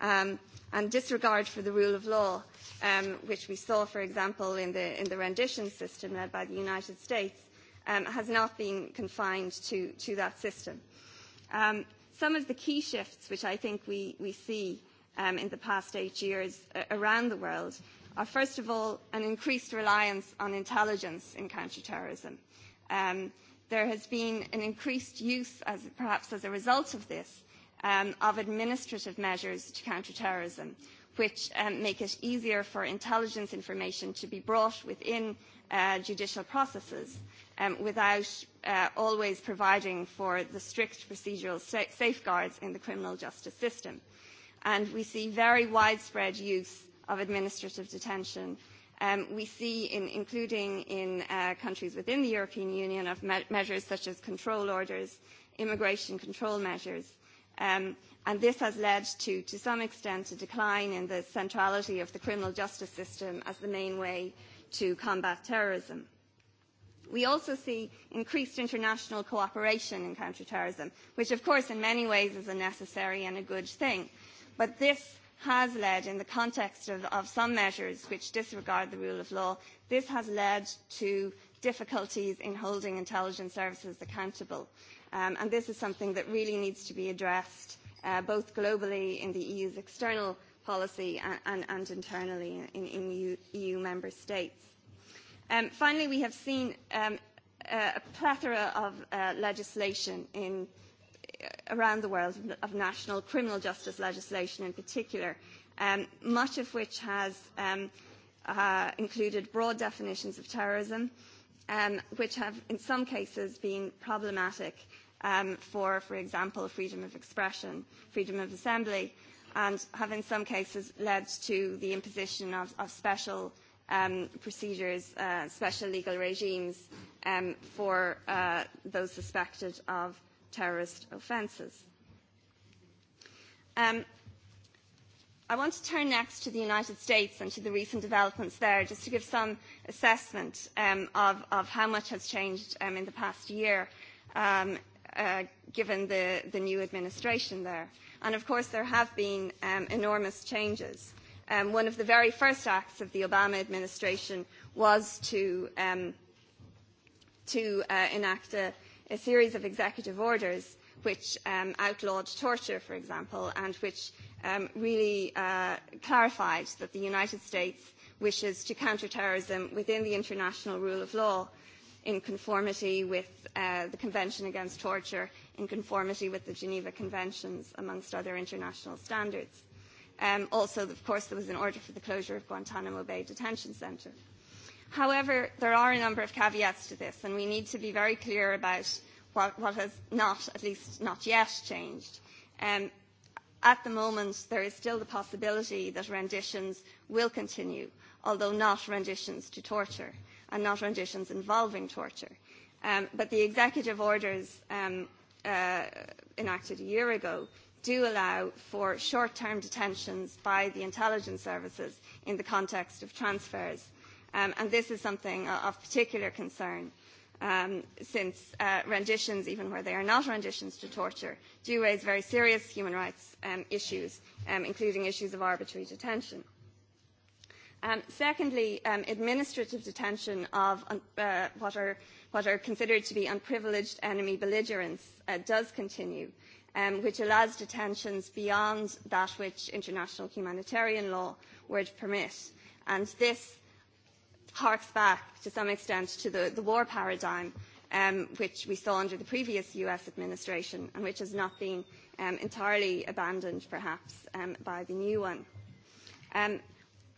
Speaker 19: Um, and disregard for the rule of law, um, which we saw, for example, in the, in the rendition system led by the United States, um, has not been confined to, to that system. Um, some of the key shifts which I think we, we see um, in the past eight years uh, around the world are, first of all, an increased reliance on intelligence in counterterrorism. Um, there has been an increased use, as, perhaps as a result of this, um, of administrative measures to counter terrorism, which um, make it easier for intelligence information to be brought within uh, judicial processes um, without uh, always providing for the strict procedural sa- safeguards in the criminal justice system. And we see very widespread use of administrative detention. Um, we see, in, including in uh, countries within the European Union, of me- measures such as control orders, immigration control measures, and this has led to, to some extent, a decline in the centrality of the criminal justice system as the main way to combat terrorism. We also see increased international cooperation in counterterrorism, which of course in many ways is a necessary and a good thing. But this has led, in the context of, of some measures which disregard the rule of law, this has led to difficulties in holding intelligence services accountable. Um, and this is something that really needs to be addressed uh, both globally in the EU's external policy and, and, and internally in, in EU, EU member states. Um, finally, we have seen um, a plethora of uh, legislation in, around the world, of national criminal justice legislation in particular, um, much of which has um, uh, included broad definitions of terrorism, um, which have in some cases been problematic um, for, for example, freedom of expression, freedom of assembly, and have in some cases led to the imposition of, of special um, procedures, uh, special legal regimes um, for uh, those suspected of terrorist offences. Um, I want to turn next to the United States and to the recent developments there, just to give some assessment um, of, of how much has changed um, in the past year, um, uh, given the, the new administration there. And of course, there have been um, enormous changes. Um, one of the very first acts of the Obama administration was to, um, to uh, enact a, a series of executive orders which um, outlawed torture, for example, and which um, really uh, clarified that the United States wishes to counter terrorism within the international rule of law in conformity with uh, the Convention Against Torture, in conformity with the Geneva Conventions, amongst other international standards. Um, also, of course, there was an order for the closure of Guantanamo Bay Detention Center. However, there are a number of caveats to this, and we need to be very clear about what, what has not, at least not yet, changed. Um, At the moment, there is still the possibility that renditions will continue, although not renditions to torture and not renditions involving torture. Um, but the executive orders um, uh, enacted a year ago do allow for short-term detentions by the intelligence services in the context of transfers. Um, and this is something of particular concern um, since uh, renditions, even where they are not renditions to torture, do raise very serious human rights um, issues, um, including issues of arbitrary detention. Um, secondly, um, administrative detention of uh, what, are, what are considered to be unprivileged enemy belligerents uh, does continue, um, which allows detentions beyond that which international humanitarian law would permit. And this harks back to some extent to the, the war paradigm um, which we saw under the previous US administration and which has not been um, entirely abandoned perhaps um, by the new one. Um,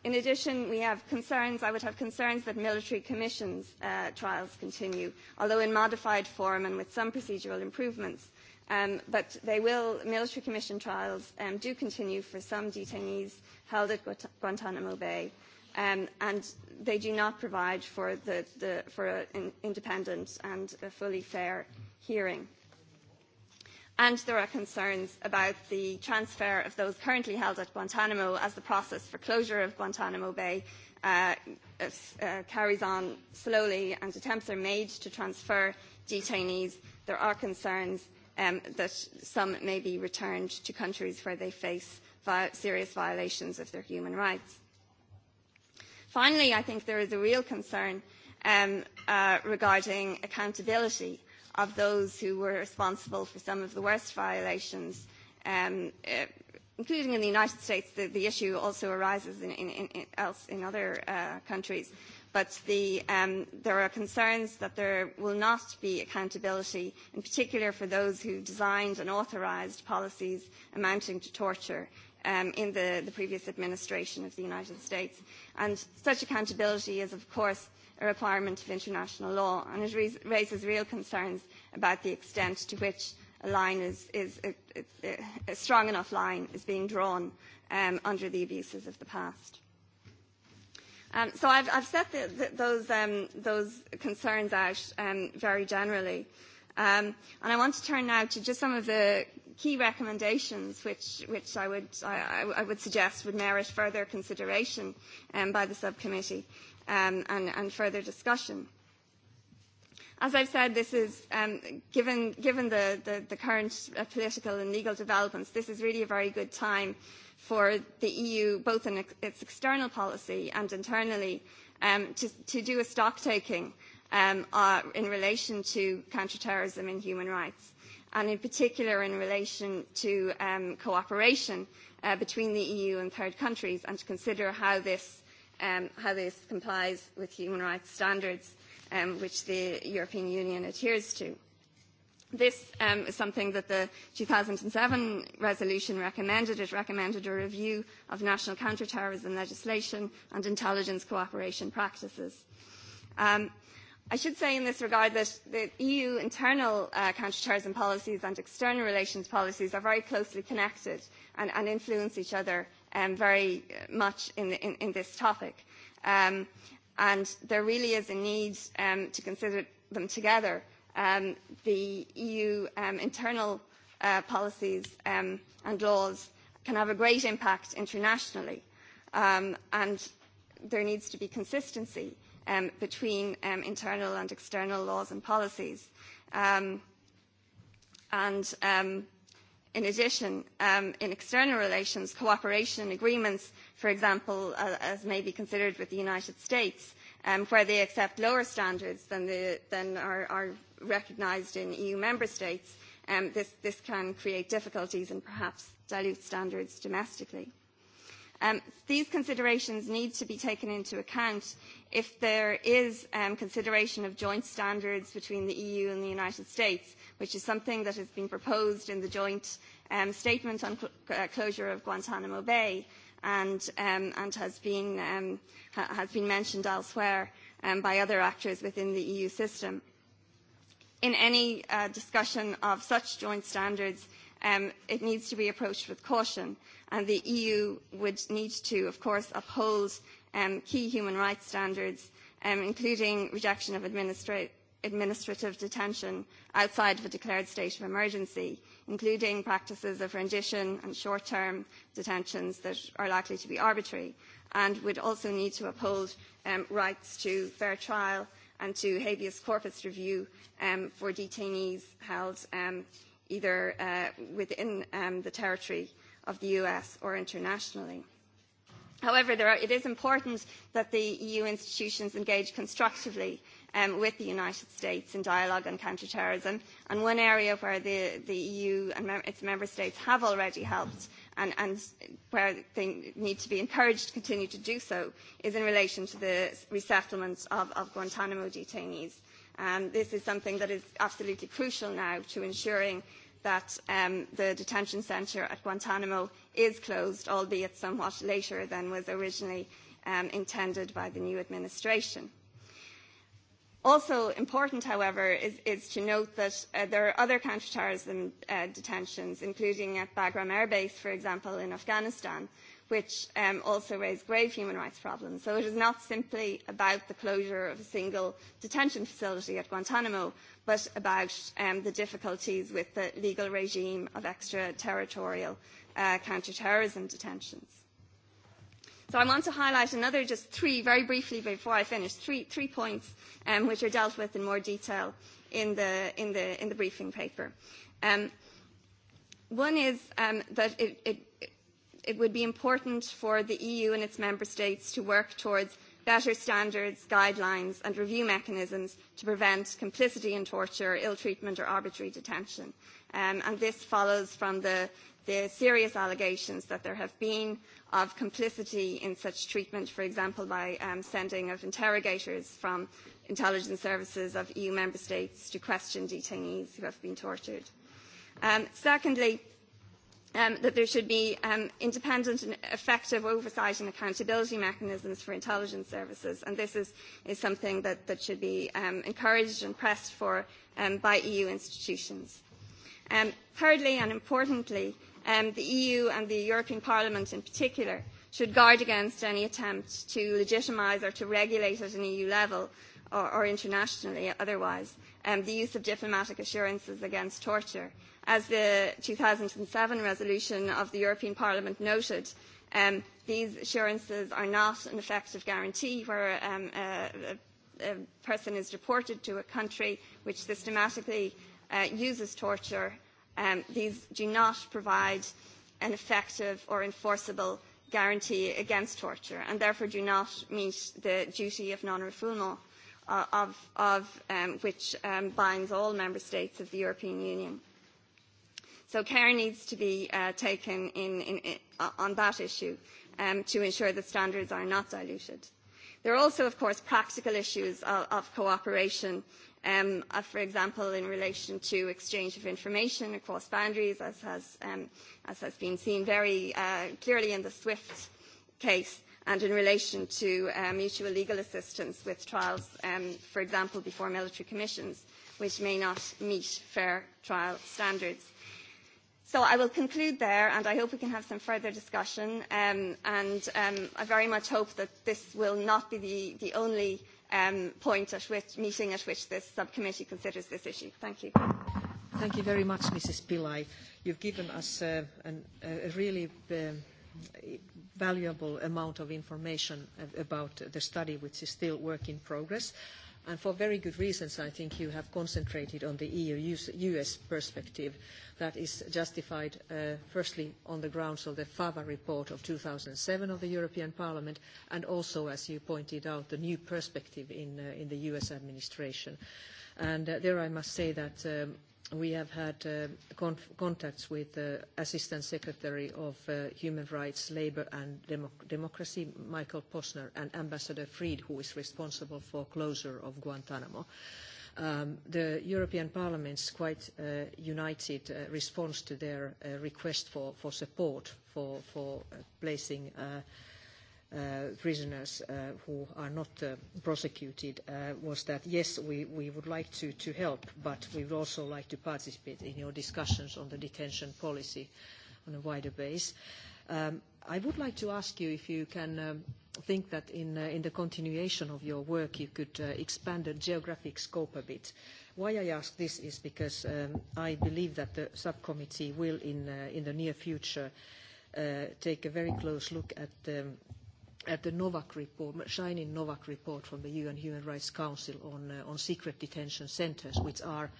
Speaker 19: in addition, we have concerns, I would have concerns that military commissions uh, trials continue, although in modified form and with some procedural improvements. Um, but they will, military commission trials um, do continue for some detainees held at Guantanamo Bay and they do not provide for, the, the, for an independent and a fully fair hearing. And there are concerns about the transfer of those currently held at Guantanamo as the process for closure of Guantanamo Bay uh, uh, carries on slowly and attempts are made to transfer detainees. There are concerns um, that some may be returned to countries where they face vi- serious violations of their human rights Finally, I think there is a real concern um, uh, regarding accountability of those who were responsible for some of the worst violations, um, uh, including in the United States. The, the issue also arises in, in, in, in, else in other uh, countries. But the, um, there are concerns that there will not be accountability, in particular for those who designed and authorised policies amounting to torture um, in the, the previous administration of the United States. And such accountability is, of course, a requirement of international law, and it re- raises real concerns about the extent to which a line is, is a, a, a strong enough line is being drawn um, under the abuses of the past. Um, so I've, I've set the, the, those, um, those concerns out um, very generally. Um, and I want to turn now to just some of the key recommendations which, which I, would, I, I would suggest would merit further consideration um, by the subcommittee um, and, and further discussion. As I've said, this is, um, given, given the, the, the current uh, political and legal developments, this is really a very good time for the EU, both in its external policy and internally, um, to, to do a stock taking um, uh, in relation to counterterrorism and human rights and in particular in relation to um, cooperation uh, between the EU and third countries, and to consider how this, um, how this complies with human rights standards um, which the European Union adheres to. This um, is something that the 2007 resolution recommended. It recommended a review of national counterterrorism legislation and intelligence cooperation practices. Um, I should say in this regard that the EU internal uh, counterterrorism policies and external relations policies are very closely connected and, and influence each other um, very much in, the, in, in this topic. Um, and there really is a need um, to consider them together. Um, the EU um, internal uh, policies um, and laws can have a great impact internationally, um, and there needs to be consistency um, between um, internal and external laws and policies. Um, and um, in addition, um, in external relations, cooperation agreements, for example, uh, as may be considered with the United States, um, where they accept lower standards than, the, than are, are recognised in EU member states, um, this, this can create difficulties and perhaps dilute standards domestically these considerations need to be taken into account if there is consideration of joint standards between the EU and the United States, which is something that has been proposed in the joint statement on closure of Guantanamo Bay and, has, been, mentioned elsewhere by other actors within the EU system. In any discussion of such joint standards, it needs to be approached with caution, and the EU would need to, of course, uphold key human rights standards, including rejection of administrative detention outside of a declared state of emergency, including practices of rendition and short-term detentions that are likely to be arbitrary, and would also need to uphold rights to fair trial and to habeas corpus review for detainees held either uh, within um, the territory of the US or internationally. However, there are, it is important that the EU institutions engage constructively um, with the United States in dialogue on counterterrorism. And one area where the, the EU and mem- its member states have already helped and, and where they need to be encouraged to continue to do so is in relation to the resettlement of, of Guantanamo detainees this is something that is absolutely crucial now to ensuring that um, the detention centre at Guantanamo is closed, albeit somewhat later than was originally um, intended by the new administration. Also important, however, is, is to note that uh, there are other counterterrorism uh, detentions, including at Bagram Air Base, for example, in Afghanistan, which um, also raise grave human rights problems. So it is not simply about the closure of a single detention facility at Guantanamo, but about um, the difficulties with the legal regime of extraterritorial uh, counterterrorism detentions. So I want to highlight another just three, very briefly before I finish, three, three points um, which are dealt with in more detail in the, in the, in the briefing paper. Um, one is um, that it, it, it would be important for the EU and its member states to work towards better standards, guidelines and review mechanisms to prevent complicity in torture, ill treatment or arbitrary detention. and this follows from the, the serious allegations that there have been of complicity in such treatment, for example, by um, sending of interrogators from intelligence services of EU member states to question detainees who have been tortured. Um, secondly, um, that there should be um, independent and effective oversight and accountability mechanisms for intelligence services. And this is, is something that, that should be um, encouraged and pressed for um, by EU institutions. Um, thirdly and importantly, um, the EU and the European Parliament in particular should guard against any attempt to legitimise or to regulate at an EU level or, or internationally otherwise um, the use of diplomatic assurances against torture as the two thousand and seven resolution of the European Parliament noted, these assurances are not an effective guarantee where a, person is deported to a country which systematically uses torture. these do not provide an effective or enforceable guarantee against torture and therefore do not meet the duty of non-refoulement of, which binds all member states of the European Union So care needs to be uh, taken in, in, in, on that issue um, to ensure that standards are not diluted. There are also, of course, practical issues of, of cooperation, um, uh, for example, in relation to exchange of information across boundaries, as has, um, as has been seen very uh, clearly in the SWIFT case, and in relation to uh, mutual legal assistance with trials, um, for example, before military commissions, which may not meet fair trial standards So I will conclude there, and I hope we can have some further discussion. Um, and um, I very much hope that this will not be the, the only um, point at which, meeting at which this subcommittee considers this issue. Thank you.
Speaker 1: Thank you very much, Mrs. Pillai. You've given us uh, an, a really um, valuable amount of information about the study, which is still work in progress. Uh, and for very good reasons, I think you have concentrated on the EU-US perspective that is justified, firstly, on the grounds of the FAVA report of two thousand seven of the European Parliament, and also, as you pointed out, the new perspective in, the US administration. And there I must say that we have had contacts with the Assistant Secretary of Human Rights, Labour and Democracy, Michael Posner, and Ambassador Fried, who is responsible for closure of Guantanamo. the European Parliament's quite united response to their request for, support for, placing prisoners who are not prosecuted was that, yes, we would like to help, but we would also like to participate in your discussions on the detention policy on a wider base. I would like to ask you if you can think that in the continuation of your work, you could expand the geographic scope a bit. Why I ask this is because I believe that the subcommittee will, in the near future, take a very close look at the at the Novak report, shining Novak report from the UN Human Rights Council on, uh, on secret detention centres, which are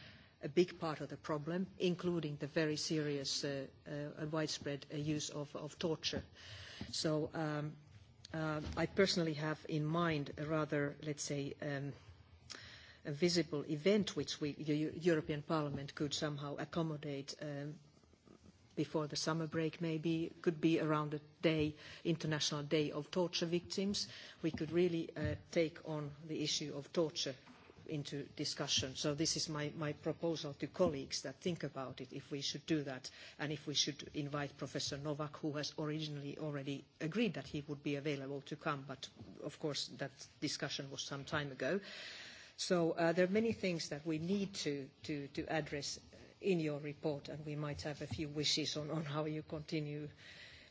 Speaker 1: a big part of the problem, including the very serious uh, uh, and widespread uh, use of, of torture. So um, uh, I personally have in mind a rather, let's say, um, a visible event which we, the European Parliament could somehow accommodate um, before the summer break maybe, could be around the day, International Day of Torture Victims. We could really take on the issue of torture into discussion. So this is my, my proposal to colleagues that think about it, if we should do that, and if we should invite Professor Novak, who has originally already agreed that he would be available to come, but of course that discussion was some time ago. So there are many things that we need to, to, to address in your report, and we might have a few wishes on, on how you continue.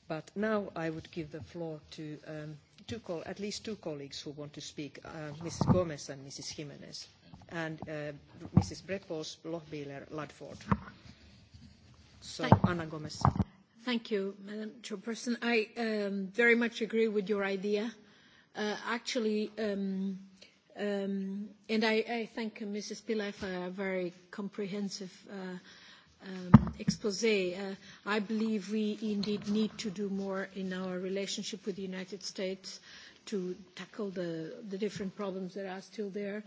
Speaker 1: But now I would give the floor to um, two col- at least two colleagues who want to speak, uh, Mrs. Gomez and Mrs. Jimenez, and uh, Mrs. Brepos, Lochbieler, Ludford. So, Anna Gomez.
Speaker 18: Thank you, Madam Chairperson. I um, very much agree with your idea. Uh, actually, um, Um, and I, I thank Mrs. Pillai for a very comprehensive uh, um, expose. Uh, I believe we indeed need to do more in our relationship with the United States to tackle the, the different problems that are still there,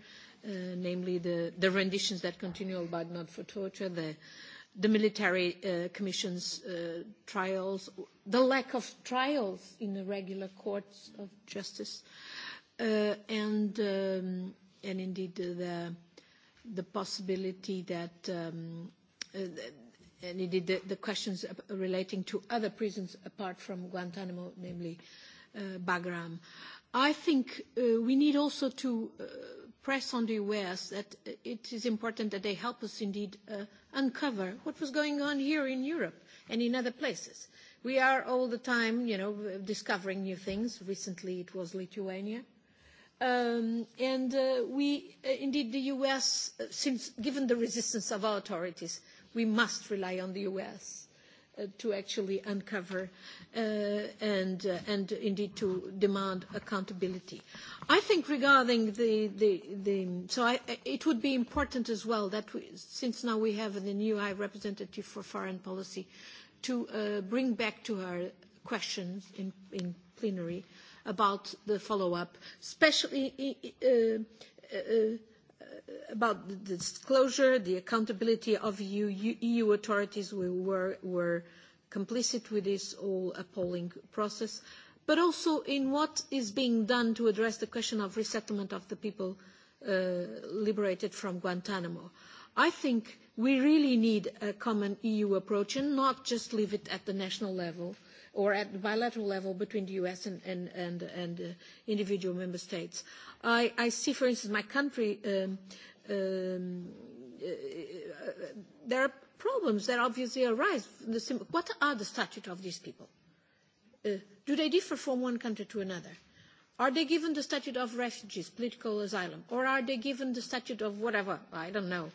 Speaker 18: uh, namely the, the renditions that continue, but not for torture, the, the military uh, commission's uh, trials, the lack of trials in the regular courts of justice. Uh, and um, and indeed the the possibility that um, uh, and indeed the, the questions relating to other prisons apart from Guantanamo, namely uh, Bagram. I think uh, we need also to uh, press on the US that it is important that they help us indeed uh, uncover what was going on here in Europe and in other places. We are all the time, you know, discovering new things. Recently it was Lithuania and we, indeed, the US, since given the resistance of our authorities, we must rely on the US to actually uncover and, and indeed to demand accountability. I think regarding the, the, the so I, it would be important as well that we, since now we have the new High Representative for Foreign Policy, to bring back to her questions in, in plenary uh, about the follow-up, especially about the disclosure, the accountability of EU authorities who were complicit with this whole appalling process, but also in what is being done to address the question of resettlement of the people liberated from Guantanamo. I think we really need a common EU approach and not just leave it at the national level or at the bilateral level between the US and, and, and, and uh, individual member states. I, I see, for instance, my country, um, um, uh, there are problems that obviously arise. From the what are the statute of these people? Uh, do they differ from one country to another? Are they given the statute of refugees, political asylum, or are they given the statute of whatever? I don't know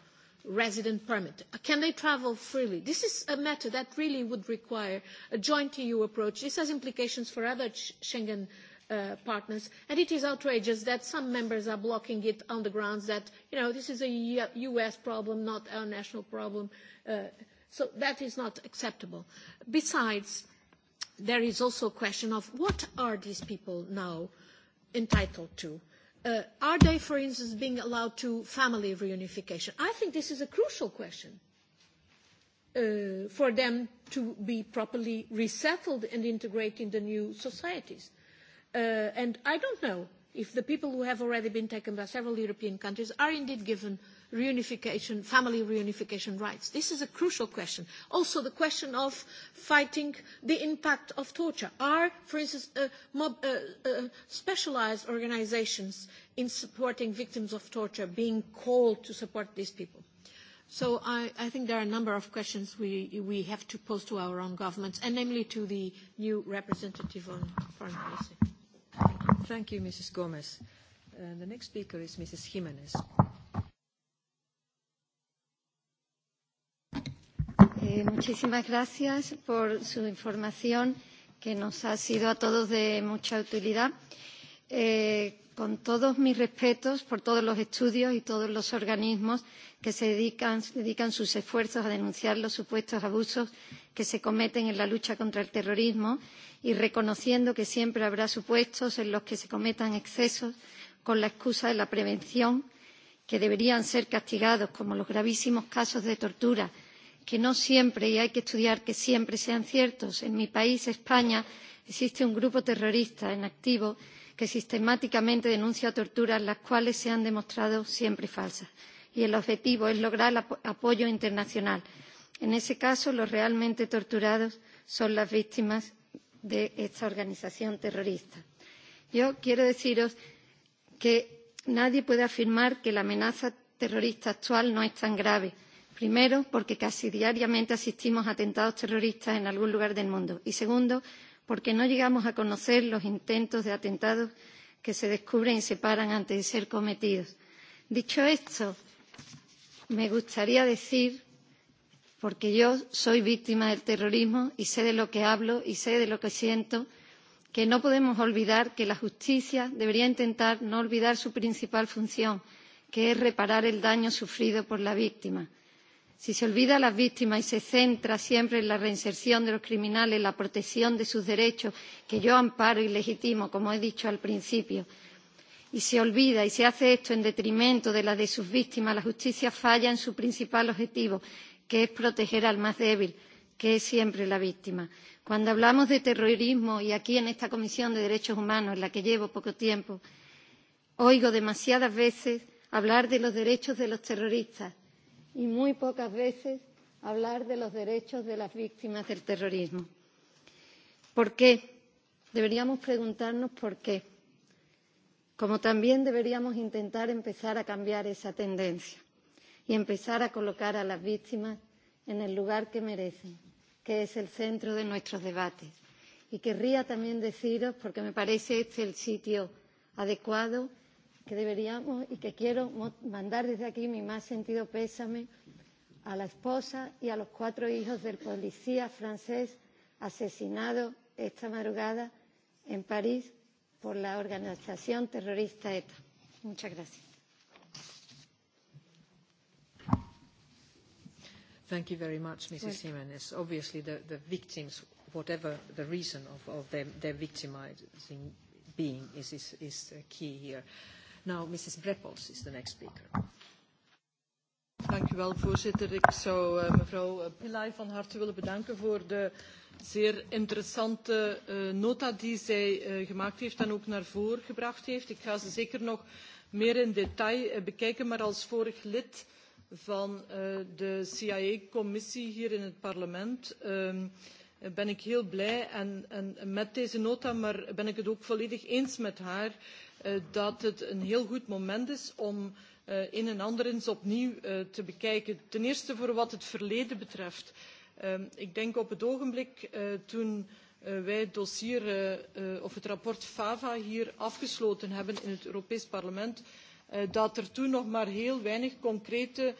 Speaker 18: resident permit? Can they travel freely? This is a matter that really would require a joint EU approach. This has implications for other Schengen partners, and it is outrageous that some members are blocking it on the grounds that, you know, this is a U.S. problem, not a national problem. so that is not acceptable. Besides, there is also a question of what are these people now entitled to? are they, for instance, being allowed to family reunification? I think this is a crucial question for them to be properly resettled and integrate in the new societies. and I don't know if the people who have already been taken by several European countries are indeed given reunification, family reunification rights. This is a crucial question. Also, the question of fighting the impact of torture. Are, for instance, specialised organisations in supporting victims of torture being called to support these people? So I, I think there are a number of questions we, we have to pose to our own governments, and namely to the new representative on foreign policy. Thank you, Mrs.
Speaker 1: Gomez. the next speaker is Mrs. Jimenez.
Speaker 20: muchísimas gracias por su información, que nos ha sido a todos de mucha utilidad. con todos mis respetos por todos los estudios y todos los organismos que se dedican, sus esfuerzos a denunciar los supuestos abusos que se cometen en la lucha contra el terrorismo y reconociendo que siempre habrá supuestos en los que se cometan excesos con la excusa de la prevención, que deberían ser castigados como los gravísimos casos de tortura que no siempre y hay que estudiar que siempre sean ciertos. En mi país, España, existe un grupo terrorista en activo que sistemáticamente denuncia torturas las cuales se han demostrado siempre falsas y el objetivo es lograr apoyo internacional. En ese caso, los realmente torturados son las víctimas de esta organización terrorista. Yo quiero deciros que nadie puede afirmar que la amenaza terrorista actual no es tan grave Primero, porque casi diariamente asistimos a atentados terroristas en algún lugar del mundo. Y segundo, porque no llegamos a conocer los intentos de atentados que se descubren y se paran antes de ser cometidos. Dicho esto, me gustaría decir, porque yo soy víctima del terrorismo y sé de lo que hablo y sé de lo que siento, que no podemos olvidar que la justicia debería intentar no olvidar su principal función, que es reparar el daño sufrido por la víctima si se olvida a las víctimas y se centra siempre en la reinserción de los criminales la protección de sus derechos que yo amparo y legitimo como he dicho al principio y se olvida y se hace esto en detrimento de la de sus víctimas la justicia falla en su principal objetivo que es proteger al más débil que es siempre la víctima. cuando hablamos de terrorismo y aquí en esta comisión de derechos humanos en la que llevo poco tiempo oigo demasiadas veces hablar de los derechos de los terroristas y muy pocas veces hablar de los derechos de las víctimas del terrorismo. ¿Por qué? Deberíamos preguntarnos por qué. Como también deberíamos intentar empezar a cambiar esa tendencia y empezar a colocar a las víctimas en el lugar que merecen, que es el centro de nuestros debates. Y querría también deciros, porque me parece este el sitio adecuado, que deberíamos y que quiero mandar desde aquí mi más sentido pésame a la esposa y a los cuatro hijos del policía francés asesinado esta madrugada en París por la organización terrorista ETA. Muchas gracias.
Speaker 1: Thank you very much, Mrs. Jimenez. Obviously, the, the victims, whatever the reason of, of their, their victimizing being, is, is, is key
Speaker 21: here. Uh, Mrs. is voorzitter. Ik zou mevrouw Pillay van harte willen bedanken voor de zeer interessante nota die zij gemaakt heeft en ook naar voren gebracht heeft. Ik ga ze zeker nog meer in detail bekijken, maar als vorig lid van de CIA-commissie hier in het parlement ben ik heel blij met deze nota, maar ben ik het ook volledig eens met haar dat het een heel goed moment is om een en ander eens opnieuw te bekijken. Ten eerste voor wat het verleden betreft. Ik denk op het ogenblik toen wij het dossier of het rapport FAVA hier afgesloten hebben in het Europees Parlement, dat er toen nog maar heel weinig concrete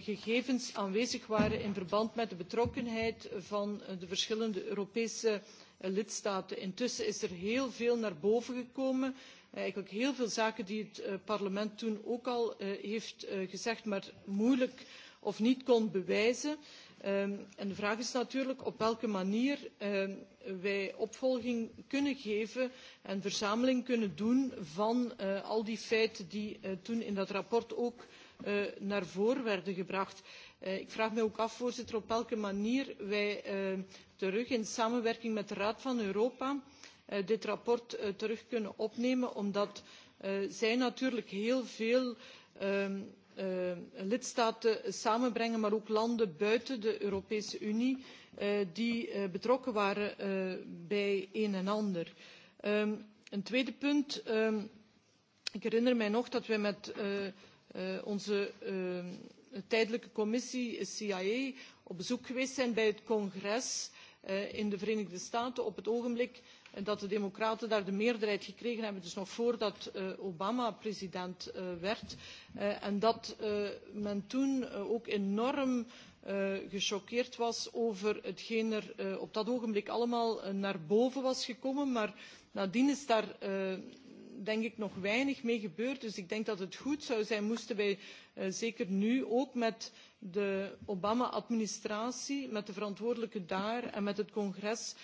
Speaker 21: gegevens aanwezig waren in verband met de betrokkenheid van de verschillende Europese lidstaten. Intussen is er heel veel naar boven gekomen Eigenlijk heel veel zaken die het parlement toen ook al heeft gezegd, maar moeilijk of niet kon bewijzen. en de vraag is natuurlijk op welke manier wij opvolging kunnen geven en verzameling kunnen doen van al die feiten die toen in dat rapport ook naar voren werden gebracht. Ik vraag me ook af, voorzitter, op welke manier wij terug in samenwerking met de Raad van Europa dit rapport terug kunnen opnemen omdat zij natuurlijk heel veel lidstaten samenbrengen maar ook landen buiten de europese unie die betrokken waren bij een en ander. een tweede punt ik herinner mij nog dat wij met onze tijdelijke commissie cia op bezoek geweest zijn bij het congres in de verenigde staten op het ogenblik En dat de Democraten daar de meerderheid gekregen hebben, dus nog voordat Obama president werd. en dat men toen ook enorm gechoqueerd was over hetgeen er op dat ogenblik allemaal naar boven was gekomen. Maar nadien is daar denk ik nog weinig mee gebeurd. Dus ik denk dat het goed zou zijn moesten wij zeker nu ook met de Obama-administratie, met de verantwoordelijken daar en met het congres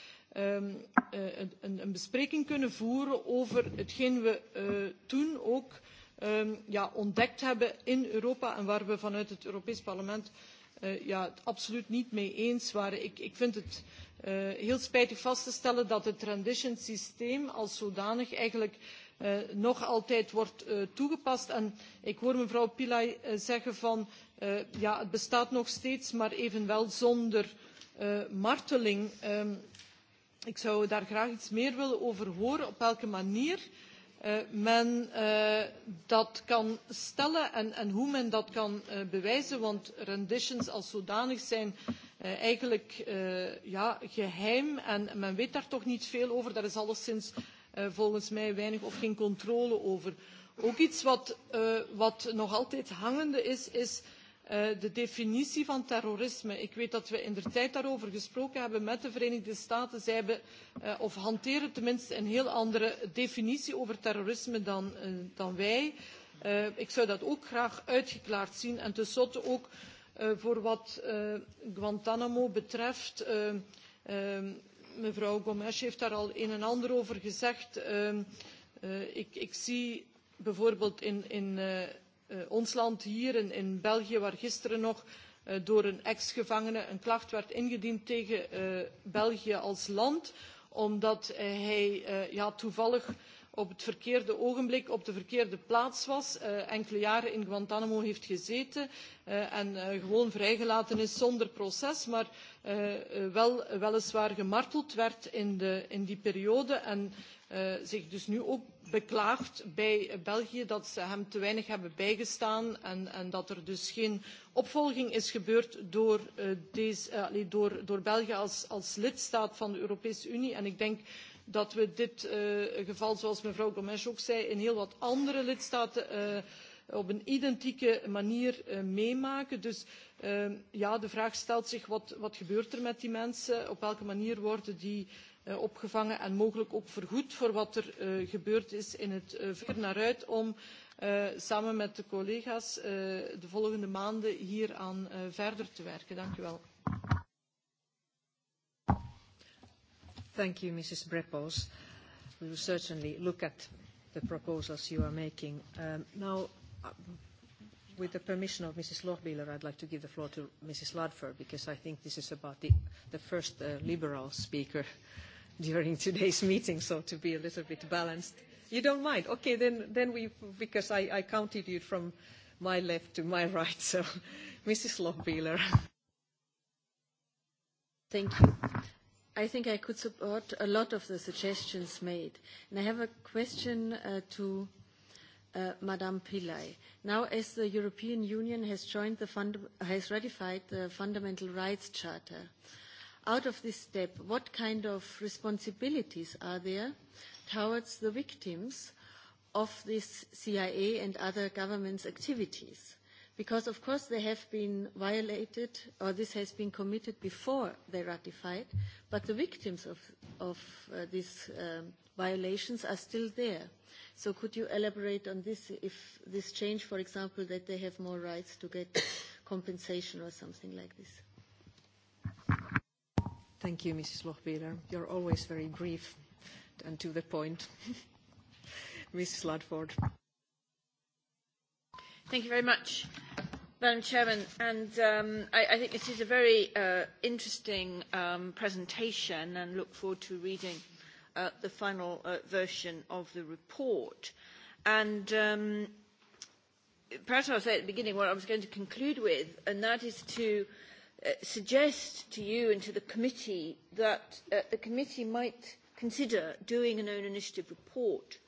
Speaker 21: een, bespreking kunnen voeren over hetgeen we toen ook ontdekt hebben in Europa en waar we vanuit het Europees Parlement het absoluut niet mee eens waren. Ik, vind het heel spijtig vast te stellen dat het transition systeem als zodanig eigenlijk nog altijd wordt toegepast. En ik hoor mevrouw Pillay zeggen van ja, het bestaat nog steeds, maar evenwel zonder marteling ik zou daar graag iets meer willen over horen, op welke manier men dat kan stellen en hoe men dat kan bewijzen, want renditions als zodanig zijn eigenlijk geheim en men weet daar toch niet veel over. Daar is alleszins volgens mij weinig of geen controle over. Ook iets wat, nog altijd hangende is, is de definitie van terrorisme. Ik weet dat we indertijd daarover gesproken hebben met de Verenigde Staten. Zij hanteren tenminste, een heel andere definitie over terrorisme dan, wij. ik zou dat ook graag uitgeklaard zien. En tenslotte ook voor wat Guantanamo betreft. mevrouw Gomes heeft daar al een en ander over gezegd. ik, zie bijvoorbeeld in ons land hier in, België, waar gisteren nog door een ex-gevangene een klacht werd ingediend tegen België als land, omdat hij toevallig op het verkeerde ogenblik op de verkeerde plaats was, enkele jaren in Guantanamo heeft gezeten en gewoon vrijgelaten is zonder proces, maar wel weliswaar gemarteld werd in, die periode en zich dus nu ook beklaagt bij België dat ze hem te weinig hebben bijgestaan en, dat er dus geen opvolging is gebeurd door, België als, lidstaat van de Europese Unie. En ik denk dat we dit geval, zoals mevrouw Gomes ook zei, in heel wat andere lidstaten op een identieke manier meemaken. Dus ja, de vraag stelt zich wat, gebeurt er met die mensen? Op welke manier worden die opgevangen en mogelijk ook vergoed voor wat er gebeurd is in het vuur. Naar uit om samen met de collega's de volgende maanden hieraan verder te werken. Dank u wel.
Speaker 1: Thank you, Mrs. Brepos. We will certainly look at the proposals you are making. Now, with the permission of Mrs. Lochbihler, I'd like to give the floor to Mrs. Ludford, because I think this is about the first liberal speaker during today's meeting, so to be a little bit balanced. You don't mind? Okay, then, then we, because I, I counted you from my left to my right, so Mrs.
Speaker 9: Lochbieler. Thank you. I think I could support a lot of the suggestions made. And I have a question uh, to uh, Madame Pillay. Now, as the European Union has joined the fund, has ratified the Fundamental Rights Charter, uh, out of this step, what kind of responsibilities are there towards the victims of this CIA and other governments' activities? Because, of course, they have been violated, or this has been committed before they ratified, but the victims of, of uh, these um, violations are still there. So could you elaborate on this, if this change, for example, that they have more rights to get compensation or something like this?
Speaker 1: Thank you, Mrs. Lochbihler. You're always very brief and to the point. Mrs. Ludford.
Speaker 22: Thank you very much, Madam Chairman. And um, I, I think this is a very uh, interesting um, presentation and look forward to reading uh, the final uh, version of the report. And um, perhaps I'll say at the beginning what I was going to conclude with, and that is to uh, suggest to you and to the committee that the committee might consider doing an own initiative report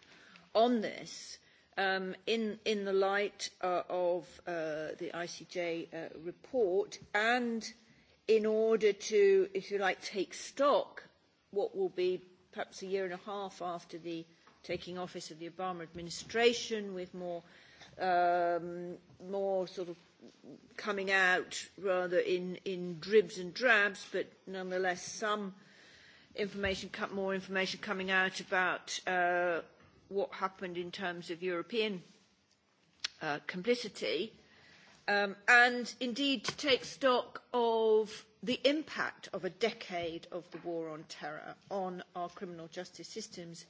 Speaker 22: on this in, in the light of the ICJ report and in order to, if you like, take stock what will be perhaps a year and a half after the taking office of the Obama administration with more, um, more sort of coming out rather in, in dribs and drabs, but nonetheless some information, more information coming out about uh, what happened in terms of European uh, complicity, um, and indeed to take stock of the impact of a decade of the war on terror on our criminal justice systems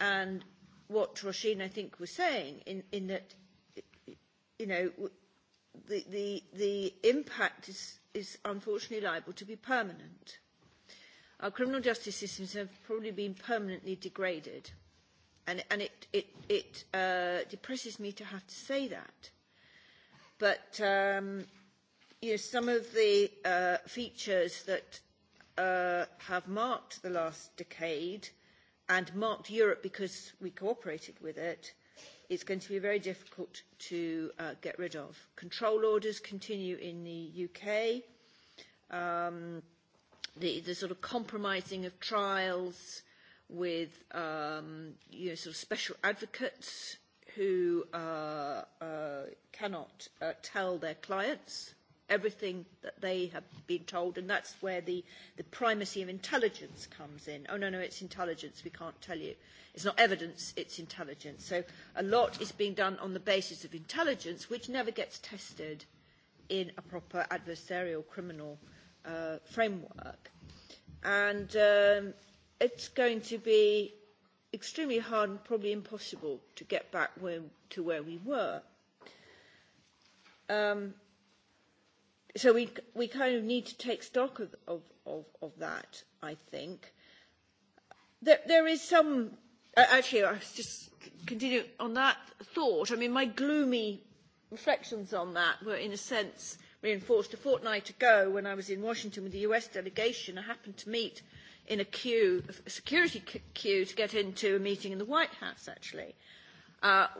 Speaker 22: and what Roisin, I think, was saying in, in that, you know, the, the, the impact is, is unfortunately liable to be permanent. Our criminal justice systems have probably been permanently degraded. And, and it, it, it uh, depresses me to have to say that. But um, you know, some of the uh, features that uh, have marked the last decade and marked Europe because we cooperated with it – it's going to be very difficult to uh, get rid of. Control orders continue in the UK. Um, the, the sort of compromising of trials with um, you know, sort of special advocates who uh, uh, cannot uh, tell their clients everything that they have been told, and that's where the, the primacy of intelligence comes in. Oh, no, no, it's intelligence, we can't tell you. It's not evidence, it's intelligence. So a lot is being done on the basis of intelligence, which never gets tested in a proper adversarial criminal uh, framework. And um, it's going to be extremely hard and probably impossible to get back where, to where we were. Um, so we, we kind of need to take stock of, of, of, of that, I think. There, there is some, actually, I was just continue on that thought. I mean, my gloomy reflections on that were, in a sense, reinforced a fortnight ago when I was in Washington with the US delegation. I happened to meet in a queue, a security queue, to get into a meeting in the White House, actually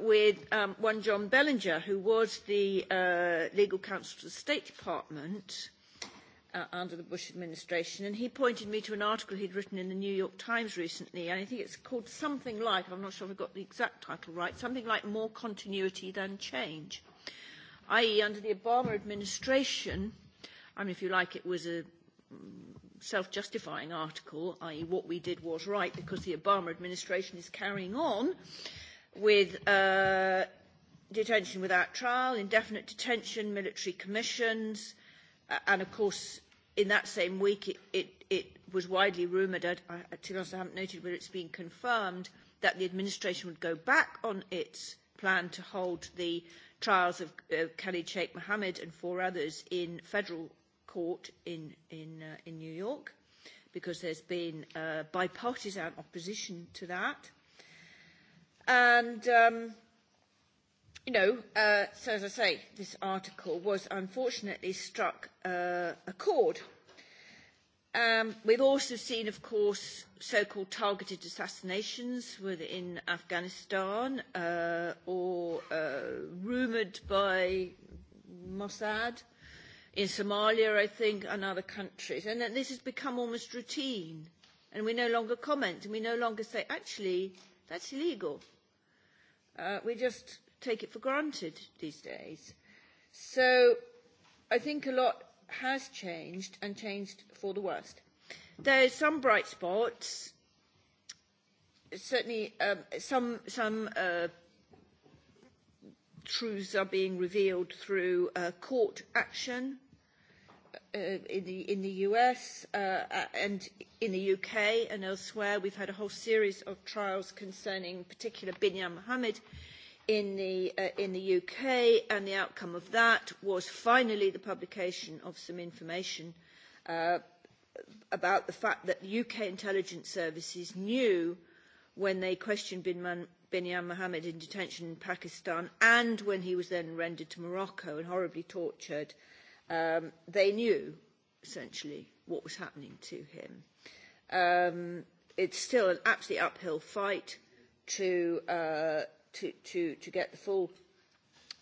Speaker 22: with um one John Bellinger, who was the legal counsel to the State Department under the Bush administration, and he pointed me to an article he'd written in the New York Times recently, and I think it's called something like, I'm not sure if I've got the exact title right, something like More Continuity Than Change, i.e., under the Obama administration, I mean, if you like, it was a self justifying article, i.e., what we did was right because the Obama administration is carrying on. Uh, with uh, detention without trial, indefinite detention, military commissions, uh, and of course, in that same week, it, it, it was widely rumoured, I, I, to be honest, I haven't noted whether it's been confirmed, that the administration would go back on its plan to hold the trials of uh, Khalid Sheikh Mohammed and four others in federal court in, in, uh, in New York because there's been uh, bipartisan opposition to that. And, um, you know, uh, so as I say, this article was unfortunately struck uh, a chord. Um, we've also seen, of course, so-called targeted assassinations within Afghanistan uh, or uh, rumoured by Mossad in Somalia, I think, and other countries. And that this has become almost routine. And we no longer comment and we no longer say, actually, that's illegal Uh, we just take it for granted these days. So I think a lot has changed and changed for the worst. There are some bright spots, certainly um, some, some uh, truths are being revealed through uh, court action in the in the US uh, and in the UK and elsewhere. We've had a whole series of trials concerning, particular, Binyam Mohammed in the uh, in the UK, and the outcome of that was finally the publication of some information uh, about the fact that the UK intelligence services knew when they questioned Binman, Binyam Mohammed in detention in Pakistan and when he was then rendered to Morocco and horribly tortured uh, Um, they knew, essentially, what was happening to him. Um, it's still an absolutely uphill fight to, uh, to, to, to get the full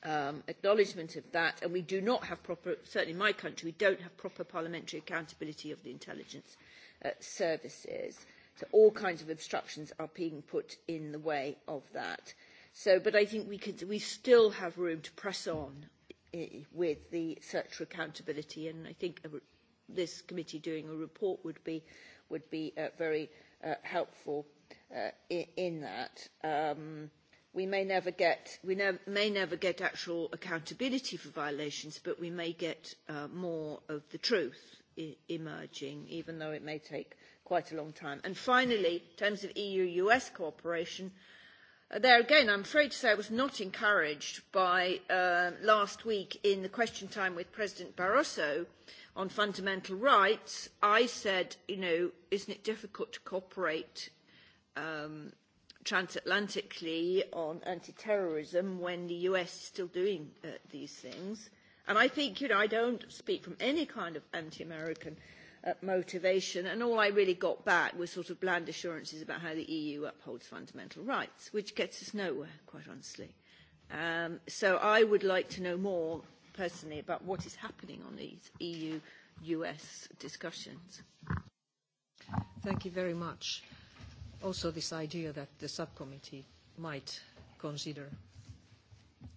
Speaker 22: um, acknowledgement of that, and we do not have proper, certainly in my country, we don't have proper parliamentary accountability of the intelligence uh, services. So all kinds of obstructions are being put in the way of that. So, but I think we, could, we still have room to press on with the search for accountability. And I think a this committee doing a report would be, would be uh, very uh, helpful uh, in that. Um, we may never get we ne- may never get actual accountability for violations, but we may get uh, more of the truth I- emerging, even though it may take quite a long time. And finally, in terms of EU-US cooperation, uh, there again, I'm afraid to say I was not encouraged by uh, last week in the question time with President Barroso on fundamental rights. I said, you know, isn't it difficult to cooperate um, transatlantically on anti-terrorism when the US is still doing uh, these things? And I think, you know, I don't speak from any kind of anti-American motivation, and all I really got back was sort of bland assurances about how the EU upholds fundamental rights, which gets us nowhere, quite honestly. Um, so I would like to know more personally about what is happening on these EU-US
Speaker 1: discussions. Thank you very much. Also this idea that the subcommittee might consider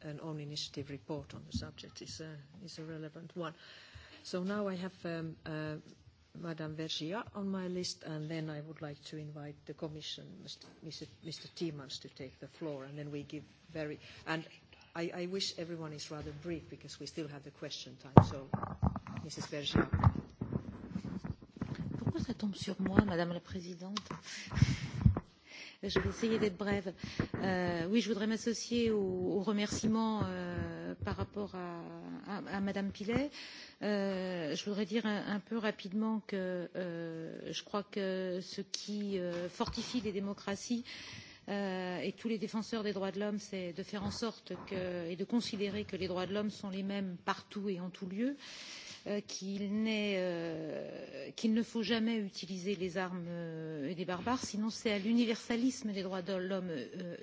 Speaker 1: an own initiative report on the subject is a, is a relevant one. So now I have um, uh, Madame Vergia on my list, and then I would like to invite the Commission, Mr. Timmermans, to take the floor, and then we give very... And I, I wish everyone is rather brief, because we still have the question time. So, Mrs. Vergia.
Speaker 23: Je vais essayer d'être brève. oui, je voudrais m'associer aux, remerciements par rapport à, à, à Madame Pillet, Euh, je voudrais dire un, un peu rapidement que euh, je crois que ce qui euh, fortifie les démocraties euh, et tous les défenseurs des droits de l'homme, c'est de faire en sorte que, et de considérer que les droits de l'homme sont les mêmes partout et en tout lieu. Euh, qu'il ne faut jamais utiliser les armes des barbares, sinon c'est à l'universalisme des droits de l'homme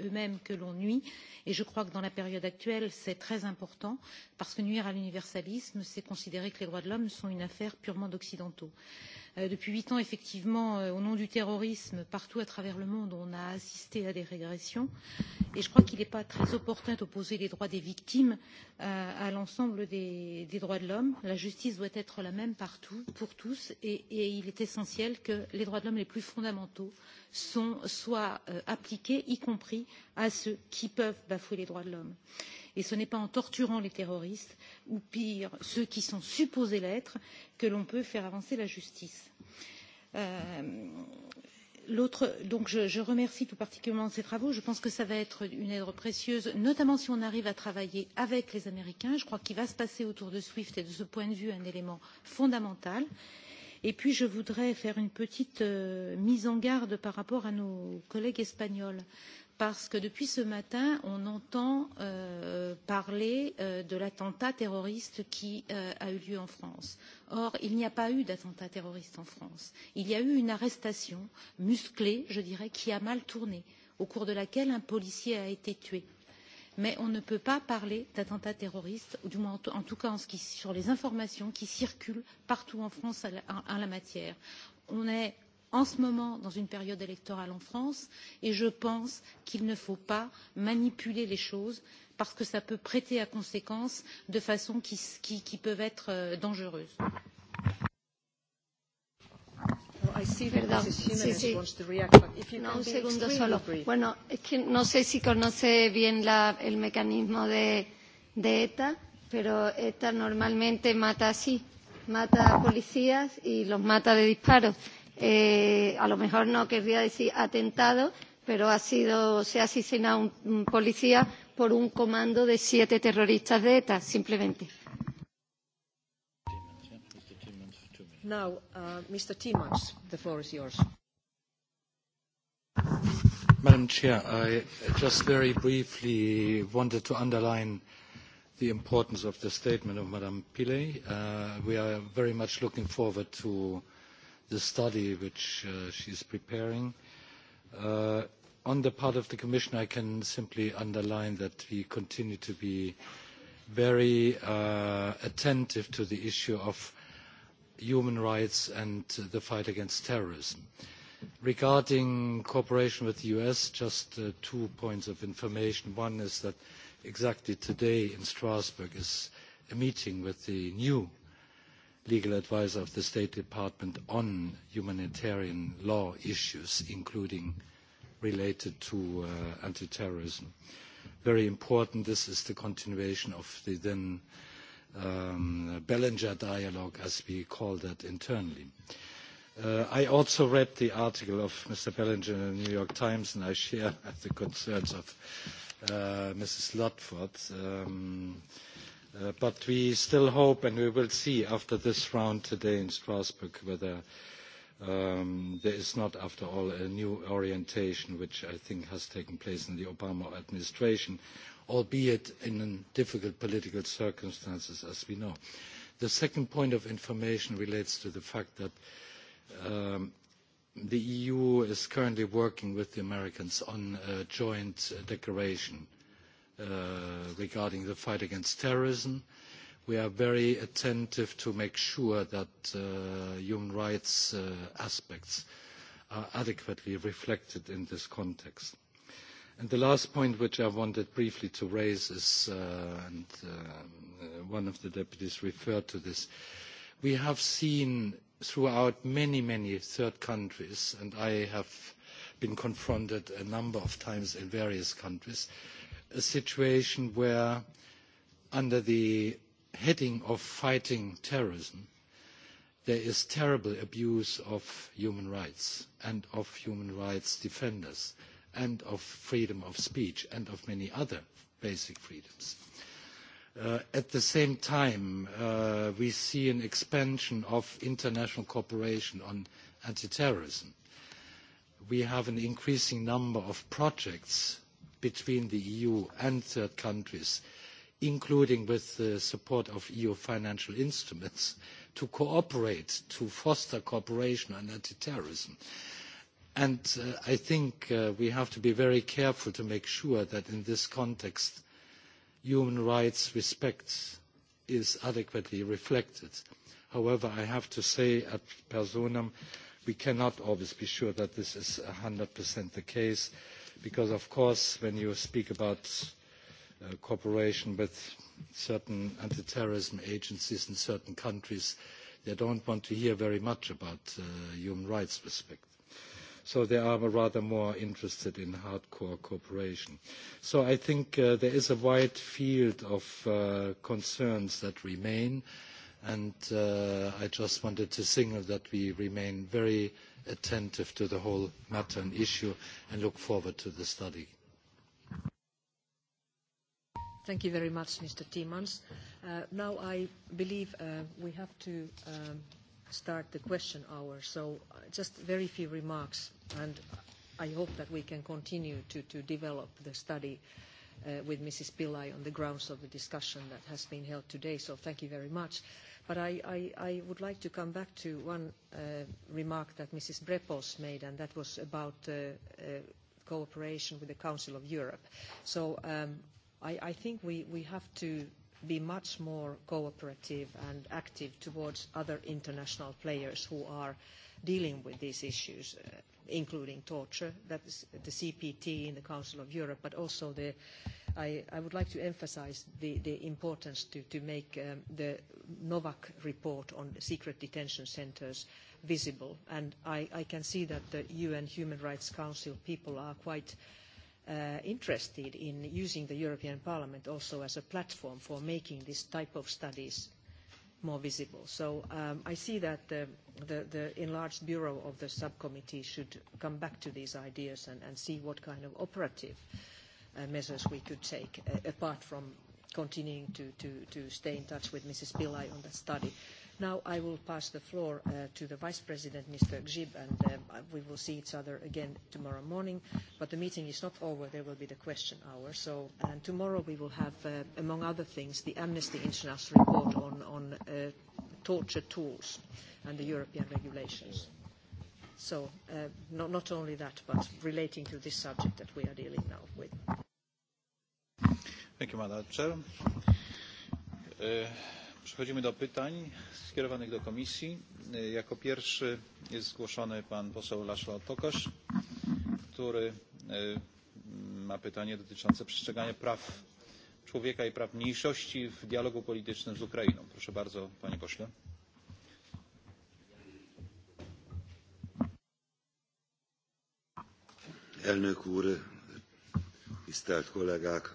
Speaker 23: eux-mêmes que l'on nuit. Et je crois que dans la période actuelle, c'est très important, parce que nuire à l'universalisme, c'est considérer que les droits de l'homme sont une affaire purement d'occidentaux. Euh, depuis huit ans, effectivement, au nom du terrorisme, partout à travers le monde, on a assisté à des régressions. Et je crois qu'il n'est pas très opportun d'opposer les droits des victimes à l'ensemble des, droits de l'homme. La justice doit être la même partout, pour tous, et, il est essentiel que les droits de l'homme les plus fondamentaux soient appliqués, y compris à ceux qui peuvent bafouer les droits de l'homme et ce n'est pas en torturant les terroristes ou pire ceux qui sont supposés l'être que l'on peut faire avancer la justice. donc je remercie tout particulièrement ces travaux je pense que cela va être une aide précieuse notamment si on arrive à travailler avec les américains je crois qu'il va se passer autour de swift et de ce point de vue un élément fondamental et puis je voudrais faire une petite mise en garde par rapport à nos collègues espagnols parce que depuis ce matin, on entend parler de l'attentat terroriste qui a eu lieu en France. Or, il n'y a pas eu d'attentat terroriste en France. Il y a eu une arrestation musclée, je dirais, qui a mal tourné, au cours de laquelle un policier a été tué. Mais on ne peut pas parler d'attentat terroriste, du moins en tout cas sur les informations qui circulent partout en France en la matière. On est en ce moment dans une période électorale en France et je pense qu'il ne faut pas manipuler les choses parce que cela peut prêter à conséquence de façon qui peuvent être dangereuses.
Speaker 1: No
Speaker 20: sé si conoce bien el mecanismo de ETA, pero ETA normalmente mata así, mata a policías y los mata de disparos eh, a lo mejor no querría decir atentado, pero ha sido, se ha asesinado un, un policía por un comando de siete terroristas de ETA, simplemente.
Speaker 1: Now, uh, Mr. Timmons, the floor is yours.
Speaker 13: Madam Chair, I just very briefly wanted to underline the importance of the statement of Madam Pillay. Uh, we are very much looking forward to the study which uh, she's preparing. Uh, on the part of the Commission, I can simply underline that we continue to be very uh, attentive to the issue of human rights and the fight against terrorism. Regarding cooperation with the U.S., just two points of information. One is that exactly today in Strasbourg is a meeting with the new legal advisor of the State Department on humanitarian law issues, including related to anti-terrorism. Very important, this is the continuation of the then Bellinger dialogue, as we call that internally. I also read the article of Mr. Bellinger in the New York Times, and I share the concerns of Mrs. Ludford but we still hope, and we will see after this round today in Strasbourg whether there is not, after all, a new orientation, which I think has taken place in the Obama administration, albeit in difficult political circumstances, as we know. The second point of information relates to the fact that the EU is currently working with the Americans on a joint declaration regarding the fight against terrorism. We are very attentive to make sure that human rights aspects are adequately reflected in this context. And the last point which I wanted briefly to raise is, and one of the deputies referred to this, we have seen throughout many, many third countries, and I have been confronted a number of times in various countries, a situation where, under the heading of fighting terrorism, there is terrible abuse of human rights and of human rights defenders and of freedom of speech and of many other basic freedoms. at the same time, we see an expansion of international cooperation on anti-terrorism. We have an increasing number of projects between the EU and third countries, including with the support of EU financial instruments, to cooperate, to foster cooperation on anti-terrorism. And I think we have to be very careful to make sure that in this context, human rights respect is adequately reflected. However, I have to say at Personam, we cannot always be sure that this is one 100% the case because of course when you speak about cooperation with certain anti-terrorism agencies in certain countries, they don't want to hear very much about human rights respect. So they are rather more interested in hardcore cooperation. So I think there is a wide field of concerns that remain, and I just wanted to signal that we remain very attentive to the whole matter and issue and look forward to the study.
Speaker 1: Thank you very much, Mr. Timmermans. Now I believe we have to start the question hour, so just very few remarks, and I hope that we can continue to develop the study with Mrs. Pillai on the grounds of the discussion that has been held today, so thank you very much. But I would like to come back to one remark that Mrs. Brepos made, and that was about cooperation with the Council of Europe. So I think we have to be much more cooperative and active towards other international players who are dealing with these issues including torture, that is the CPT in the Council of Europe, but also the, I, I would like to emphasize the, the importance to, to make um, the Novak report on secret detention centers visible. And I, I can see that the UN Human Rights Council people are quite interested in using the European Parliament also as a platform for making this type of studies more visible. So um, I see that the, the, the enlarged bureau of the subcommittee should come back to these ideas and, and see what kind of operative uh, measures we could take, uh, apart from continuing to, to, to stay in touch with Mrs. Pillai on that study. Uh, Now I will pass the floor to the Vice President, Mr. Grzyb, and we will see each other again tomorrow morning. But the meeting is not over. There will be the question hour. So, and tomorrow we will have, among other things, the Amnesty International report on, torture tools and the European regulations. So not only that, but relating to this subject that we are dealing now with.
Speaker 16: Thank you, Madam Chair Przechodzimy do pytań skierowanych do komisji. Jako pierwszy jest zgłoszony pan poseł Laszlo Tokarz, który ma pytanie dotyczące przestrzegania praw człowieka i praw mniejszości w dialogu politycznym z Ukrainą. Proszę bardzo, panie pośle.
Speaker 24: Elnök úr, tisztelt kollégák!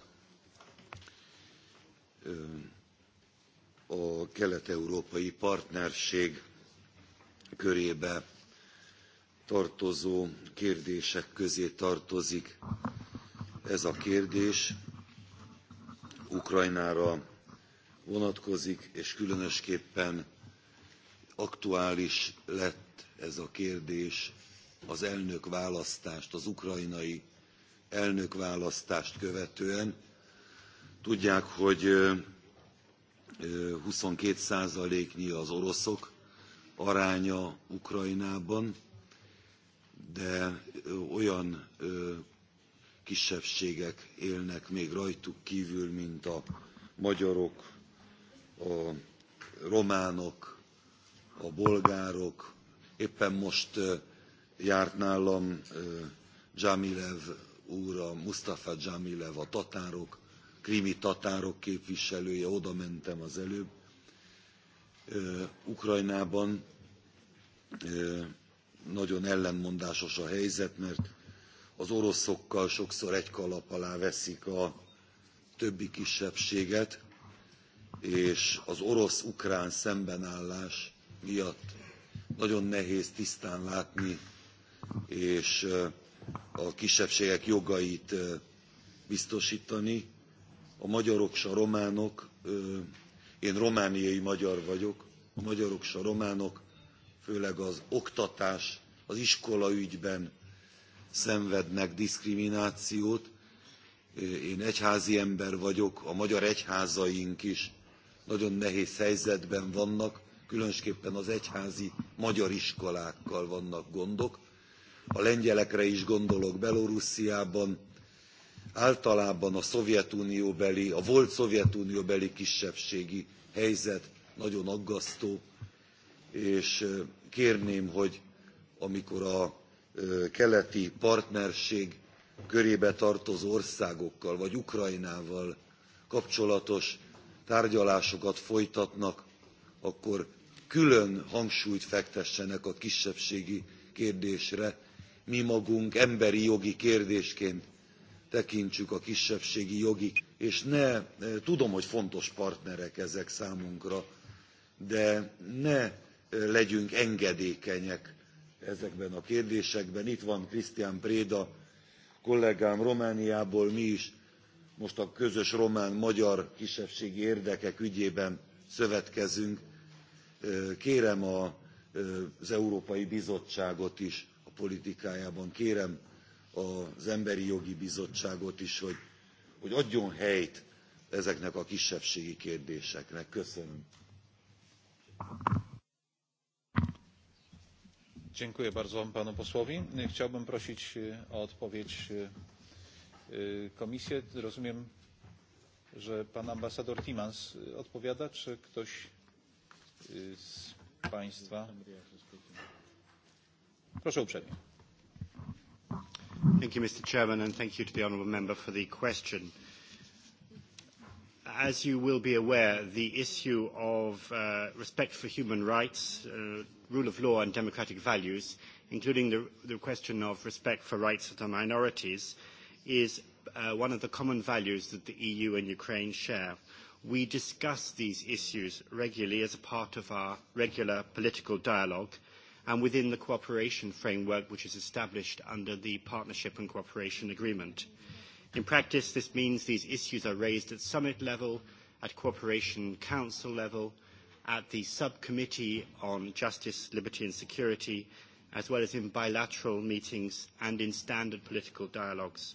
Speaker 24: a kelet-európai partnerség körébe tartozó kérdések közé tartozik ez a kérdés. Ukrajnára vonatkozik, és különösképpen aktuális lett ez a kérdés az elnökválasztást, az ukrajnai elnökválasztást követően. Tudják, hogy 22%-nyi az oroszok aránya Ukrajnában, de olyan kisebbségek élnek még rajtuk kívül, mint a magyarok, a románok, a bolgárok. Éppen most járt nálam Dzsamilev úr, a Mustafa Dzsamilev, a tatárok krimi tatárok képviselője, oda mentem az előbb, Ukrajnában nagyon ellenmondásos a helyzet, mert az oroszokkal sokszor egy kalap alá veszik a többi kisebbséget, és az orosz-ukrán szembenállás miatt nagyon nehéz tisztán látni, és a kisebbségek jogait biztosítani a magyarok s a románok, én romániai magyar vagyok, a magyarok s a románok, főleg az oktatás, az iskola ügyben szenvednek diszkriminációt. Én egyházi ember vagyok, a magyar egyházaink is nagyon nehéz helyzetben vannak, különösképpen az egyházi magyar iskolákkal vannak gondok. A lengyelekre is gondolok Belorussziában, általában a Szovjetunióbeli, a volt Szovjetunióbeli kisebbségi helyzet nagyon aggasztó, és kérném, hogy amikor a keleti partnerség körébe tartozó országokkal vagy Ukrajnával kapcsolatos tárgyalásokat folytatnak, akkor külön hangsúlyt fektessenek a kisebbségi kérdésre. Mi magunk emberi jogi kérdésként tekintsük a kisebbségi jogi, és ne, tudom, hogy fontos partnerek ezek számunkra, de ne legyünk engedékenyek ezekben a kérdésekben. Itt van Krisztián Préda, kollégám Romániából, mi is most a közös román-magyar kisebbségi érdekek ügyében szövetkezünk. Kérem az Európai Bizottságot is a politikájában, kérem az Emberi Jogi Bizottságot is, hogy, hogy adjon helyt ezeknek a kisebbségi kérdéseknek. Köszönöm.
Speaker 16: Dziękuję bardzo panu posłowi. Chciałbym prosić o odpowiedź komisję. Rozumiem, że pan ambasador Timans odpowiada, czy ktoś z państwa?
Speaker 25: Proszę uprzejmie. Thank you, Mr. Chairman, and thank you to the honourable member for the question. As you will be aware, the issue of respect for human rights, rule of law, and democratic values, including the, question of respect for rights of the minorities, is one of the common values that the EU and Ukraine share. We discuss these issues regularly as a part of our regular political dialogue and within the cooperation framework which is established under the Partnership and Cooperation Agreement. In practice, this means these issues are raised at summit level, at cooperation council level, at the subcommittee on justice, liberty and security, as well as in bilateral meetings and in standard political dialogues.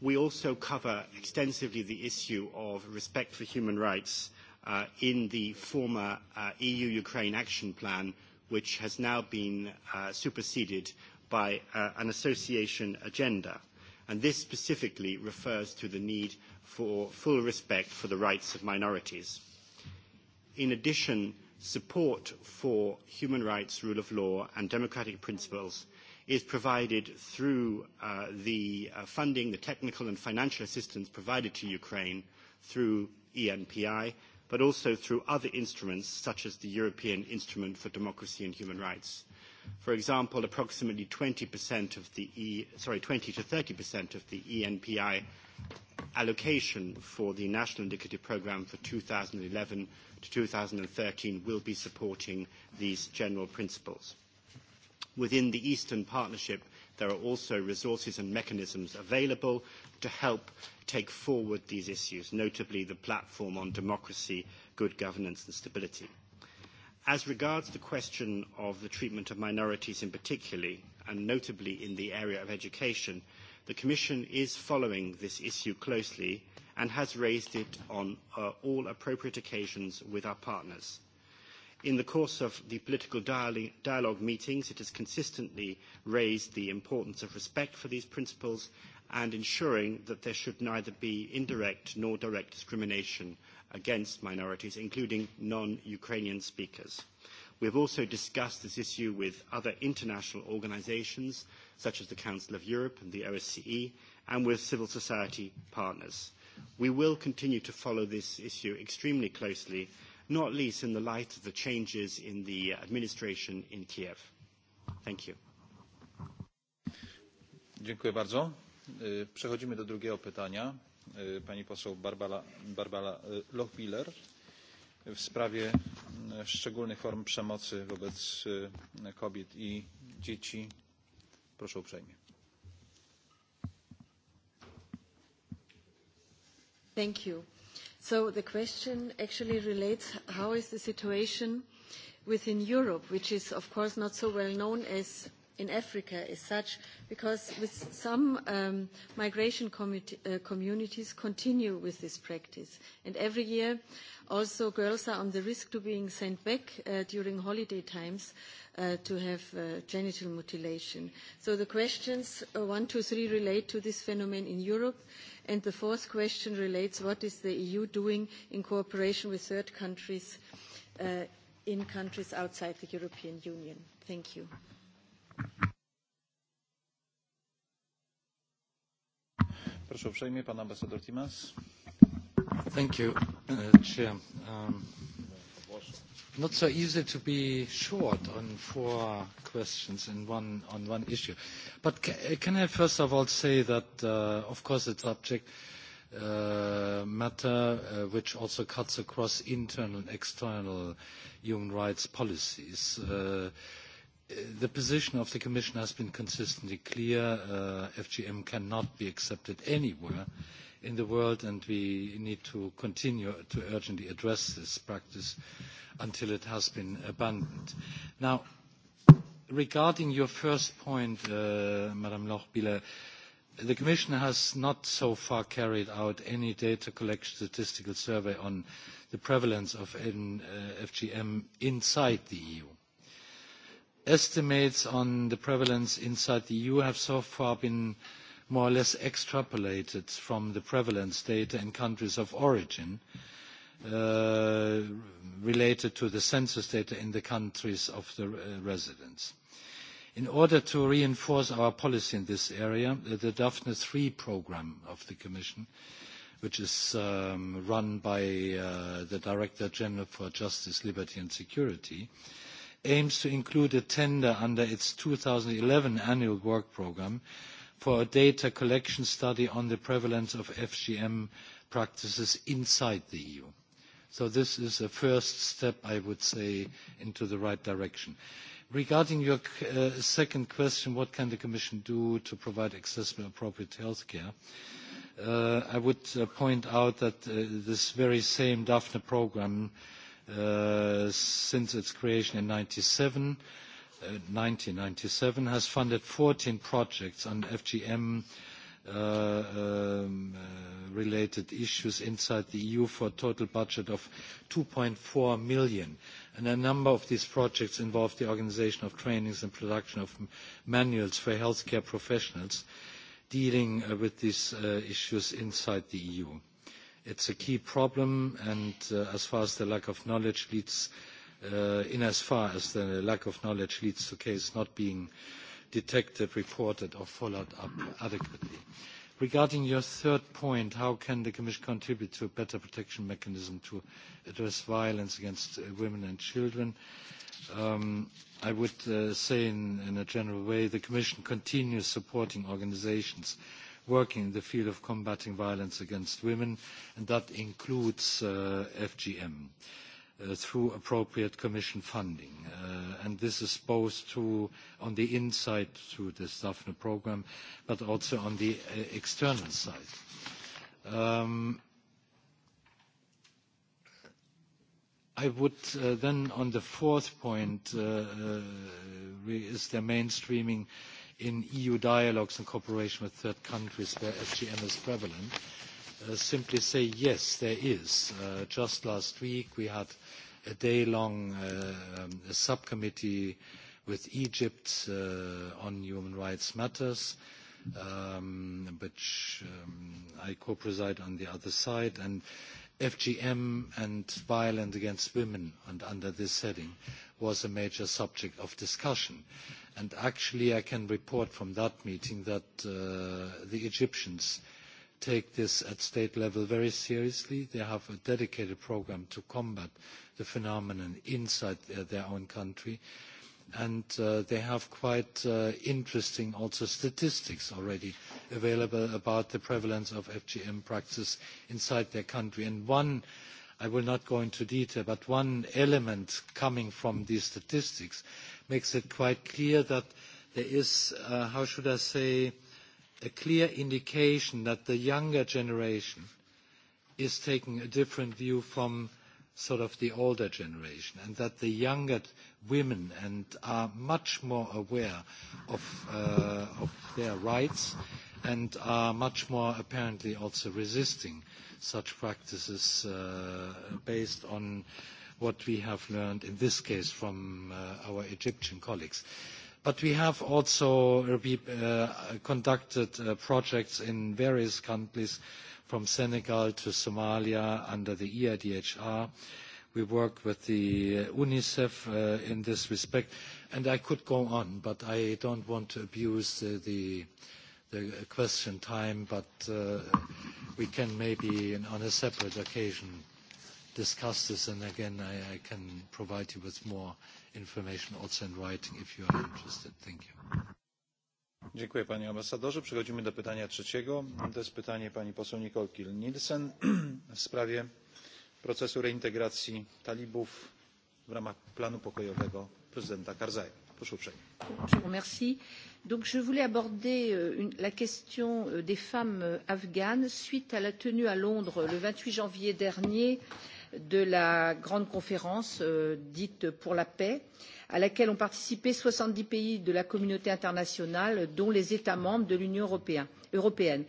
Speaker 25: We also cover extensively the issue of respect for human rights in the former EU-Ukraine Action Plan, which has now been uh, superseded by uh, an association agenda. And this specifically refers to the need for full respect for the rights of minorities. In addition, support for human rights, rule of law, and democratic principles is provided through the funding, the technical and financial assistance provided to Ukraine through ENPI but also through other instruments such as the European Instrument for Democracy and Human Rights. For example, approximately 20% of the E, sorry, 20 to 30% of the ENPI allocation for the National Indicative Programme for 2011 to 2013 will be supporting these general principles. Within the Eastern Partnership, there are also resources and mechanisms available to help take forward these issues, notably the platform on democracy, good governance and stability. As regards the question of the treatment of minorities in particular, and notably in the area of education, the Commission is following this issue closely and has raised it on all appropriate occasions with our partners. In the course of the political dialogue meetings, it has consistently raised the importance of respect for these principles and ensuring that there should neither be indirect nor direct discrimination against minorities, including non-Ukrainian speakers. We have also discussed this issue with other international organisations, such as the Council of Europe and the OSCE, and with civil society partners. We will continue to follow this issue extremely closely, not least in the light of the changes in the administration in Kiev. Thank you.
Speaker 16: Dziękuję bardzo. Przechodzimy do drugiego pytania. Pani poseł Barbara Lochbiller w sprawie szczególnych form przemocy wobec kobiet i dzieci. Proszę uprzejmie.
Speaker 9: Thank you. So the question actually relates how is the situation within Europe, which is of course not so well known as in Africa is such because with some um, migration uh, communities continue with this practice. And every year also girls are on the risk to being sent back uh, during holiday times uh, to have uh, genital mutilation. So the questions uh, one, two, three relate to this phenomenon in Europe. And the fourth question relates what is the EU doing in cooperation with third countries uh, in countries outside the European Union. Thank you.
Speaker 16: Proszę uprzejmie, pan ambasador Thank you, Chair. not so
Speaker 13: easy to be short on four questions in one, on one issue. But can I first of all say that, uh, of course, it's subject uh, matter uh, which also cuts across internal and external human rights policies. Uh, the position of the Commission has been consistently clear. Uh, FGM cannot be accepted anywhere in the world, and we need to continue to urgently address this practice until it has been abandoned. Now, regarding your first point, uh, Madam Lochbihler, the Commission has not so far carried out any data collection statistical survey on the prevalence of FGM inside the EU Estimates on the prevalence inside the EU have so far been more or less extrapolated from the prevalence data in countries of origin related to the census data in the countries of the residents. In order to reinforce our policy in this area, the Daphne III programme of the Commission, which is run by the Director General for Justice, Liberty and Security, uh, aims to include a tender under its eleven annual work programme for a data collection study on the prevalence of FGM practices inside the EU. So this is a first step, I would say, into the right direction. Regarding your second question, what can the Commission do to provide accessible and appropriate health care? I would point out that this very same DAPHNE programme since its creation in 1997, has funded 14 projects on FGM-related issues inside the EU for a total budget of 2.4 million. And a number of these projects involve the organisation of trainings and production of manuals for healthcare professionals dealing with these issues inside the EU It's a key problem, and as far as the lack of knowledge leads, in as far as the lack of knowledge leads to case not being detected, reported, or followed up adequately. Regarding your third point, how can the Commission contribute to a better protection mechanism to address violence against women and children? I would say in a general way, the Commission continues supporting organisations working in the field of combating violence against women, and that includes FGM through appropriate commission funding. and This is both through on the inside through the Daphne programme, but also on the external side. I would then on the fourth point, is the mainstreaming in EU dialogues and cooperation with third countries where FGM is prevalent, simply say, yes, there is. Just last week, we had a day-long subcommittee with Egypt on human rights matters, which I co-preside on the other side. and FGM and violence against women and under this heading was a major subject of discussion. And actually, I can report from that meeting that the Egyptians take this at state level very seriously. They have a dedicated programme to combat the phenomenon inside their own country and they have quite interesting also statistics already available about the prevalence of FGM practice inside their country. And one, I will not go into detail, but one element coming from these statistics makes it quite clear that there is, how should I say, a clear indication that the younger generation is taking a different view from sort of the older generation, and that the younger women and are much more aware of, uh, of their rights and are much more apparently also resisting such practices uh, based on what we have learned in this case from uh, our Egyptian colleagues. But we have also uh, conducted uh, projects in various countries from Senegal to Somalia under the EIDHR We work with the UNICEF in this respect. And I could go on, but I don't want to abuse the question time, but we can maybe on a separate occasion discuss this. And again, I can provide you with more information also in writing if you are interested. Thank you.
Speaker 16: Dziękuję panie ambasadorze. Przechodzimy do pytania trzeciego. To jest pytanie pani poseł Nicole Kiel-Nielsen w sprawie procesu reintegracji talibów w ramach planu pokojowego prezydenta Karzaja. Proszę uprzejmie.
Speaker 26: Je vous remercie. Donc je voulais aborder la question des femmes afghanes suite à la tenue à Londres le vingt huit janvier dernier euh, de la grande conférence dite pour la paix, à laquelle ont participé soixante dix pays de la communauté internationale, dont les États membres de l'Union européenne.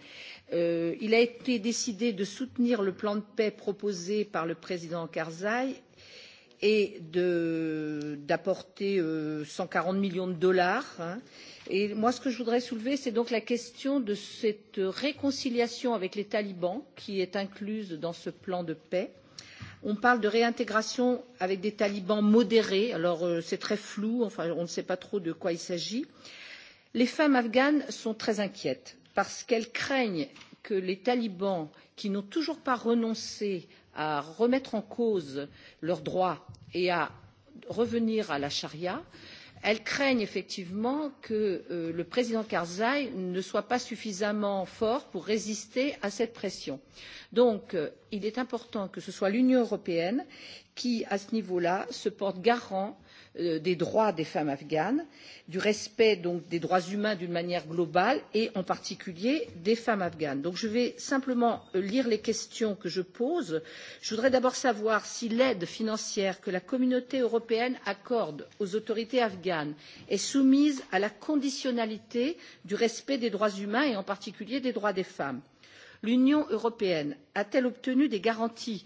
Speaker 26: il a été décidé de soutenir le plan de paix proposé par le président Karzaï et d'apporter cent quarante millions de dollars. Et moi, ce que je voudrais soulever, c'est donc la question de cette réconciliation avec les talibans qui est incluse dans ce plan de paix On parle de réintégration avec des talibans modérés. Alors c'est très flou, enfin on ne sait pas trop de quoi il s'agit. Les femmes afghanes sont très inquiètes parce qu'elles craignent que les talibans, qui n'ont toujours pas renoncé à remettre en cause leurs droits et à revenir à la charia, euh, Elles craignent effectivement que le président Karzaï ne soit pas suffisamment fort pour résister à cette pression. Donc, il est important que ce soit l'Union européenne qui, à ce niveau-là, se porte garante des droits des femmes afghanes du respect donc des droits humains d'une manière globale et en particulier des femmes afghanes. je vais simplement lire les questions que je pose. je voudrais d'abord savoir si l'aide financière que la communauté européenne accorde aux autorités afghanes est soumise à la conditionnalité du respect des droits humains et en particulier des droits des femmes. l'union européenne a t elle obtenu des garanties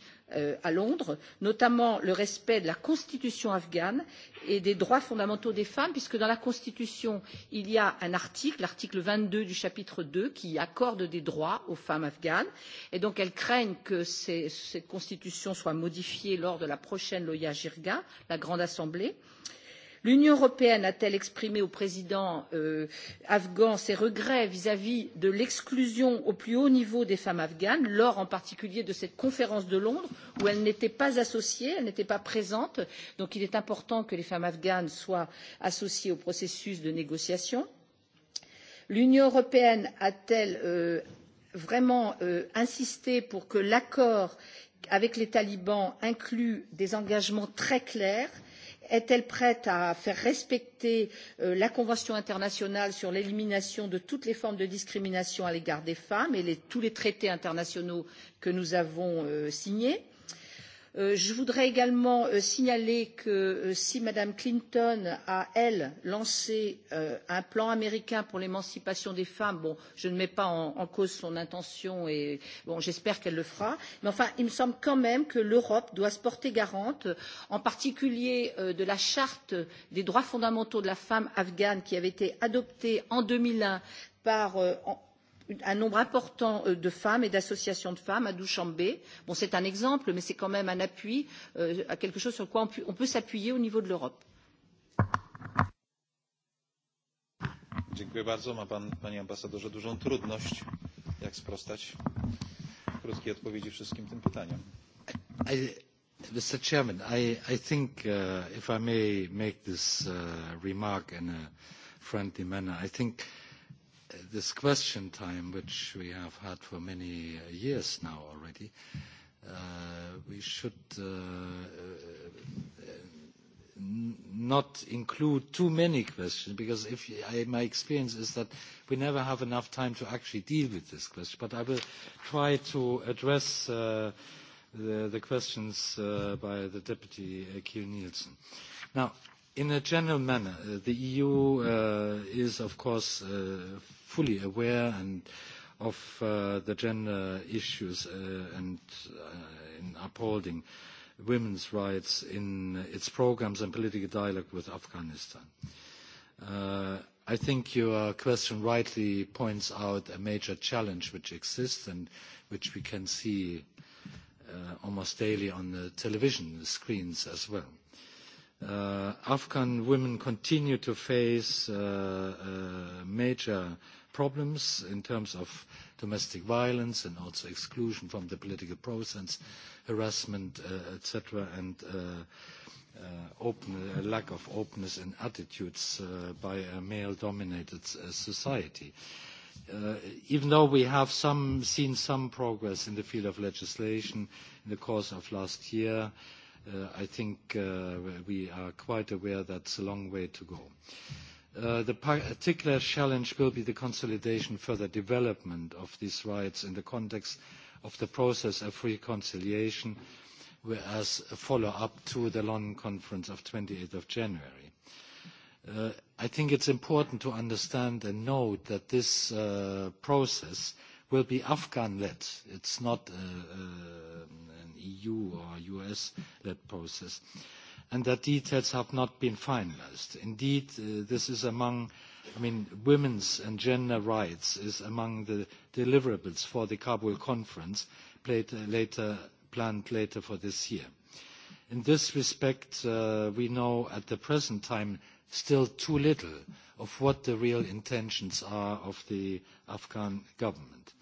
Speaker 26: à Londres, notamment le respect de la constitution afghane et des droits fondamentaux des femmes, puisque dans la constitution, il y a un article, l'article vingt deux du chapitre deux, qui accorde des droits aux femmes afghanes. Et donc elles craignent que cette constitution soit modifiée lors de la prochaine Loya Jirga, la Grande Assemblée l'union européenne a t elle exprimé au président afghan ses regrets vis à vis de l'exclusion au plus haut niveau des femmes afghanes lors en particulier de cette conférence de londres où elles n'étaient pas associées elles n'étaient pas présentes donc il est important que les femmes afghanes soient associées au processus de négociation? l'union européenne a t elle vraiment insisté pour que l'accord avec les talibans inclue des engagements très clairs Est elle prête à faire respecter la Convention internationale sur l'élimination de toutes les formes de discrimination à l'égard des femmes et tous les traités internationaux que nous avons signés? je voudrais également signaler que si Mme Clinton a, elle, lancé un plan américain pour l'émancipation des femmes, bon, je ne mets pas en, cause son intention et bon, j'espère qu'elle le fera, mais enfin, il me semble quand même que l'Europe doit se porter garante, en particulier de la charte des droits fondamentaux de la femme afghane qui avait été adoptée en deux mille un par un nombre important de femmes et d'associations de femmes à Douchambé. Bon, c'est un exemple, mais c'est quand même un appui à quelque chose sur quoi on peut s'appuyer au niveau de l'Europe.
Speaker 16: Dziękuję bardzo. Ma pan, panie ambasadorze, dużą trudność, jak sprostać krótkiej odpowiedzi wszystkim tym pytaniom.
Speaker 13: I, Mr. Chairman, I, I think, uh, if I may make this uh, remark in a friendly manner, I think uh, this question time, which we have had for many years now already, we should not include too many questions because if I, my experience is that we never have enough time to actually deal with this question. But I will try to address uh, the, the questions uh, by the Deputy uh, Kiel Nielsen. Now, in a general manner, uh, the EU uh, is, of course, uh, fully aware and of uh, the gender issues uh, and uh, in upholding women's rights in its programs and political dialogue with Afghanistan. Uh, I think your question rightly points out a major challenge which exists and which we can see almost daily on the television screens as well. Afghan women continue to face major problems in terms of domestic violence and also exclusion from the political process, harassment, uh, etc., and open, lack of openness and attitudes by a male-dominated society. even though we have some, seen some progress in the field of legislation in the course of last year, I think we are quite aware that's a long way to go the particular challenge will be the consolidation, further development of these rights in the context of the process of reconciliation, whereas a follow-up to the London conference of 28th of January. I think it's important to understand and note that this process will be Afghan-led. It's not an EU or U.S.-led process and that details have not been finalized. Indeed, this is among, I mean, women's and gender rights is among the deliverables for the Kabul conference later, planned later for this year. In this respect, we know at the present time still too little of what the real intentions are of the Afghan government.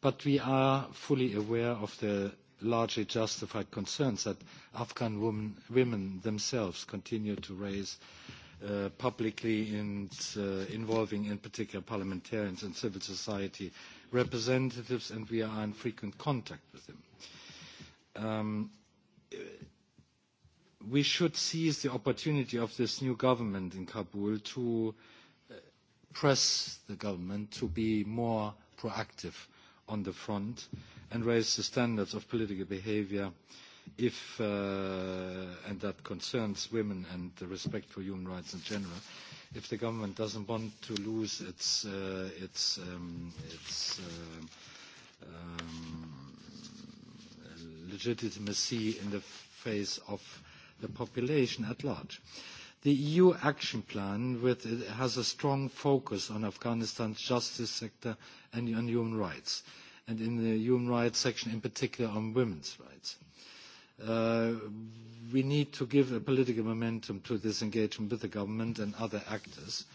Speaker 13: But we are fully aware of the largely justified concerns that Afghan women, women themselves continue to raise uh, publicly and uh, involving in particular parliamentarians and civil society representatives, and we are in frequent contact with them. Um, we should seize the opportunity of this new government in Kabul to press the government to be more proactive on the front and raise the standards of political behaviour if, and that concerns women and the respect for human rights in general, if the government doesn't want to lose its, uh, its, um, its uh, um, legitimacy in the face of the population at large. Uh, The EU action plan with, has a strong focus on Afghanistan's justice sector and on human rights, and in the human rights section in particular on women's rights. we need to give a political momentum to this engagement with the government and other actors,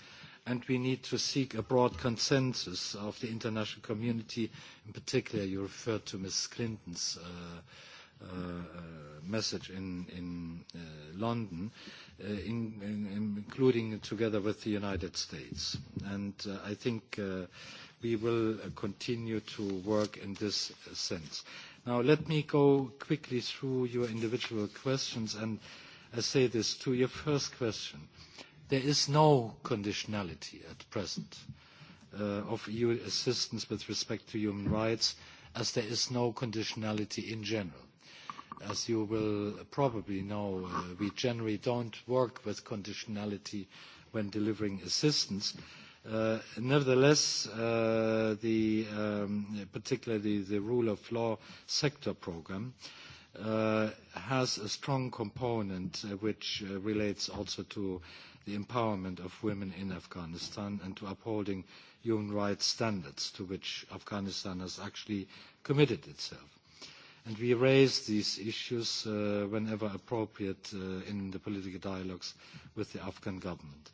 Speaker 13: and we need to seek a broad consensus of the international community, in particular you referred to Ms. Clinton's uh, message in, in uh, London, uh, in, in, including together with the United States. And uh, I think uh, we will continue to work in this sense. Now, let me go quickly through your individual questions, and I say this to your first question. There is no conditionality at present of EU assistance with respect to human rights, as there is no conditionality in general As you will probably know, we generally don't work with conditionality when delivering assistance. Nevertheless, particularly the rule of law sector programme has a strong component which relates also to the empowerment of women in Afghanistan and to upholding human rights standards to which Afghanistan has actually committed itself. And we raise these issues uh, whenever appropriate uh, in the political dialogues with the Afghan government.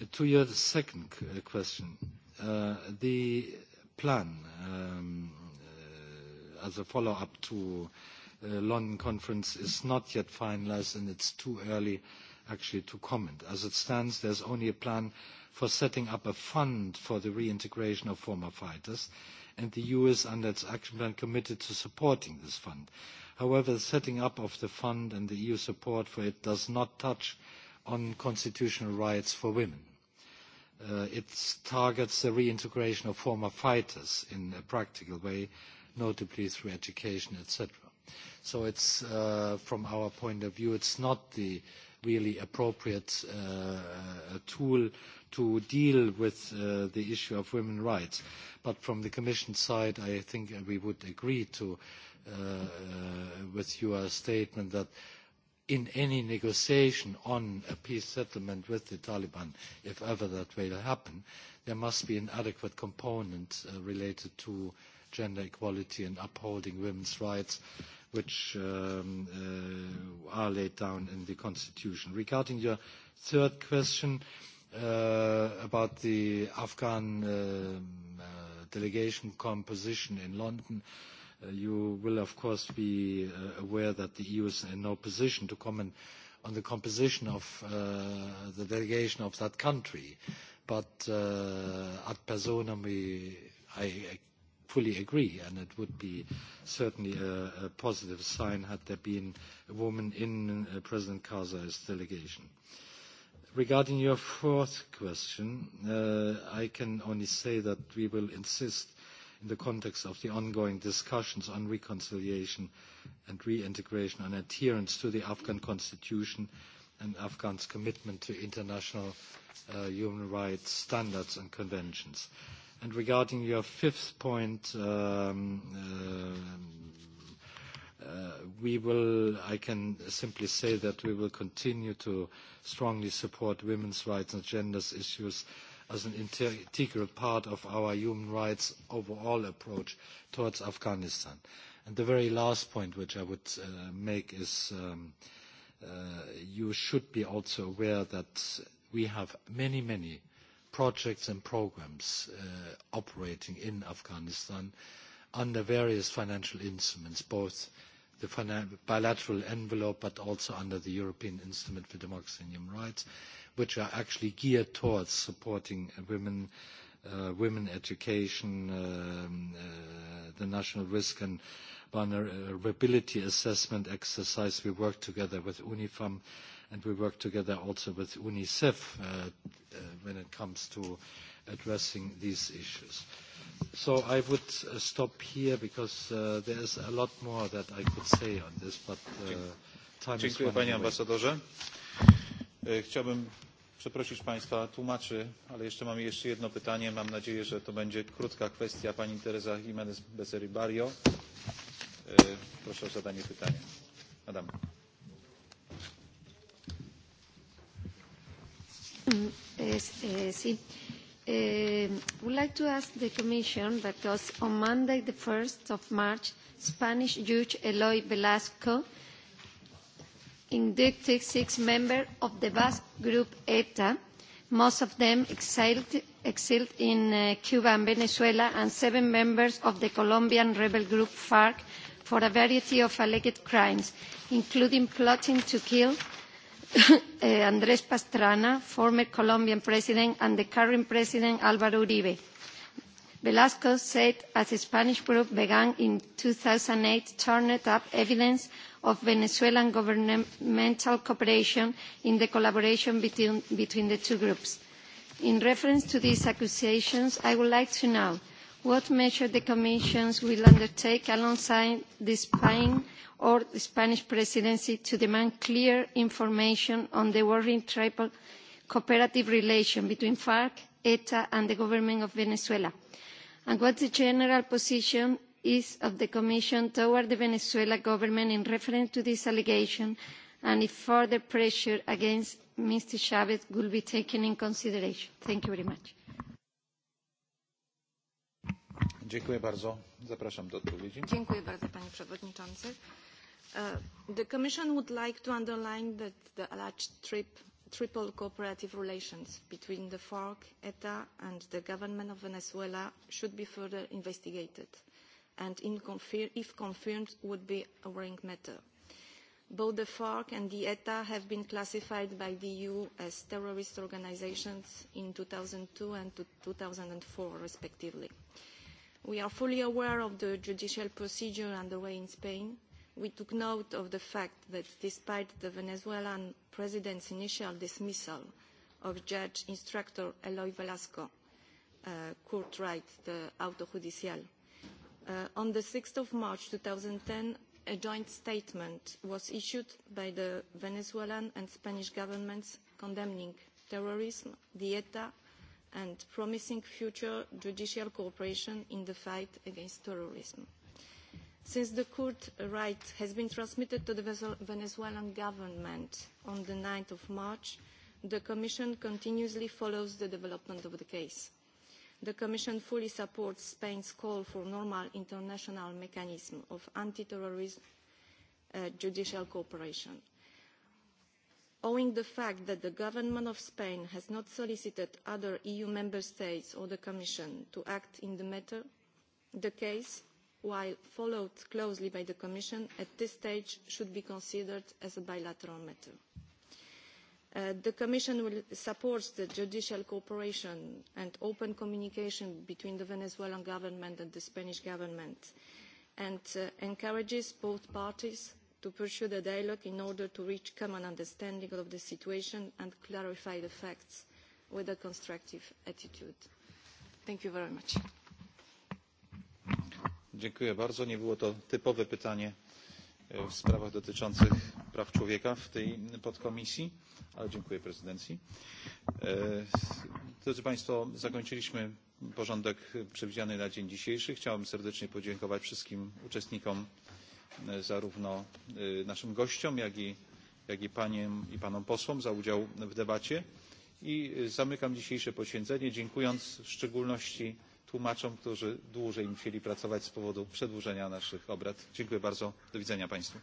Speaker 13: Uh, to your second question, uh, the plan um, uh, as a follow-up to uh, London conference is not yet finalized and it's too early actually to comment. As it stands, there's only a plan for setting up a fund for the reintegration of former fighters and the EU is under its action plan committed to supporting this fund. However, the setting up of the fund and the EU support for it does not touch on constitutional rights for women. it targets the reintegration of former fighters in a practical way, notably through education, etc. So it's, uh, from our point of view, it's not the really appropriate tool to deal with the issue of women's rights. But from the Commission side, I think we would agree to, with your statement that in any negotiation on a peace settlement with the Taliban, if ever that will happen, there must be an adequate component related to gender equality and upholding women's rights which um, are laid down in the Constitution. Regarding your third question uh, about the Afghan uh, uh, delegation composition in London, uh, you will, of course, be uh, aware that the EU is in no position to comment on the composition of uh, the delegation of that country. But uh, ad personam, I fully agree, and it would be certainly a, a positive sign had there been a woman in uh, President Karzai's delegation. Regarding your fourth question, uh, I can only say that we will insist in the context of the ongoing discussions on reconciliation and reintegration on adherence to the Afghan constitution and Afghan's commitment to international uh, human rights standards and conventions. And regarding your fifth point, we will, I can simply say that we will continue to strongly support women's rights and gender issues as an integral part of our human rights overall approach towards Afghanistan. And the very last point which I would make is you should be also aware that we have many, many projects and programmes operating in Afghanistan under various financial instruments, both the bilateral envelope, but also under the European Instrument for Democracy and Human Rights, which are actually geared towards supporting women, women education, the national risk and vulnerability assessment exercise. We work together with UNIFEM and we work together also with UNICEF when it comes to addressing these issues. So I would stop here because there is a lot more that
Speaker 16: I could say on this, but time is Dziękuję panie ambasadorze. Chciałbym przeprosić państwa tłumaczy, ale jeszcze mam jeszcze jedno pytanie. Mam nadzieję, że to będzie krótka kwestia. Pani Teresa Jimenez Becerry Barrio. Proszę o zadanie pytania. Madam.
Speaker 20: sí. would like to ask the Commission because on Monday, the 1st of March, Spanish judge Eloy Velasco indicted six members of the Basque group ETA, most of them exiled, in Cuba and Venezuela, and seven members of the Colombian rebel group FARC for a variety of alleged crimes, including plotting to kill Andrés Pastrana, former Colombian president, and the current president, Álvaro Uribe. Velasco said as a Spanish group began in two thousand eight turned up evidence of Venezuelan governmental cooperation in the collaboration between, the two groups. In reference to these accusations, I would like to know what measure the Commission will undertake alongside the Spain or the Spanish presidency to demand clear information on the worrying triple cooperative relation between FARC, ETA, and the government of Venezuela, and what the general position is of the Commission towards the Venezuelan government in reference to this allegation, and if further pressure against Mr. chvez will be taken into consideration. Thank you very much
Speaker 27: the Commission would like to underline that the alleged trip, triple cooperative relations between the FARC, ETA, and the government of Venezuela should be further investigated and in confir if confirmed would be a worrying matter. Both the FARC and the ETA have been classified by the EU as terrorist organisations in 2002 and 2004 respectively. We are fully aware of the judicial procedure underway in Spain we took note of the fact that despite the Venezuelan president's initial dismissal of Judge Instructor Eloy Velasco, uh, court right, the auto judicial, uh, on the 6th of March 2010, a joint statement was issued by the Venezuelan and Spanish governments condemning terrorism, the ETA, and promising future judicial cooperation in the fight against terrorism. Since the court right has been transmitted to the Venezuelan government on the 9 of March, the Commission continuously follows the development of the case. The Commission fully supports Spain's call for normal international mechanism of anti-terrorism judicial cooperation. Owing the fact that the government of Spain has not solicited other EU member states or the Commission to act in the matter, the case while followed closely by the Commission, at this stage should be considered as a bilateral matter. the Commission will support the judicial cooperation and open communication between the Venezuelan government and the Spanish government and encourages both parties to pursue the dialogue in order to reach common understanding of the situation and clarify the facts with a constructive attitude. Thank you very much.
Speaker 16: Dziękuję bardzo. Nie było to typowe pytanie w sprawach dotyczących praw człowieka w tej podkomisji, ale dziękuję prezydencji. Drodzy Państwo, zakończyliśmy porządek przewidziany na dzień dzisiejszy. Chciałem serdecznie podziękować wszystkim uczestnikom, zarówno naszym gościom, jak i paniom i panom posłom za udział w debacie. I zamykam dzisiejsze posiedzenie, dziękując w szczególności tłumaczom, którzy dłużej musieli pracować z powodu przedłużenia naszych obrad. Dziękuję bardzo. Do widzenia Państwu.